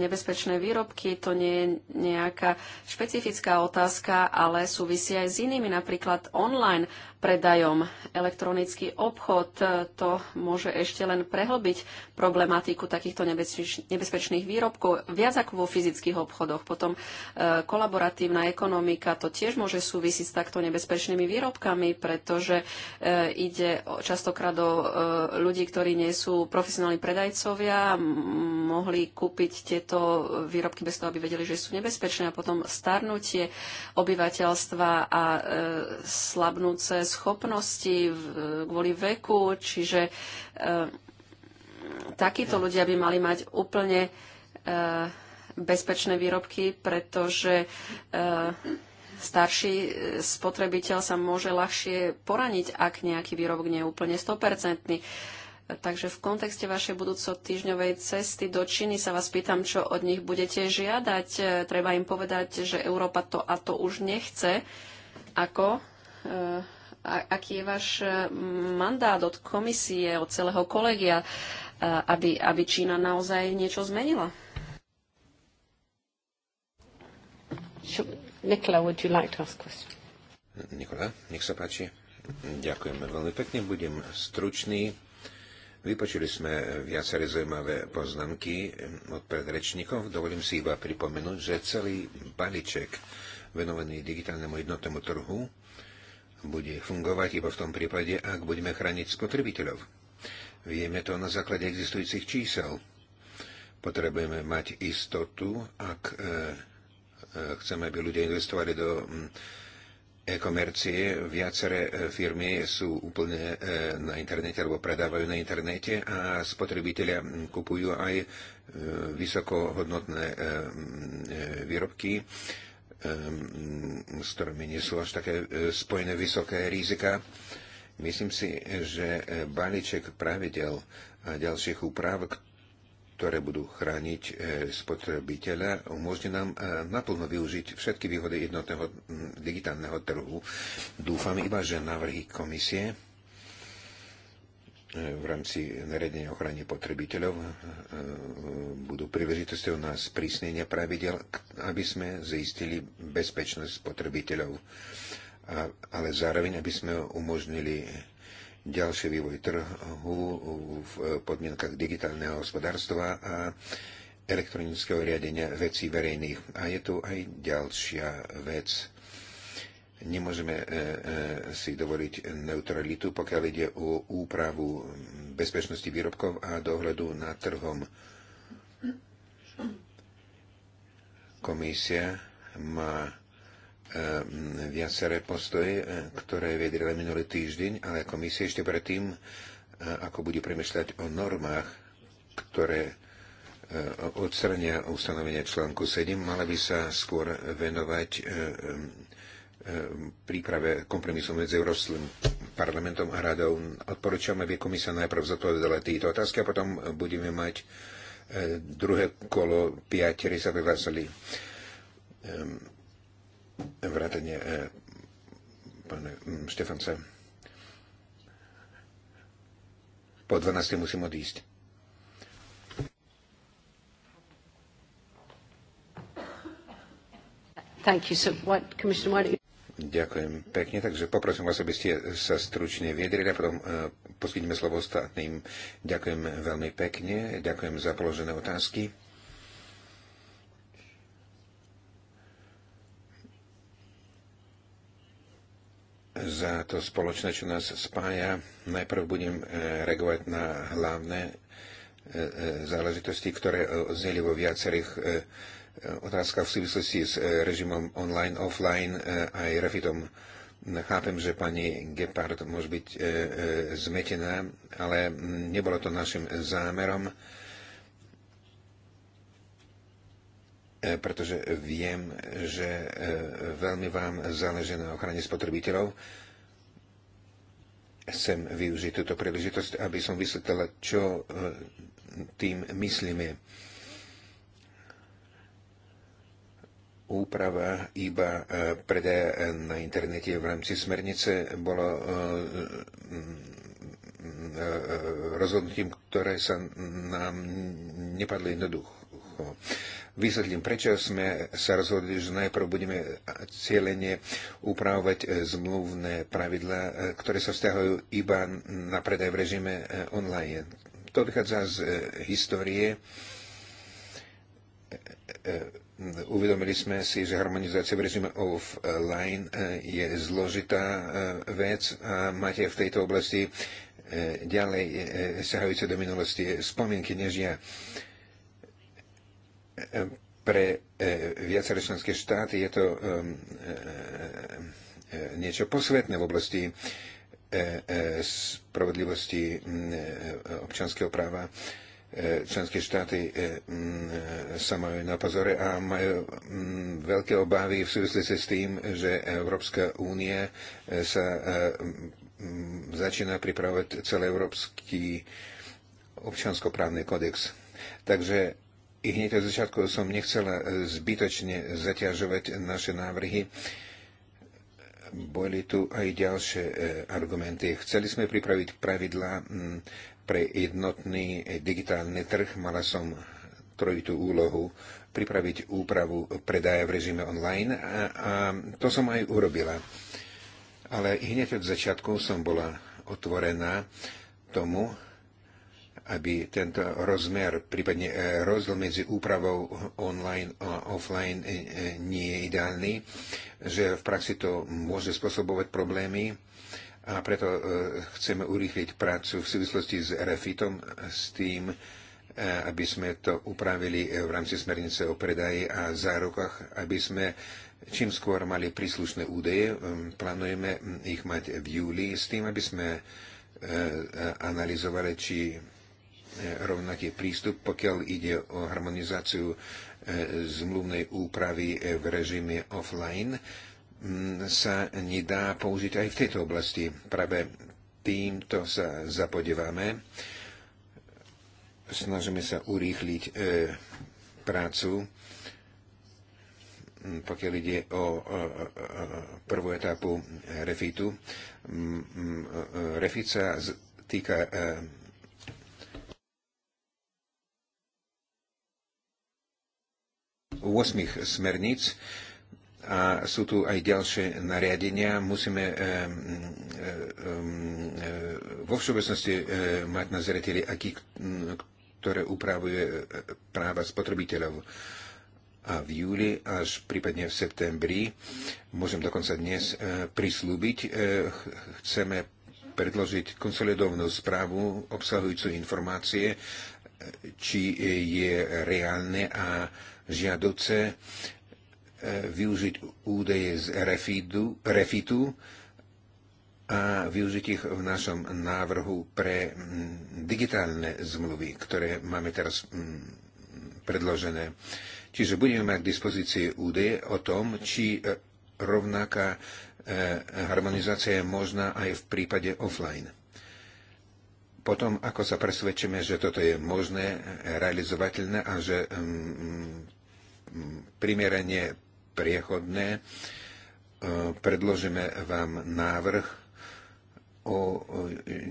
nebezpečné výrobky to nie je nejaká špecifická otázka, ale súvisí aj s inými, napríklad online predajom. Elektronický obchod e, to môže ešte len prehlbiť problematiku takýchto nebezpečných výrobkov viac ako vo fyzických obchodoch. Potom e, kolaboratívna ekonomika to tiež môže súvisiť s takto nebezpečnými výrobkami, pretože e, ide častokrát do ľudí, ktorí nie sú profesionálni predajcovia, mohli kúpiť tieto výrobky bez toho, aby vedeli, že sú nebezpečné a potom starnutie obyvateľstva a slabnúce schopnosti kvôli veku, čiže e, takíto ľudia by mali mať úplne e, bezpečné výrobky, pretože e, starší spotrebiteľ sa môže ľahšie poraniť, ak nejaký výrobok nie je úplne 100%. Takže v kontexte vašej budúco týždňovej cesty do Číny sa vás pýtam, čo od nich budete žiadať. Treba im povedať, že Európa to a to už nechce. Ako? aký je váš e, mandát od komisie, od celého kolegia, e, aby, aby Čína naozaj niečo zmenila? Nikola, would you like to ask Nikola, nech sa páči. Ďakujeme veľmi pekne, budem stručný. Vypočuli sme viaceré zaujímavé poznámky od predrečníkov. Dovolím si iba pripomenúť, že celý balíček venovaný digitálnemu jednotnému trhu bude fungovať iba v tom prípade, ak budeme chrániť spotrebiteľov. Vieme to na základe existujúcich čísel. Potrebujeme mať istotu, ak e, e, chceme, aby ľudia investovali do e-komercie. Viaceré e, firmy sú úplne e, na internete alebo predávajú na internete a spotrebitelia kupujú aj e, vysokohodnotné e, e, výrobky. E, Mm, s ktorými nie sú až také e, spojené vysoké rizika. Myslím si, že e, balíček pravidel a ďalších úprav, ktoré budú chrániť e, spotrebiteľa, umožní nám naplno využiť všetky výhody jednotného digitálneho trhu. Dúfam iba, že návrhy komisie v rámci nariadenia ochrany potrebiteľov e, e, budú príležitosťou na sprísnenie pravidel, aby sme zistili bezpečnosť spotrebiteľov, ale zároveň, aby sme umožnili ďalší vývoj trhu v podmienkach digitálneho hospodárstva a elektronického riadenia vecí verejných. A je tu aj ďalšia vec, Nemôžeme e, e, si dovoliť neutralitu, pokiaľ ide o úpravu bezpečnosti výrobkov a dohľadu na trhom. Komisia má e, viaceré postoje, ktoré vedrila minulý týždeň, ale komisia ešte predtým, ako bude premyšľať o normách, ktoré odstrania ustanovenia článku 7, mala by sa skôr venovať E, príprave kompromisu medzi Európskym parlamentom a radou. Odporúčam, aby komisia najprv zodpovedala tieto otázky a potom budeme mať e, druhé kolo piateri sa vyhlásili e, vrátane pána Štefanca. Po 12. musím odísť. Thank you. So what, Commissioner, why don't you... Ďakujem pekne, takže poprosím vás, aby ste sa stručne viedrili a potom e, poskytíme slovo ostatným. Ďakujem veľmi pekne, ďakujem za položené otázky. za to spoločné, čo nás spája. Najprv budem e, reagovať na hlavné e, záležitosti, ktoré zjeli vo viacerých E, otázka v súvislosti s e, režimom online, offline e, aj refitom. Chápem, že pani Gepard môže byť zmetená, ale mm, nebolo to našim zámerom, pretože viem, že veľmi vám záleží na ochrane spotrebiteľov. Chcem využiť túto príležitosť, aby som vysvetlila, čo tým myslíme úprava iba e, predaja e, na internete v rámci smernice bolo e, rozhodnutím, ktoré sa nám nepadlo jednoducho. Vysvetlím, prečo sme sa rozhodli, že najprv budeme cieľene upravovať zmluvné pravidla, ktoré sa vzťahujú iba na predaj v režime online. To vychádza z histórie Uvedomili sme si, že harmonizácia v režime offline e, je zložitá e, vec a máte v tejto oblasti e, ďalej sahajúce do minulosti spomienky, než ja pre viaceré členské štáty je to um, niečo posvetné v oblasti spravodlivosti občanského práva. E, členské štáty e, e, sa majú na pozore a majú veľké obavy v súvislosti s tým, že Európska únia sa začína pripravovať celý Európsky občanskoprávny kodex. Takže i hneď od začiatku som nechcela zbytočne zaťažovať naše návrhy boli tu aj ďalšie argumenty. Chceli sme pripraviť pravidlá pre jednotný eh, digitálny trh. Mala som trojitú úlohu pripraviť úpravu predaja v režime online a, a to som aj urobila. Ale hneď od začiatku som bola otvorená tomu, aby tento rozmer, prípadne eh, rozdiel medzi úpravou online a offline eh, nie je ideálny, že v praxi to môže spôsobovať problémy a preto e, chceme urýchliť prácu v súvislosti s refitom, s tým, e, aby sme to upravili e, v rámci smernice o predaji a zárokach, aby sme čím skôr mali príslušné údaje. Plánujeme ich mať v júli s tým, aby sme analyzovali, či rovnaký prístup, pokiaľ ide o harmonizáciu zmluvnej úpravy v režime offline Mm, sa nedá použiť aj v tejto oblasti. Práve týmto sa zapodeváme. Snažíme sa urýchliť e, prácu, mm, pokiaľ ide o, o, o prvú etapu refitu. Mm, e, refit sa týka e, osmých smerníc. E, a sú tu aj ďalšie nariadenia. Musíme eh, eh, eh, vo všeobecnosti mať na zreteli, aký, ktoré upravuje práva spotrebiteľov. A v júli až prípadne v septembri, môžem dokonca dnes prislúbiť, chceme predložiť konsolidovanú správu obsahujúcu informácie, či je reálne a žiaduce využiť údaje z refidu, refitu a využiť ich v našom návrhu pre mm, digitálne zmluvy, ktoré máme teraz mm, predložené. Čiže budeme mať k dispozícii údaje o tom, či e, rovnaká e, harmonizácia je možná aj v prípade offline. Potom, ako sa presvedčíme, že toto je možné, realizovateľné a že mm, primerane priechodné. E, predložíme vám návrh o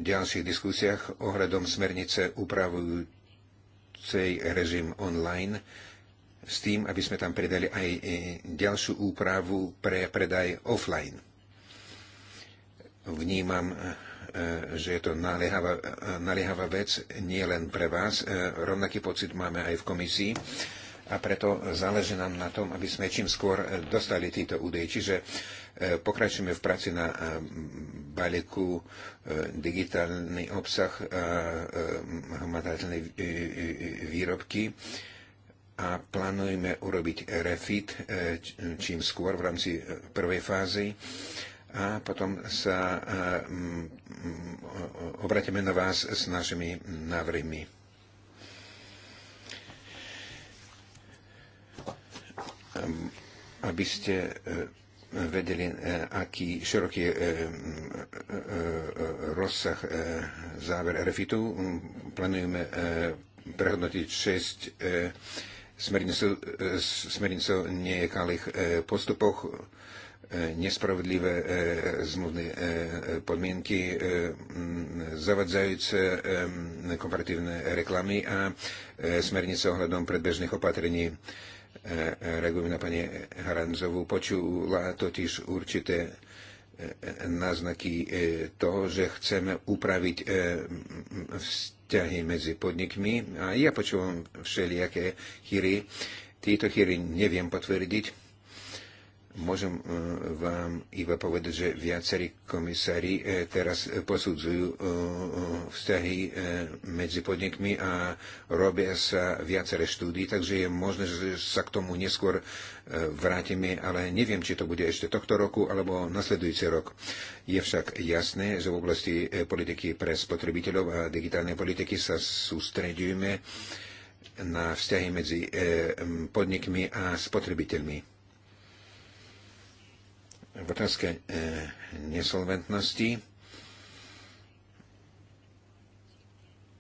ďalších diskusiách ohľadom smernice upravujúcej režim online s tým, aby sme tam pridali aj e, ďalšiu úpravu pre predaj offline. Vnímam, e, že je to naliehavá, naliehavá vec nie len pre vás. Rovnaký pocit máme aj v komisii a preto záleží nám na tom, aby sme čím skôr e, dostali tieto údaje. Čiže e, pokračujeme v práci na e, balíku digitálny obsah a hmatateľné výrobky a plánujeme urobiť refit čím skôr v rámci prvej fázy a potom sa obratíme na vás s našimi návrhmi. aby ste e, vedeli, e, aký široký e, rozsah záver refitu. Plánujeme prehodnotiť 6 smernicov nejakých postupoch, nespravodlivé zmluvné podmienky, zavadzajúce komparatívne reklamy a smernice ohľadom predbežných opatrení E, e, reagujem na pani Haranzovú, počula totiž určité e, náznaky toho, že chceme upraviť vzťahy medzi podnikmi. A ja počúvam všelijaké chyry. Tieto chyry neviem potvrdiť Môžem e, vám iba povedať, že viacerí komisári e, teraz posudzujú e, vzťahy medzi podnikmi a robia sa viaceré štúdy, takže je možné, že sa k tomu neskôr vrátime, ale neviem, či to bude ešte tohto roku alebo nasledujúci rok. Je však jasné, že v oblasti politiky pre spotrebiteľov a digitálnej politiky sa sústredujeme na vzťahy medzi podnikmi a spotrebiteľmi v otázke nesolventnosti e,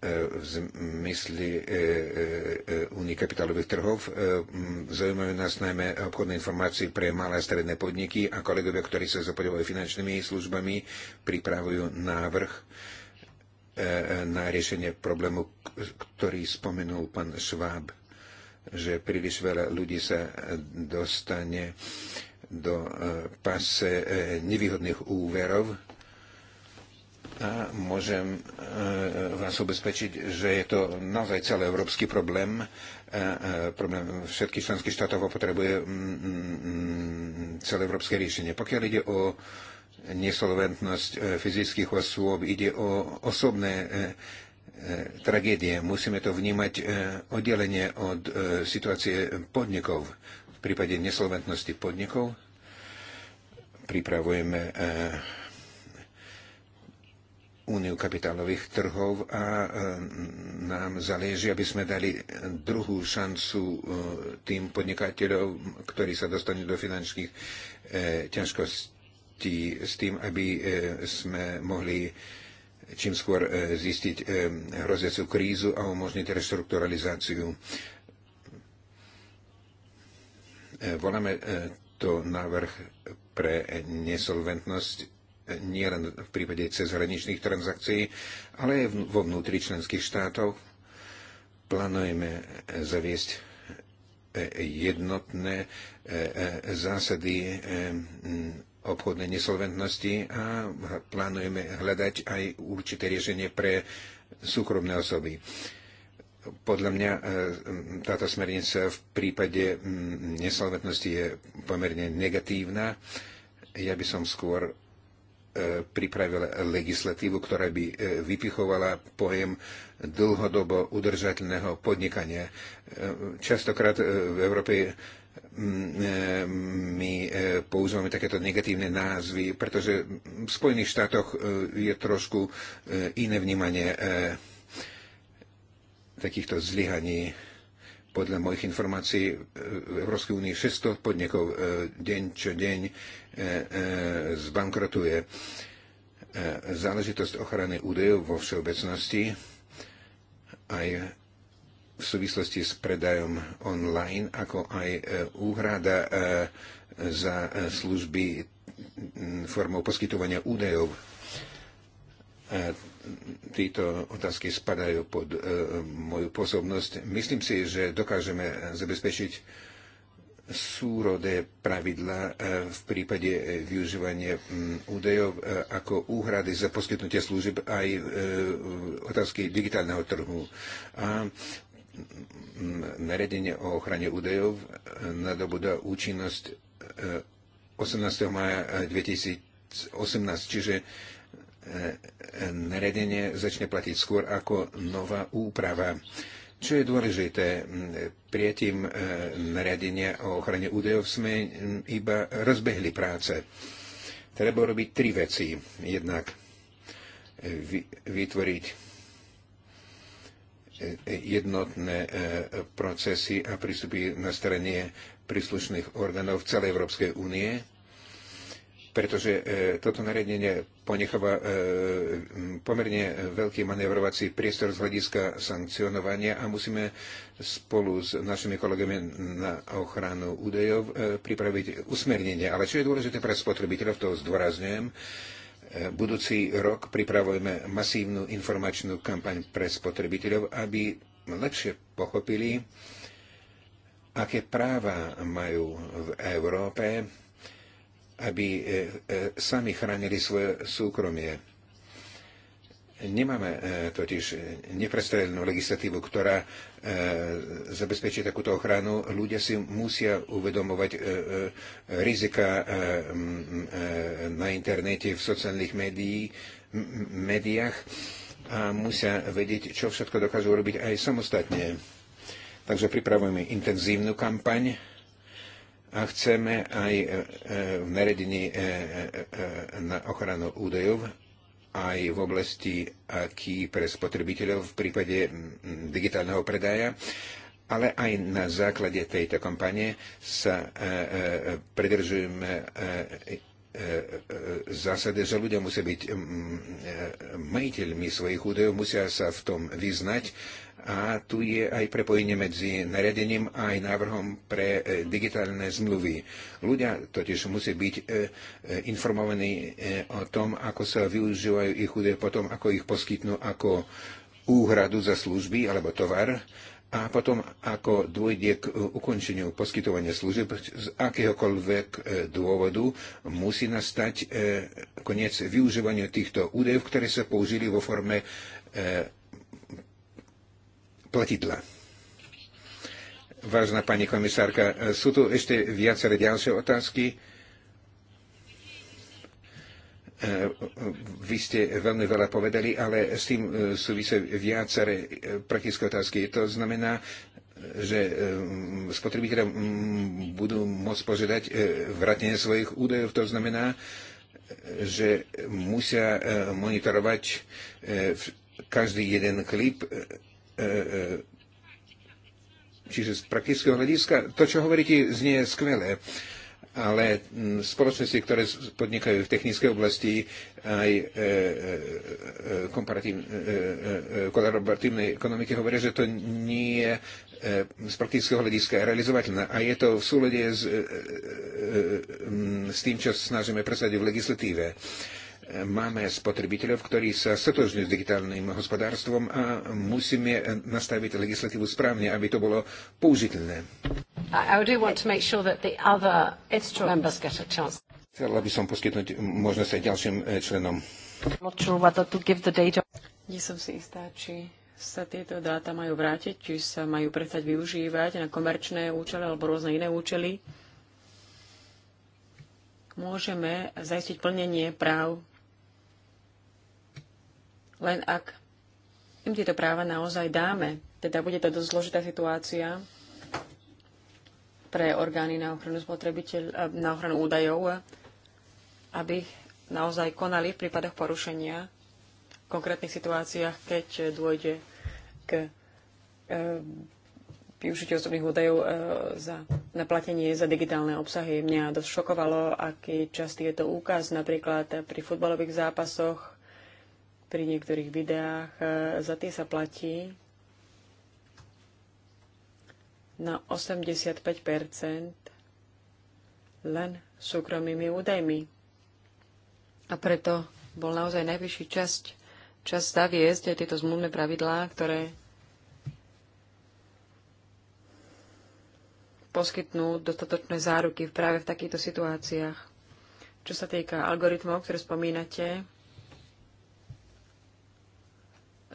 v zmysli únie e, e, kapitálových trhov. Zaujímajú nás najmä obchodné informácie pre malé a stredné podniky a kolegovia, ktorí sa zapojujú finančnými službami, pripravujú návrh na riešenie problému, ktorý spomenul pán Šváb že príliš veľa ľudí sa dostane do e, pase e, nevýhodných úverov a môžem e, vás ubezpečiť, že je to naozaj celý európsky problém. Problém všetkých členských štátov potrebuje celé európske riešenie. Pokiaľ ide o nesolventnosť fyzických osôb, ide o osobné tragédie. Musíme to vnímať oddelenie od situácie podnikov. V prípade nesolventnosti podnikov pripravujeme e, úniu kapitálových trhov a e, nám záleží, aby sme dali druhú šancu e, tým podnikateľom, ktorí sa dostanú do finančných ťažkostí s tým, aby sme mohli čím skôr zistiť hroziacu krízu a umožniť reštrukturalizáciu E, voláme e, to návrh pre nesolventnosť e, nielen v prípade cezhraničných transakcií, ale aj vo vnútri členských štátov. Plánujeme zaviesť jednotné zásady obchodnej nesolventnosti a plánujeme hľadať aj určité riešenie pre súkromné osoby podľa mňa e, táto smernica v prípade nesolventnosti je pomerne negatívna. Ja by som skôr e, pripravil legislatívu, ktorá by e, vypichovala pojem dlhodobo udržateľného podnikania. Častokrát v Európe my používame takéto negatívne názvy, pretože v Spojených štátoch je trošku iné vnímanie takýchto zlyhaní. Podľa mojich informácií e, v Európskej únii 600 podnikov e, deň čo deň e, zbankrotuje. Záležitosť ochrany údajov vo všeobecnosti aj v súvislosti s predajom online, ako aj úhrada za služby formou poskytovania údajov. Tieto otázky spadajú pod e, moju pôsobnosť. Myslím si, že dokážeme zabezpečiť súrodé pravidla e, v prípade využívania mm, údajov e, ako úhrady za poskytnutie služieb aj otázky digitálneho trhu. A mm, nariadenie o ochrane údajov nadobúda účinnosť 18. maja 2018, čiže E, e, nariadenie začne platiť skôr ako nová úprava. Čo je dôležité, prietím e, nariadenia o ochrane údajov sme iba rozbehli práce. Treba robiť tri veci. Jednak vytvoriť jednotné procesy a prístupy na strane príslušných orgánov celej Európskej únie pretože e, toto nariadenie ponecháva e, pomerne veľký manevrovací priestor z hľadiska sankcionovania a musíme spolu s našimi kolegami na ochranu údajov e, pripraviť usmernenie. Ale čo je dôležité pre spotrebiteľov, to zdôrazňujem, budúci rok pripravujeme masívnu informačnú kampaň pre spotrebiteľov, aby lepšie pochopili, aké práva majú v Európe aby e, e, sami chránili svoje súkromie. Nemáme e, totiž neprestrelnú legislatívu, ktorá zabezpečí takúto ochranu. Ľudia si musia uvedomovať rizika na internete, v sociálnych médií, médiách a musia vedieť, čo všetko dokážu robiť aj samostatne. Takže pripravujeme intenzívnu kampaň a chceme aj e, e, v naredení e, na ochranu údajov aj v oblasti aký pre spotrebiteľov v prípade digitálneho predaja, ale aj na základe tejto kampane sa pridržujeme zásade, že ľudia musia byť majiteľmi svojich údajov, musia sa v tom vyznať a tu je aj prepojenie medzi nariadením a aj návrhom pre e, digitálne zmluvy. Ľudia totiž musí byť e, e, informovaní o tom, ako sa využívajú ich údaje, potom ako ich poskytnú ako úhradu za služby alebo tovar a potom ako dôjde k ukončeniu poskytovania služieb z akéhokoľvek dôvodu, musí nastať koniec využívania týchto údajov, ktoré sa použili vo forme platidla. Vážna pani komisárka, sú tu ešte viaceré ďalšie otázky. E, vy ste veľmi veľa povedali, ale s tým e, súvisia viaceré e, praktické otázky. To znamená, že spotrebitelia budú môcť požiadať vrátenie svojich údajov. To znamená, že musia monitorovať každý jeden klip E, e, čiže z praktického hľadiska to, čo hovoríte, znie skvelé ale mm, spoločnosti, ktoré podnikajú v technickej oblasti aj e, kolaboratívnej ekonomiky, hovoria, že to nie je z praktického hľadiska realizovateľné. A je to v súlede s, s tým, čo snažíme presadiť v legislatíve. E, máme spotrebiteľov, ktorí sa sotožňujú s digitálnym hospodárstvom a musíme nastaviť legislatívu správne, aby to bolo použiteľné. Chcela by som poskytnúť možnosť aj ďalším eh, členom. Nie som si istá, či sa tieto dáta majú vrátiť, či sa majú prestať využívať na komerčné účely alebo rôzne iné účely môžeme zajistiť plnenie práv len ak im tieto práva naozaj dáme, teda bude to dosť zložitá situácia pre orgány na ochranu spotrebiteľ, eh, na ochranu údajov, aby naozaj konali v prípadoch porušenia v konkrétnych situáciách, keď dôjde k eh, využitiu osobných údajov eh, za naplatenie za digitálne obsahy. Mňa dosť šokovalo, aký častý je to úkaz napríklad pri futbalových zápasoch pri niektorých videách. E, za tie sa platí na 85 len súkromými údajmi. A preto bol naozaj najvyšší časť, čas zaviesť aj tieto zmluvné pravidlá, ktoré poskytnú dostatočné záruky práve v takýchto situáciách. Čo sa týka algoritmov, ktoré spomínate,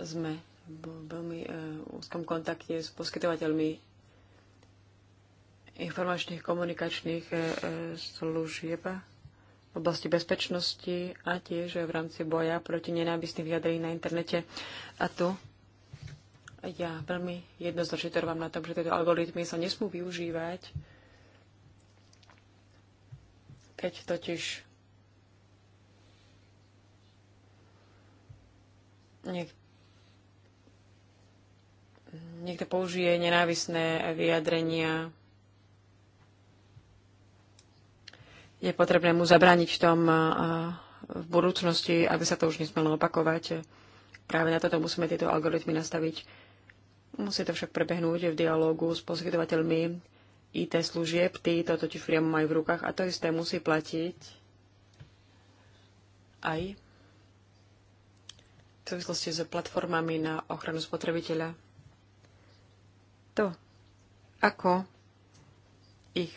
sme v veľmi e, úzkom kontakte s poskytovateľmi informačných komunikačných e, e, služieb v oblasti bezpečnosti a tiež v rámci boja proti nenávistným vyjadrení na internete. A tu ja veľmi jednoznačne trvám na tom, že tieto algoritmy sa nesmú využívať, keď totiž niekto niekto použije nenávisné vyjadrenia, je potrebné mu zabrániť v tom v budúcnosti, aby sa to už nesmelo opakovať. Práve na toto musíme tieto algoritmy nastaviť. Musí to však prebehnúť v dialógu s poskytovateľmi IT služieb. Tí to totiž priamo majú v rukách a to isté musí platiť aj v súvislosti s platformami na ochranu spotrebiteľa. To, ako ich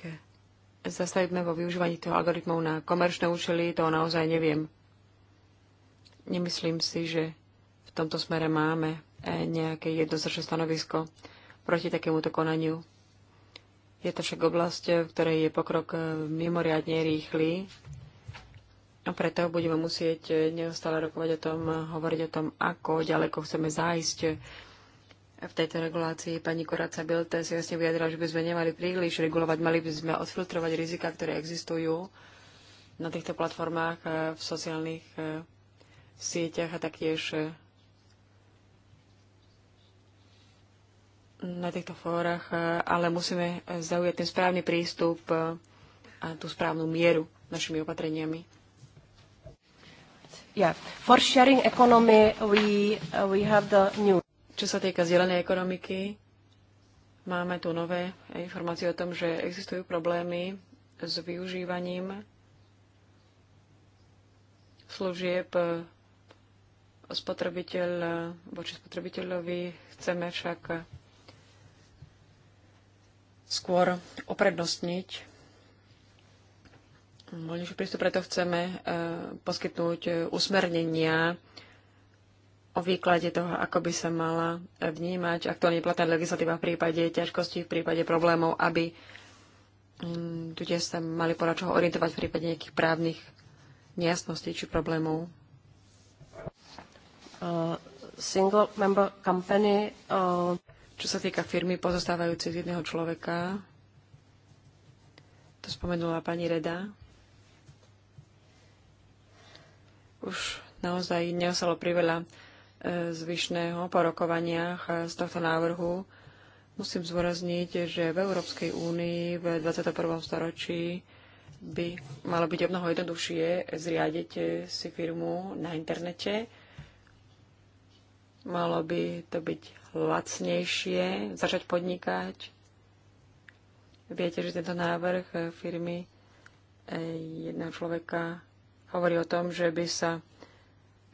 zastavíme vo využívaní toho algoritmov na komerčné účely, to naozaj neviem. Nemyslím si, že v tomto smere máme e, nejaké jednoznačné stanovisko proti takémuto konaniu. Je to však oblasť, v ktorej je pokrok e, mimoriadne rýchly a preto budeme musieť e, neustále rokovať o tom, hovoriť o tom, ako ďaleko chceme zájsť v tejto regulácii. Pani Koraca Bilte si jasne vyjadrila, že by sme nemali príliš regulovať, mali by sme odfiltrovať rizika, ktoré existujú na týchto platformách, e, v sociálnych e, sieťach a taktiež e, na týchto fórach, ale musíme zaujať ten správny prístup a tú správnu mieru našimi opatreniami. Yeah. For sharing economy, we, we have the new čo sa týka zelenej ekonomiky, máme tu nové informácie o tom, že existujú problémy s využívaním služieb spotrebiteľ voči spotrebiteľovi. Chceme však skôr oprednostniť voľnejší prístup, preto chceme eh, poskytnúť usmernenia o výklade toho, ako by sa mala eh, vnímať aktuálne platná legislatíva v prípade ťažkostí, v prípade problémov, aby mm, ľudia sa mali podľa čoho orientovať v prípade nejakých právnych nejasností či problémov. Uh, single member company, uh... Čo sa týka firmy pozostávajúcej z jedného človeka, to spomenula pani Reda, už naozaj neostalo priveľa zvyšného po rokovaniach z tohto návrhu. Musím zvorazniť, že v Európskej únii v 21. storočí by malo byť o mnoho jednoduchšie zriadiť si firmu na internete. Malo by to byť lacnejšie, začať podnikať. Viete, že tento návrh firmy eh, jedného človeka hovorí o tom, že by sa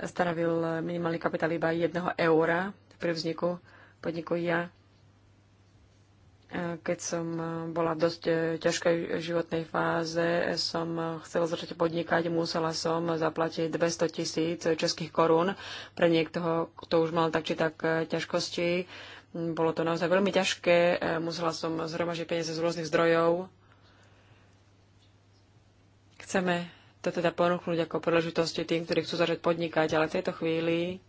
stanovil minimálny kapitál iba 1 eura pri vzniku podniku. Ja, eh, keď som eh, bola v dosť eh, ťažkej životnej fáze, som chcela začať podnikať, musela som zaplatiť 200 tisíc českých korún pre niekoho, kto už mal tak či tak ťažkosti. Hm, bolo to naozaj veľmi ťažké, musela som zhromažiť peniaze z rôznych zdrojov. Chceme to teda ponúknuť ako príležitosti tým, ktorí chcú začať podnikať, ale v tejto chvíli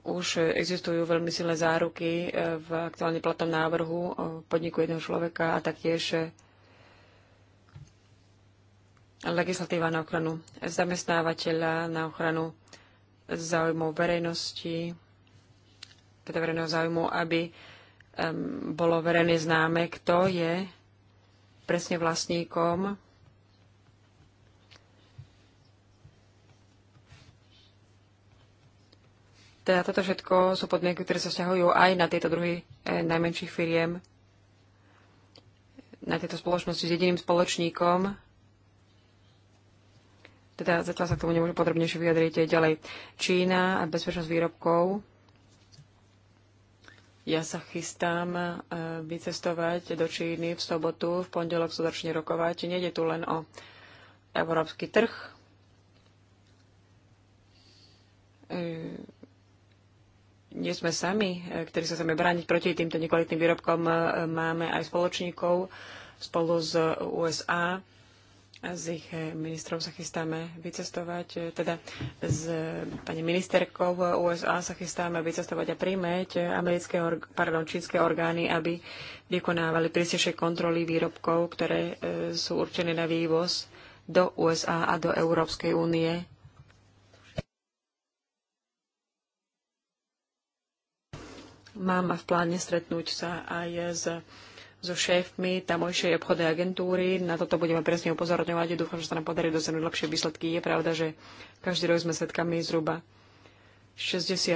už existujú veľmi silné záruky e, v aktuálne platnom návrhu o e, podniku jedného človeka a taktiež e, legislatíva na ochranu zamestnávateľa, na ochranu záujmov verejnosti, teda verejného záujmu, aby bolo verejne známe, kto je presne vlastníkom Teda toto všetko sú podmienky, ktoré sa vzťahujú aj na tieto druhy eh, najmenších firiem, na tieto spoločnosti s jediným spoločníkom. Teda zatiaľ sa k tomu nemôžem podrobnejšie vyjadriť ďalej. Čína a bezpečnosť výrobkov. Ja sa chystám eh, vycestovať do Číny v sobotu, v pondelok sa začne rokovať. Nejde tu len o európsky trh eh, nie sme sami, e, ktorí sa chceme brániť proti týmto nekvalitným výrobkom. E, Máme aj spoločníkov spolu s USA. Z ich e, ministrov sa chystáme vycestovať, teda s pani ministerkou USA sa chystáme vycestovať a príjmeť americké, pardon, čínske orgány, aby vykonávali prísnejšie kontroly výrobkov, ktoré sú určené na vývoz do USA a do Európskej únie Mám v pláne stretnúť sa aj s so šéfmi tamojšej obchodnej agentúry. Na toto budeme presne upozorňovať. Dúfam, že sa nám podarí dosiahnuť lepšie výsledky. Je pravda, že každý rok sme svetkami zhruba 60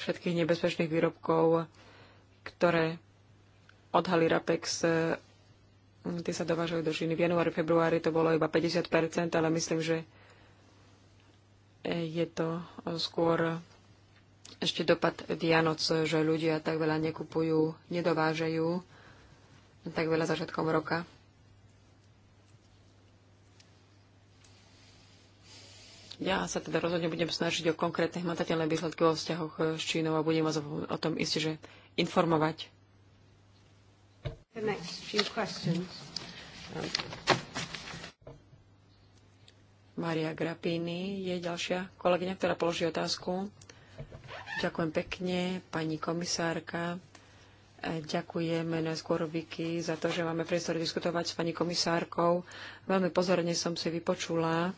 všetkých nebezpečných výrobkov, ktoré odhalí Rapex, tie sa dovážajú do Číny. V januári, februári to bolo iba 50 ale myslím, že je to skôr ešte dopad Vianoc, že ľudia tak veľa nekupujú, nedovážajú tak veľa začiatkom roka. Ja sa teda rozhodne budem snažiť o konkrétne hmatateľné výsledky vo vzťahoch eh, s Čínou a budem vás o tom isté, že informovať. Maria Grappini je ďalšia kolegyňa, ktorá položí otázku. Ďakujem pekne, pani komisárka. E, Ďakujeme skôr Vicky za to, že máme priestor diskutovať s pani komisárkou. Veľmi pozorne som si vypočula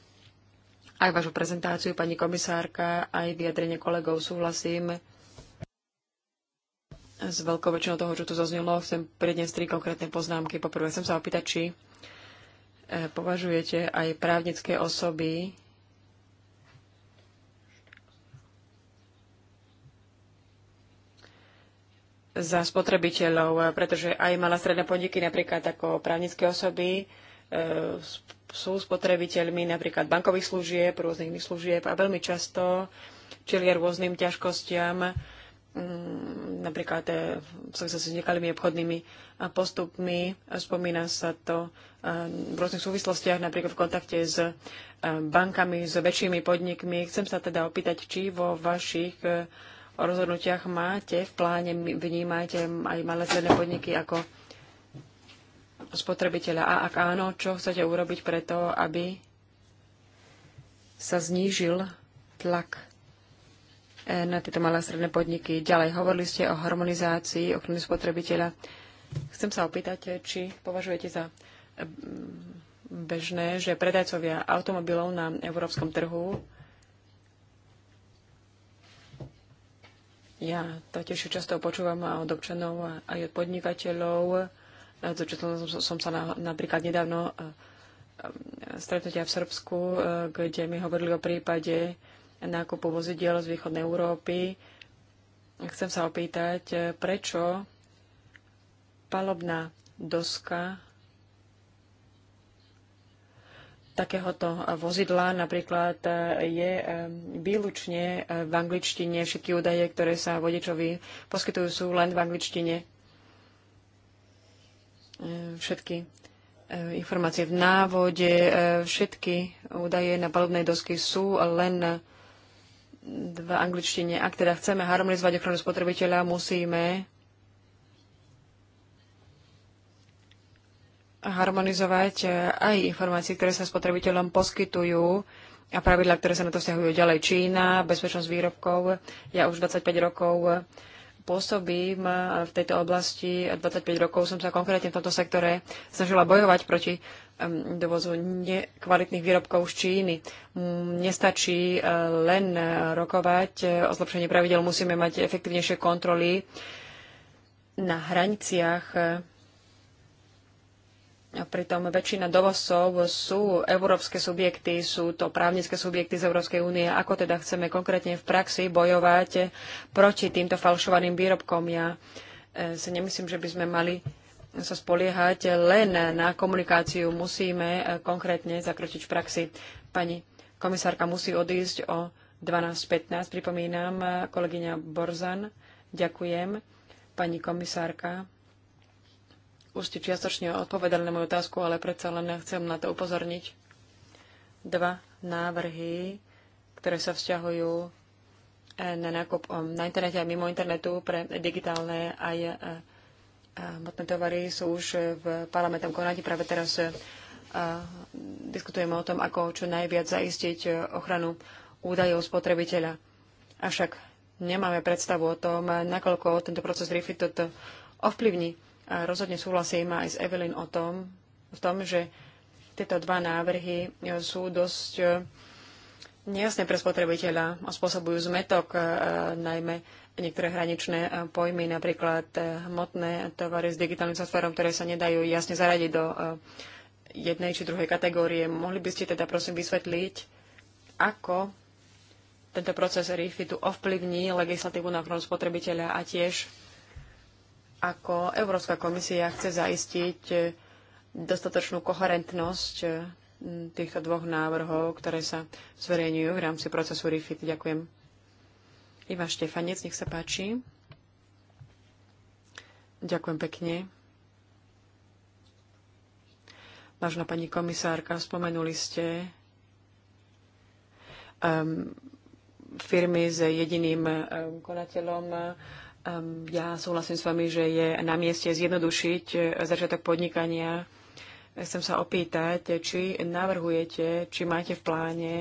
aj vašu prezentáciu, pani komisárka, aj vyjadrenie kolegov. Súhlasím s veľkou väčšinou toho, čo tu zaznelo. Chcem predniesť tri konkrétne poznámky. Poprvé chcem sa opýtať, či e, považujete aj právnické osoby za spotrebiteľov, pretože aj malé stredné podniky, napríklad ako právnické osoby, e, sú spotrebiteľmi napríklad bankových služieb, rôznych iných služieb a veľmi často čelia rôznym ťažkostiam, mm, napríklad e, v súvislosti s nekalými obchodnými postupmi. Spomína sa to e, v rôznych súvislostiach, napríklad v kontakte s bankami, s väčšími podnikmi. Chcem sa teda opýtať, či vo vašich rozhodnutiach máte v pláne, vnímate aj malé stredné podniky ako spotrebiteľa? A ak áno, čo chcete urobiť preto, aby sa znížil tlak eh, na tieto malé stredné podniky? Ďalej, hovorili ste o harmonizácii ochrany spotrebiteľa. Chcem sa opýtať, či považujete za mm, bežné, že predajcovia automobilov na európskom trhu Ja tiež často počúvam od občanov aj od podnikateľov. som, som sa na, napríklad nedávno eh, eh, stretnutia v Srbsku, eh, kde mi hovorili o prípade nákupu vozidiel z východnej Európy. Chcem sa opýtať, prečo palobná doska takéhoto vozidla napríklad e, je e, výlučne e, v angličtine. Všetky údaje, ktoré sa vodičovi poskytujú, sú len v angličtine. Všetky informácie v návode, všetky údaje na palubnej dosky sú len v angličtine. Ak teda chceme harmonizovať ochranu spotrebiteľa, musíme harmonizovať e, aj informácie, ktoré sa spotrebiteľom poskytujú a pravidla, ktoré sa na to vzťahujú ďalej. Čína, bezpečnosť výrobkov. Ja už 25 rokov pôsobím e, v tejto oblasti a 25 rokov som sa konkrétne v tomto sektore snažila bojovať proti dovozu nekvalitných výrobkov z Číny. Nestačí e, len rokovať o zlepšení pravidel, musíme mať efektívnejšie kontroly na hraniciach Pritom väčšina dovozcov sú európske subjekty, sú to právnické subjekty z Európskej únie. Ako teda chceme konkrétne v praxi bojovať proti týmto falšovaným výrobkom? Ja e, si nemyslím, že by sme mali sa spoliehať len na komunikáciu. Musíme e, konkrétne zakročiť v praxi. Pani komisárka musí odísť o 12.15. Pripomínam, e, kolegyňa Borzan, ďakujem. Pani komisárka, už ste čiastočne odpovedali na moju otázku, ale predsa len chcem na to upozorniť. Dva návrhy, ktoré sa vzťahujú eh, na nákup eh, na internete a mimo internetu pre digitálne aj eh, hmotné tovary sú už v parlamentom konáte. Práve teraz diskutujeme o tom, ako čo najviac zaistiť ochranu údajov spotrebiteľa. Avšak nemáme predstavu o tom, nakoľko tento proces RIFI toto ovplyvní. A rozhodne súhlasím aj s Evelyn o tom, v tom, že tieto dva návrhy e, sú dosť e, nejasné pre spotrebiteľa a spôsobujú zmetok, e, najmä niektoré hraničné pojmy, napríklad hmotné tovary s digitálnym softverom, ktoré sa nedajú jasne zaradiť do jednej či druhej kategórie. Mohli by ste teda prosím vysvetliť, ako tento proces tu ovplyvní legislatívu na ochranu spotrebiteľa a tiež ako Európska komisia chce zaistiť eh, dostatočnú koherentnosť eh, týchto dvoch návrhov, ktoré sa zverejňujú v rámci procesu RIFIT. Ďakujem. Iva Štefanec, nech sa páči. Ďakujem pekne. Vážna pani komisárka, spomenuli ste um, firmy s jediným um, konateľom Ehm, ja súhlasím s vami, že je na mieste zjednodušiť e, začiatok podnikania. Chcem sa opýtať, či navrhujete, či máte v pláne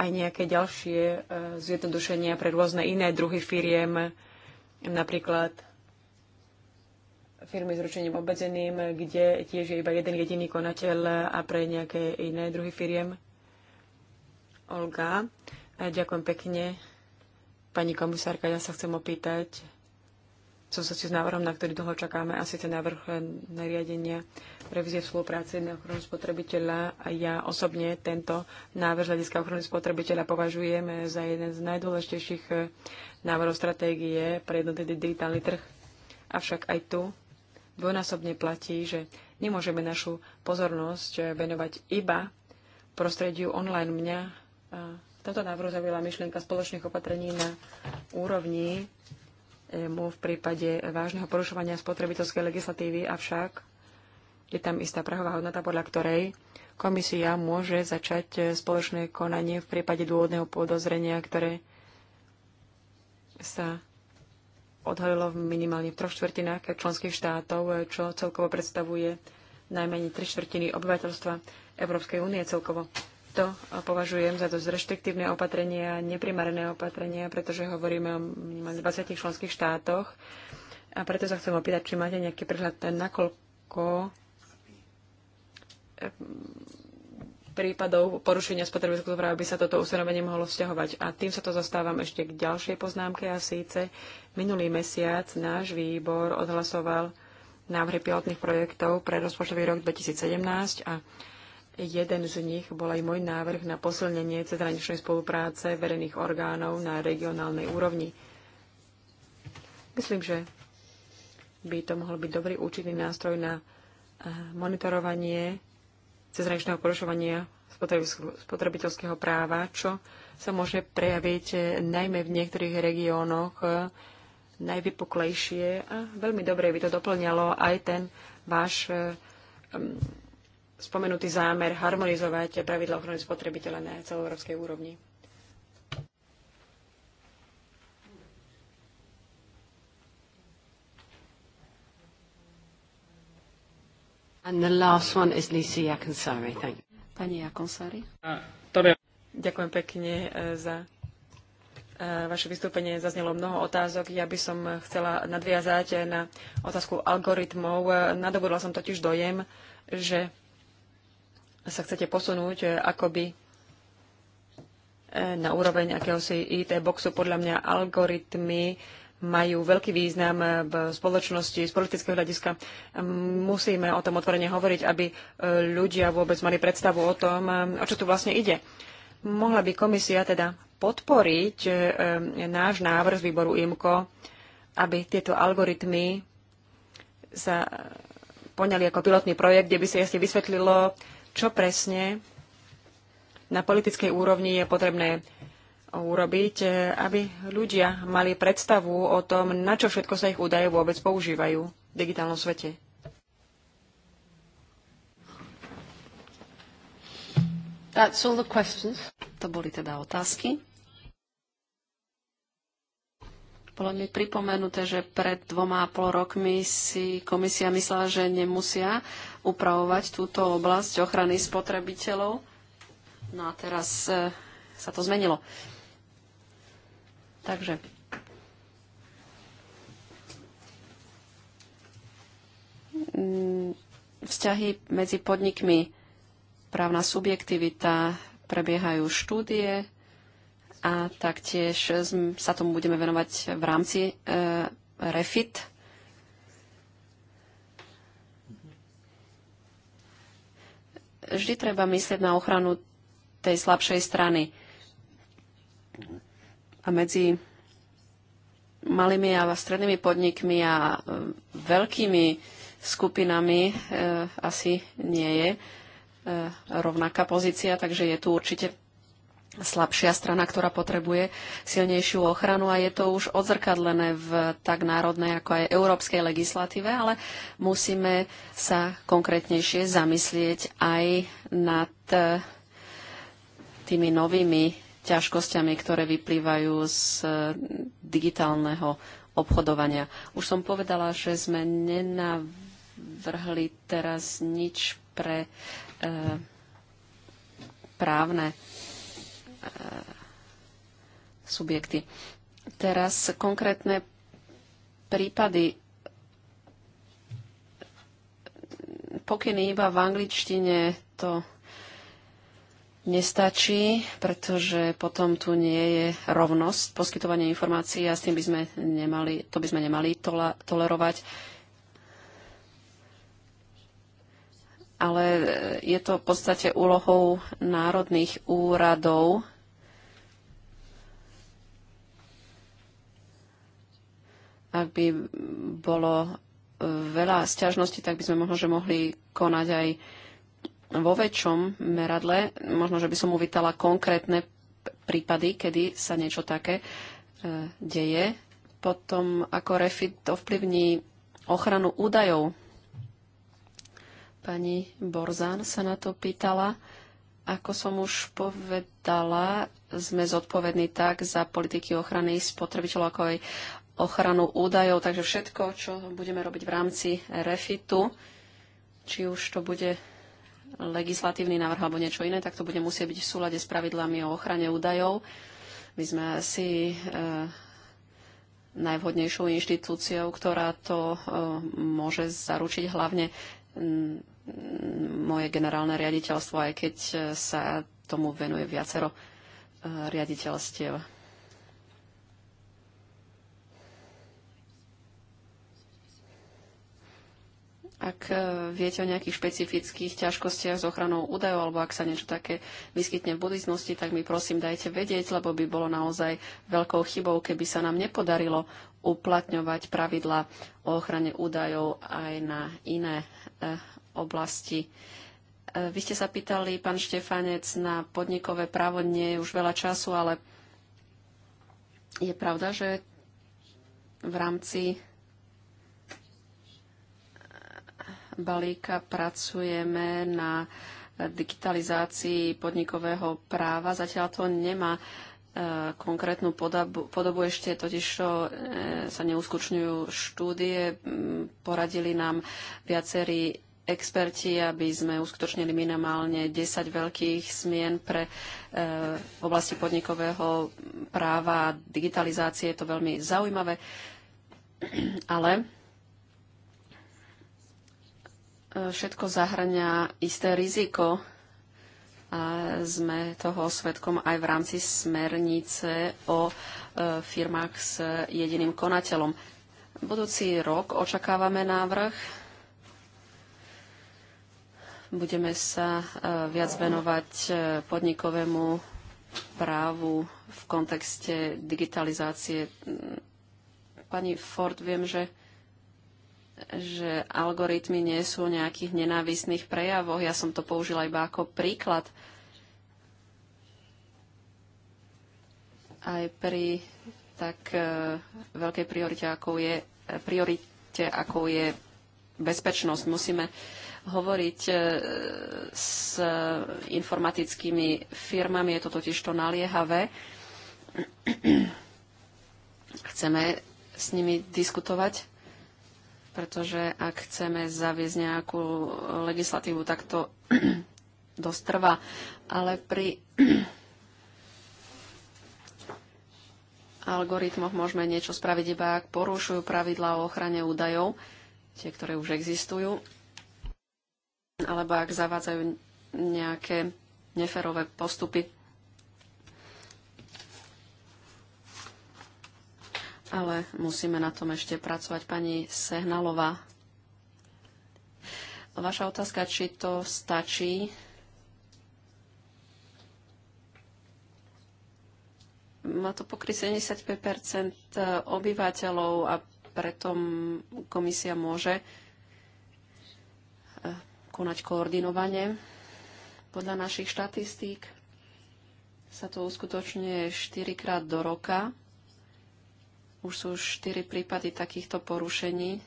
aj nejaké ďalšie e, zjednodušenia pre rôzne iné druhy firiem, napríklad firmy s ručením obmedzeným, kde tiež je iba jeden jediný konateľ a pre nejaké iné druhy firiem. Olga, e, ďakujem pekne Pani komisárka, ja sa chcem opýtať, v súvislosti s návrhom, na ktorý dlho čakáme, asi ten návrh eh, nariadenia revízie v spolupráci na ochranu spotrebiteľa. A ja osobne tento návrh z hľadiska ochrany spotrebiteľa považujem eh, za jeden z najdôležitejších eh, návrhov stratégie pre jednotný digitálny trh. Avšak aj tu dvojnásobne platí, že nemôžeme našu pozornosť venovať iba prostrediu online. Mňa toto návrhu myšlienka spoločných opatrení na úrovni e mu v prípade vážneho porušovania spotrebiteľskej legislatívy, avšak je tam istá prahová hodnota, podľa ktorej komisia môže začať e, spoločné konanie v prípade dôvodného podozrenia, ktoré sa odhalilo minimálne v troch štvrtinách členských štátov, e, čo celkovo predstavuje najmenej tri štvrtiny obyvateľstva Európskej únie celkovo. To považujem za dosť reštriktívne opatrenia, neprimarené opatrenia, pretože hovoríme o 20 členských štátoch. A preto sa chcem opýtať, či máte nejaký prehľad, nakoľko eh, prípadov porušenia spotrebiteľského práva by sa toto ustanovenie mohlo vzťahovať. A tým sa to zastávam ešte k ďalšej poznámke a síce minulý mesiac náš výbor odhlasoval návrhy pilotných projektov pre rozpočtový rok 2017 a Jeden z nich bol aj môj návrh na posilnenie cezhraničnej spolupráce verejných orgánov na regionálnej úrovni. Myslím, že by to mohol byť dobrý účinný nástroj na eh, monitorovanie cezhraničného porušovania spotrebiteľského práva, čo sa môže prejaviť eh, najmä v niektorých regiónoch eh, najvypuklejšie a veľmi dobre by to doplňalo aj ten váš spomenutý zámer harmonizovať pravidla ochrany spotrebiteľa na celoeurópskej úrovni. And the last one is Lisa Yakonsari. Thank you. Pani Yakonsari. Ďakujem pekne eh, za eh, vaše vystúpenie. Zaznelo mnoho otázok. Ja by som chcela nadviazať eh, na otázku algoritmov. Nadobudla som totiž dojem, že sa chcete posunúť e, akoby e, na úroveň akéhosi IT boxu. Podľa mňa algoritmy majú veľký význam e, v spoločnosti z politického hľadiska. Musíme o tom otvorene hovoriť, aby ľudia vôbec mali predstavu o tom, o čo tu vlastne ide. Mohla by komisia teda podporiť náš návrh z výboru IMCO, aby tieto algoritmy sa poňali ako pilotný projekt, kde by sa jasne vysvetlilo, čo presne na politickej úrovni je potrebné urobiť, e, aby ľudia mali predstavu o tom, na čo všetko sa ich údaje vôbec používajú v digitálnom svete. That's all the questions. To boli teda otázky. Bolo mi pripomenuté, že pred dvoma a pol rokmi si komisia myslela, že nemusia upravovať túto oblasť ochrany spotrebiteľov. No a teraz e, sa to zmenilo. Takže mm, vzťahy medzi podnikmi, právna subjektivita, prebiehajú štúdie a taktiež sa tomu budeme venovať v rámci e, REFIT vždy treba myslieť na ochranu tej slabšej strany. A medzi malými a strednými podnikmi a e, veľkými skupinami e, asi nie je e, rovnaká pozícia, takže je tu určite slabšia strana, ktorá potrebuje silnejšiu ochranu a je to už odzrkadlené v tak národnej ako aj európskej legislatíve, ale musíme sa konkrétnejšie zamyslieť aj nad e, tými novými ťažkosťami, ktoré vyplývajú z e, digitálneho obchodovania. Už som povedala, že sme nenavrhli teraz nič pre e, právne E, subjekty. Teraz konkrétne prípady pokyny iba v angličtine to nestačí, pretože potom tu nie je rovnosť poskytovania informácií a s tým by sme nemali, to by sme nemali tola, tolerovať. Ale e, je to v podstate úlohou národných úradov Ak by bolo e, veľa sťažností, tak by sme možno, že mohli konať aj vo väčšom meradle. Možno, že by som uvítala konkrétne prípady, kedy sa niečo také e, deje. Potom, ako refit ovplyvní ochranu údajov. Pani Borzán sa na to pýtala. Ako som už povedala, sme zodpovední tak za politiky ochrany spotrebiteľov, ako aj ochranu údajov, takže všetko, čo budeme robiť v rámci refitu, či už to bude legislatívny návrh alebo niečo iné, tak to bude musieť byť v súlade s pravidlami o ochrane údajov. My sme asi e, najvhodnejšou inštitúciou, ktorá to e, môže zaručiť hlavne m, mm, moje generálne riaditeľstvo, aj keď eh, sa tomu venuje viacero e, riaditeľstiev. Ak e, viete o nejakých špecifických ťažkostiach s ochranou údajov, alebo ak sa niečo také vyskytne v budúcnosti, tak mi prosím dajte vedieť, lebo by bolo naozaj veľkou chybou, keby sa nám nepodarilo uplatňovať pravidla o ochrane údajov aj na iné e, oblasti. E, vy ste sa pýtali, pán Štefanec, na podnikové právo nie je už veľa času, ale je pravda, že v rámci balíka pracujeme na digitalizácii podnikového práva. Zatiaľ to nemá e, konkrétnu podobu, podobu ešte totiž e, sa neuskučňujú štúdie. Poradili nám viacerí experti, aby sme uskutočnili minimálne 10 veľkých smien pre e, v oblasti podnikového práva a digitalizácie. Je to veľmi zaujímavé, ale všetko zahrňa isté riziko. A sme toho svetkom aj v rámci smernice o e, firmách s jediným konateľom. Budúci rok očakávame návrh. Budeme sa e, viac venovať e, podnikovému právu v kontexte digitalizácie. Pani Ford, viem, že že algoritmy nie sú nejakých nenávisných prejavoch. Ja som to použila iba ako príklad. Aj pri tak e, veľkej priorite, ako je, e, priorite, ako je bezpečnosť. Musíme hovoriť e, s informatickými firmami, je to totiž to naliehavé. Chceme s nimi diskutovať pretože ak chceme zaviesť nejakú legislatívu, tak to dosť trvá. Ale pri algoritmoch môžeme niečo spraviť iba, ak porušujú pravidlá o ochrane údajov, tie, ktoré už existujú, alebo ak zavádzajú nejaké neferové postupy. ale musíme na tom ešte pracovať. Pani Sehnalová, vaša otázka, či to stačí. Má to pokryť 75 obyvateľov a preto komisia môže e, konať koordinovanie. Podľa našich štatistík sa to uskutočňuje 4 krát do roka už sú štyri prípady takýchto porušení.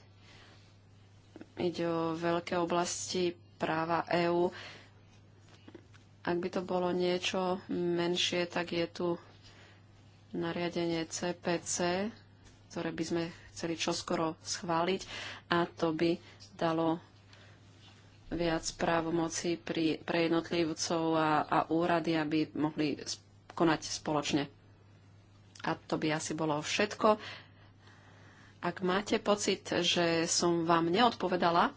Ide o veľké oblasti práva EÚ. Ak by to bolo niečo menšie, tak je tu nariadenie CPC, ktoré by sme chceli čoskoro schváliť a to by dalo viac právomocí pri, pre jednotlivcov a, a úrady, aby mohli konať spoločne. A to by asi bolo všetko. Ak máte pocit, že som vám neodpovedala,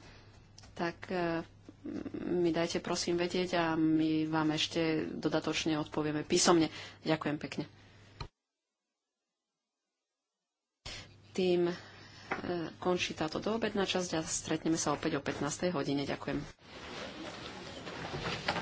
tak e, mi dajte prosím vedieť a my vám ešte dodatočne odpovieme písomne. Ďakujem pekne. Tým e, končí táto doobedná časť a stretneme sa opäť o 15. hodine. Ďakujem.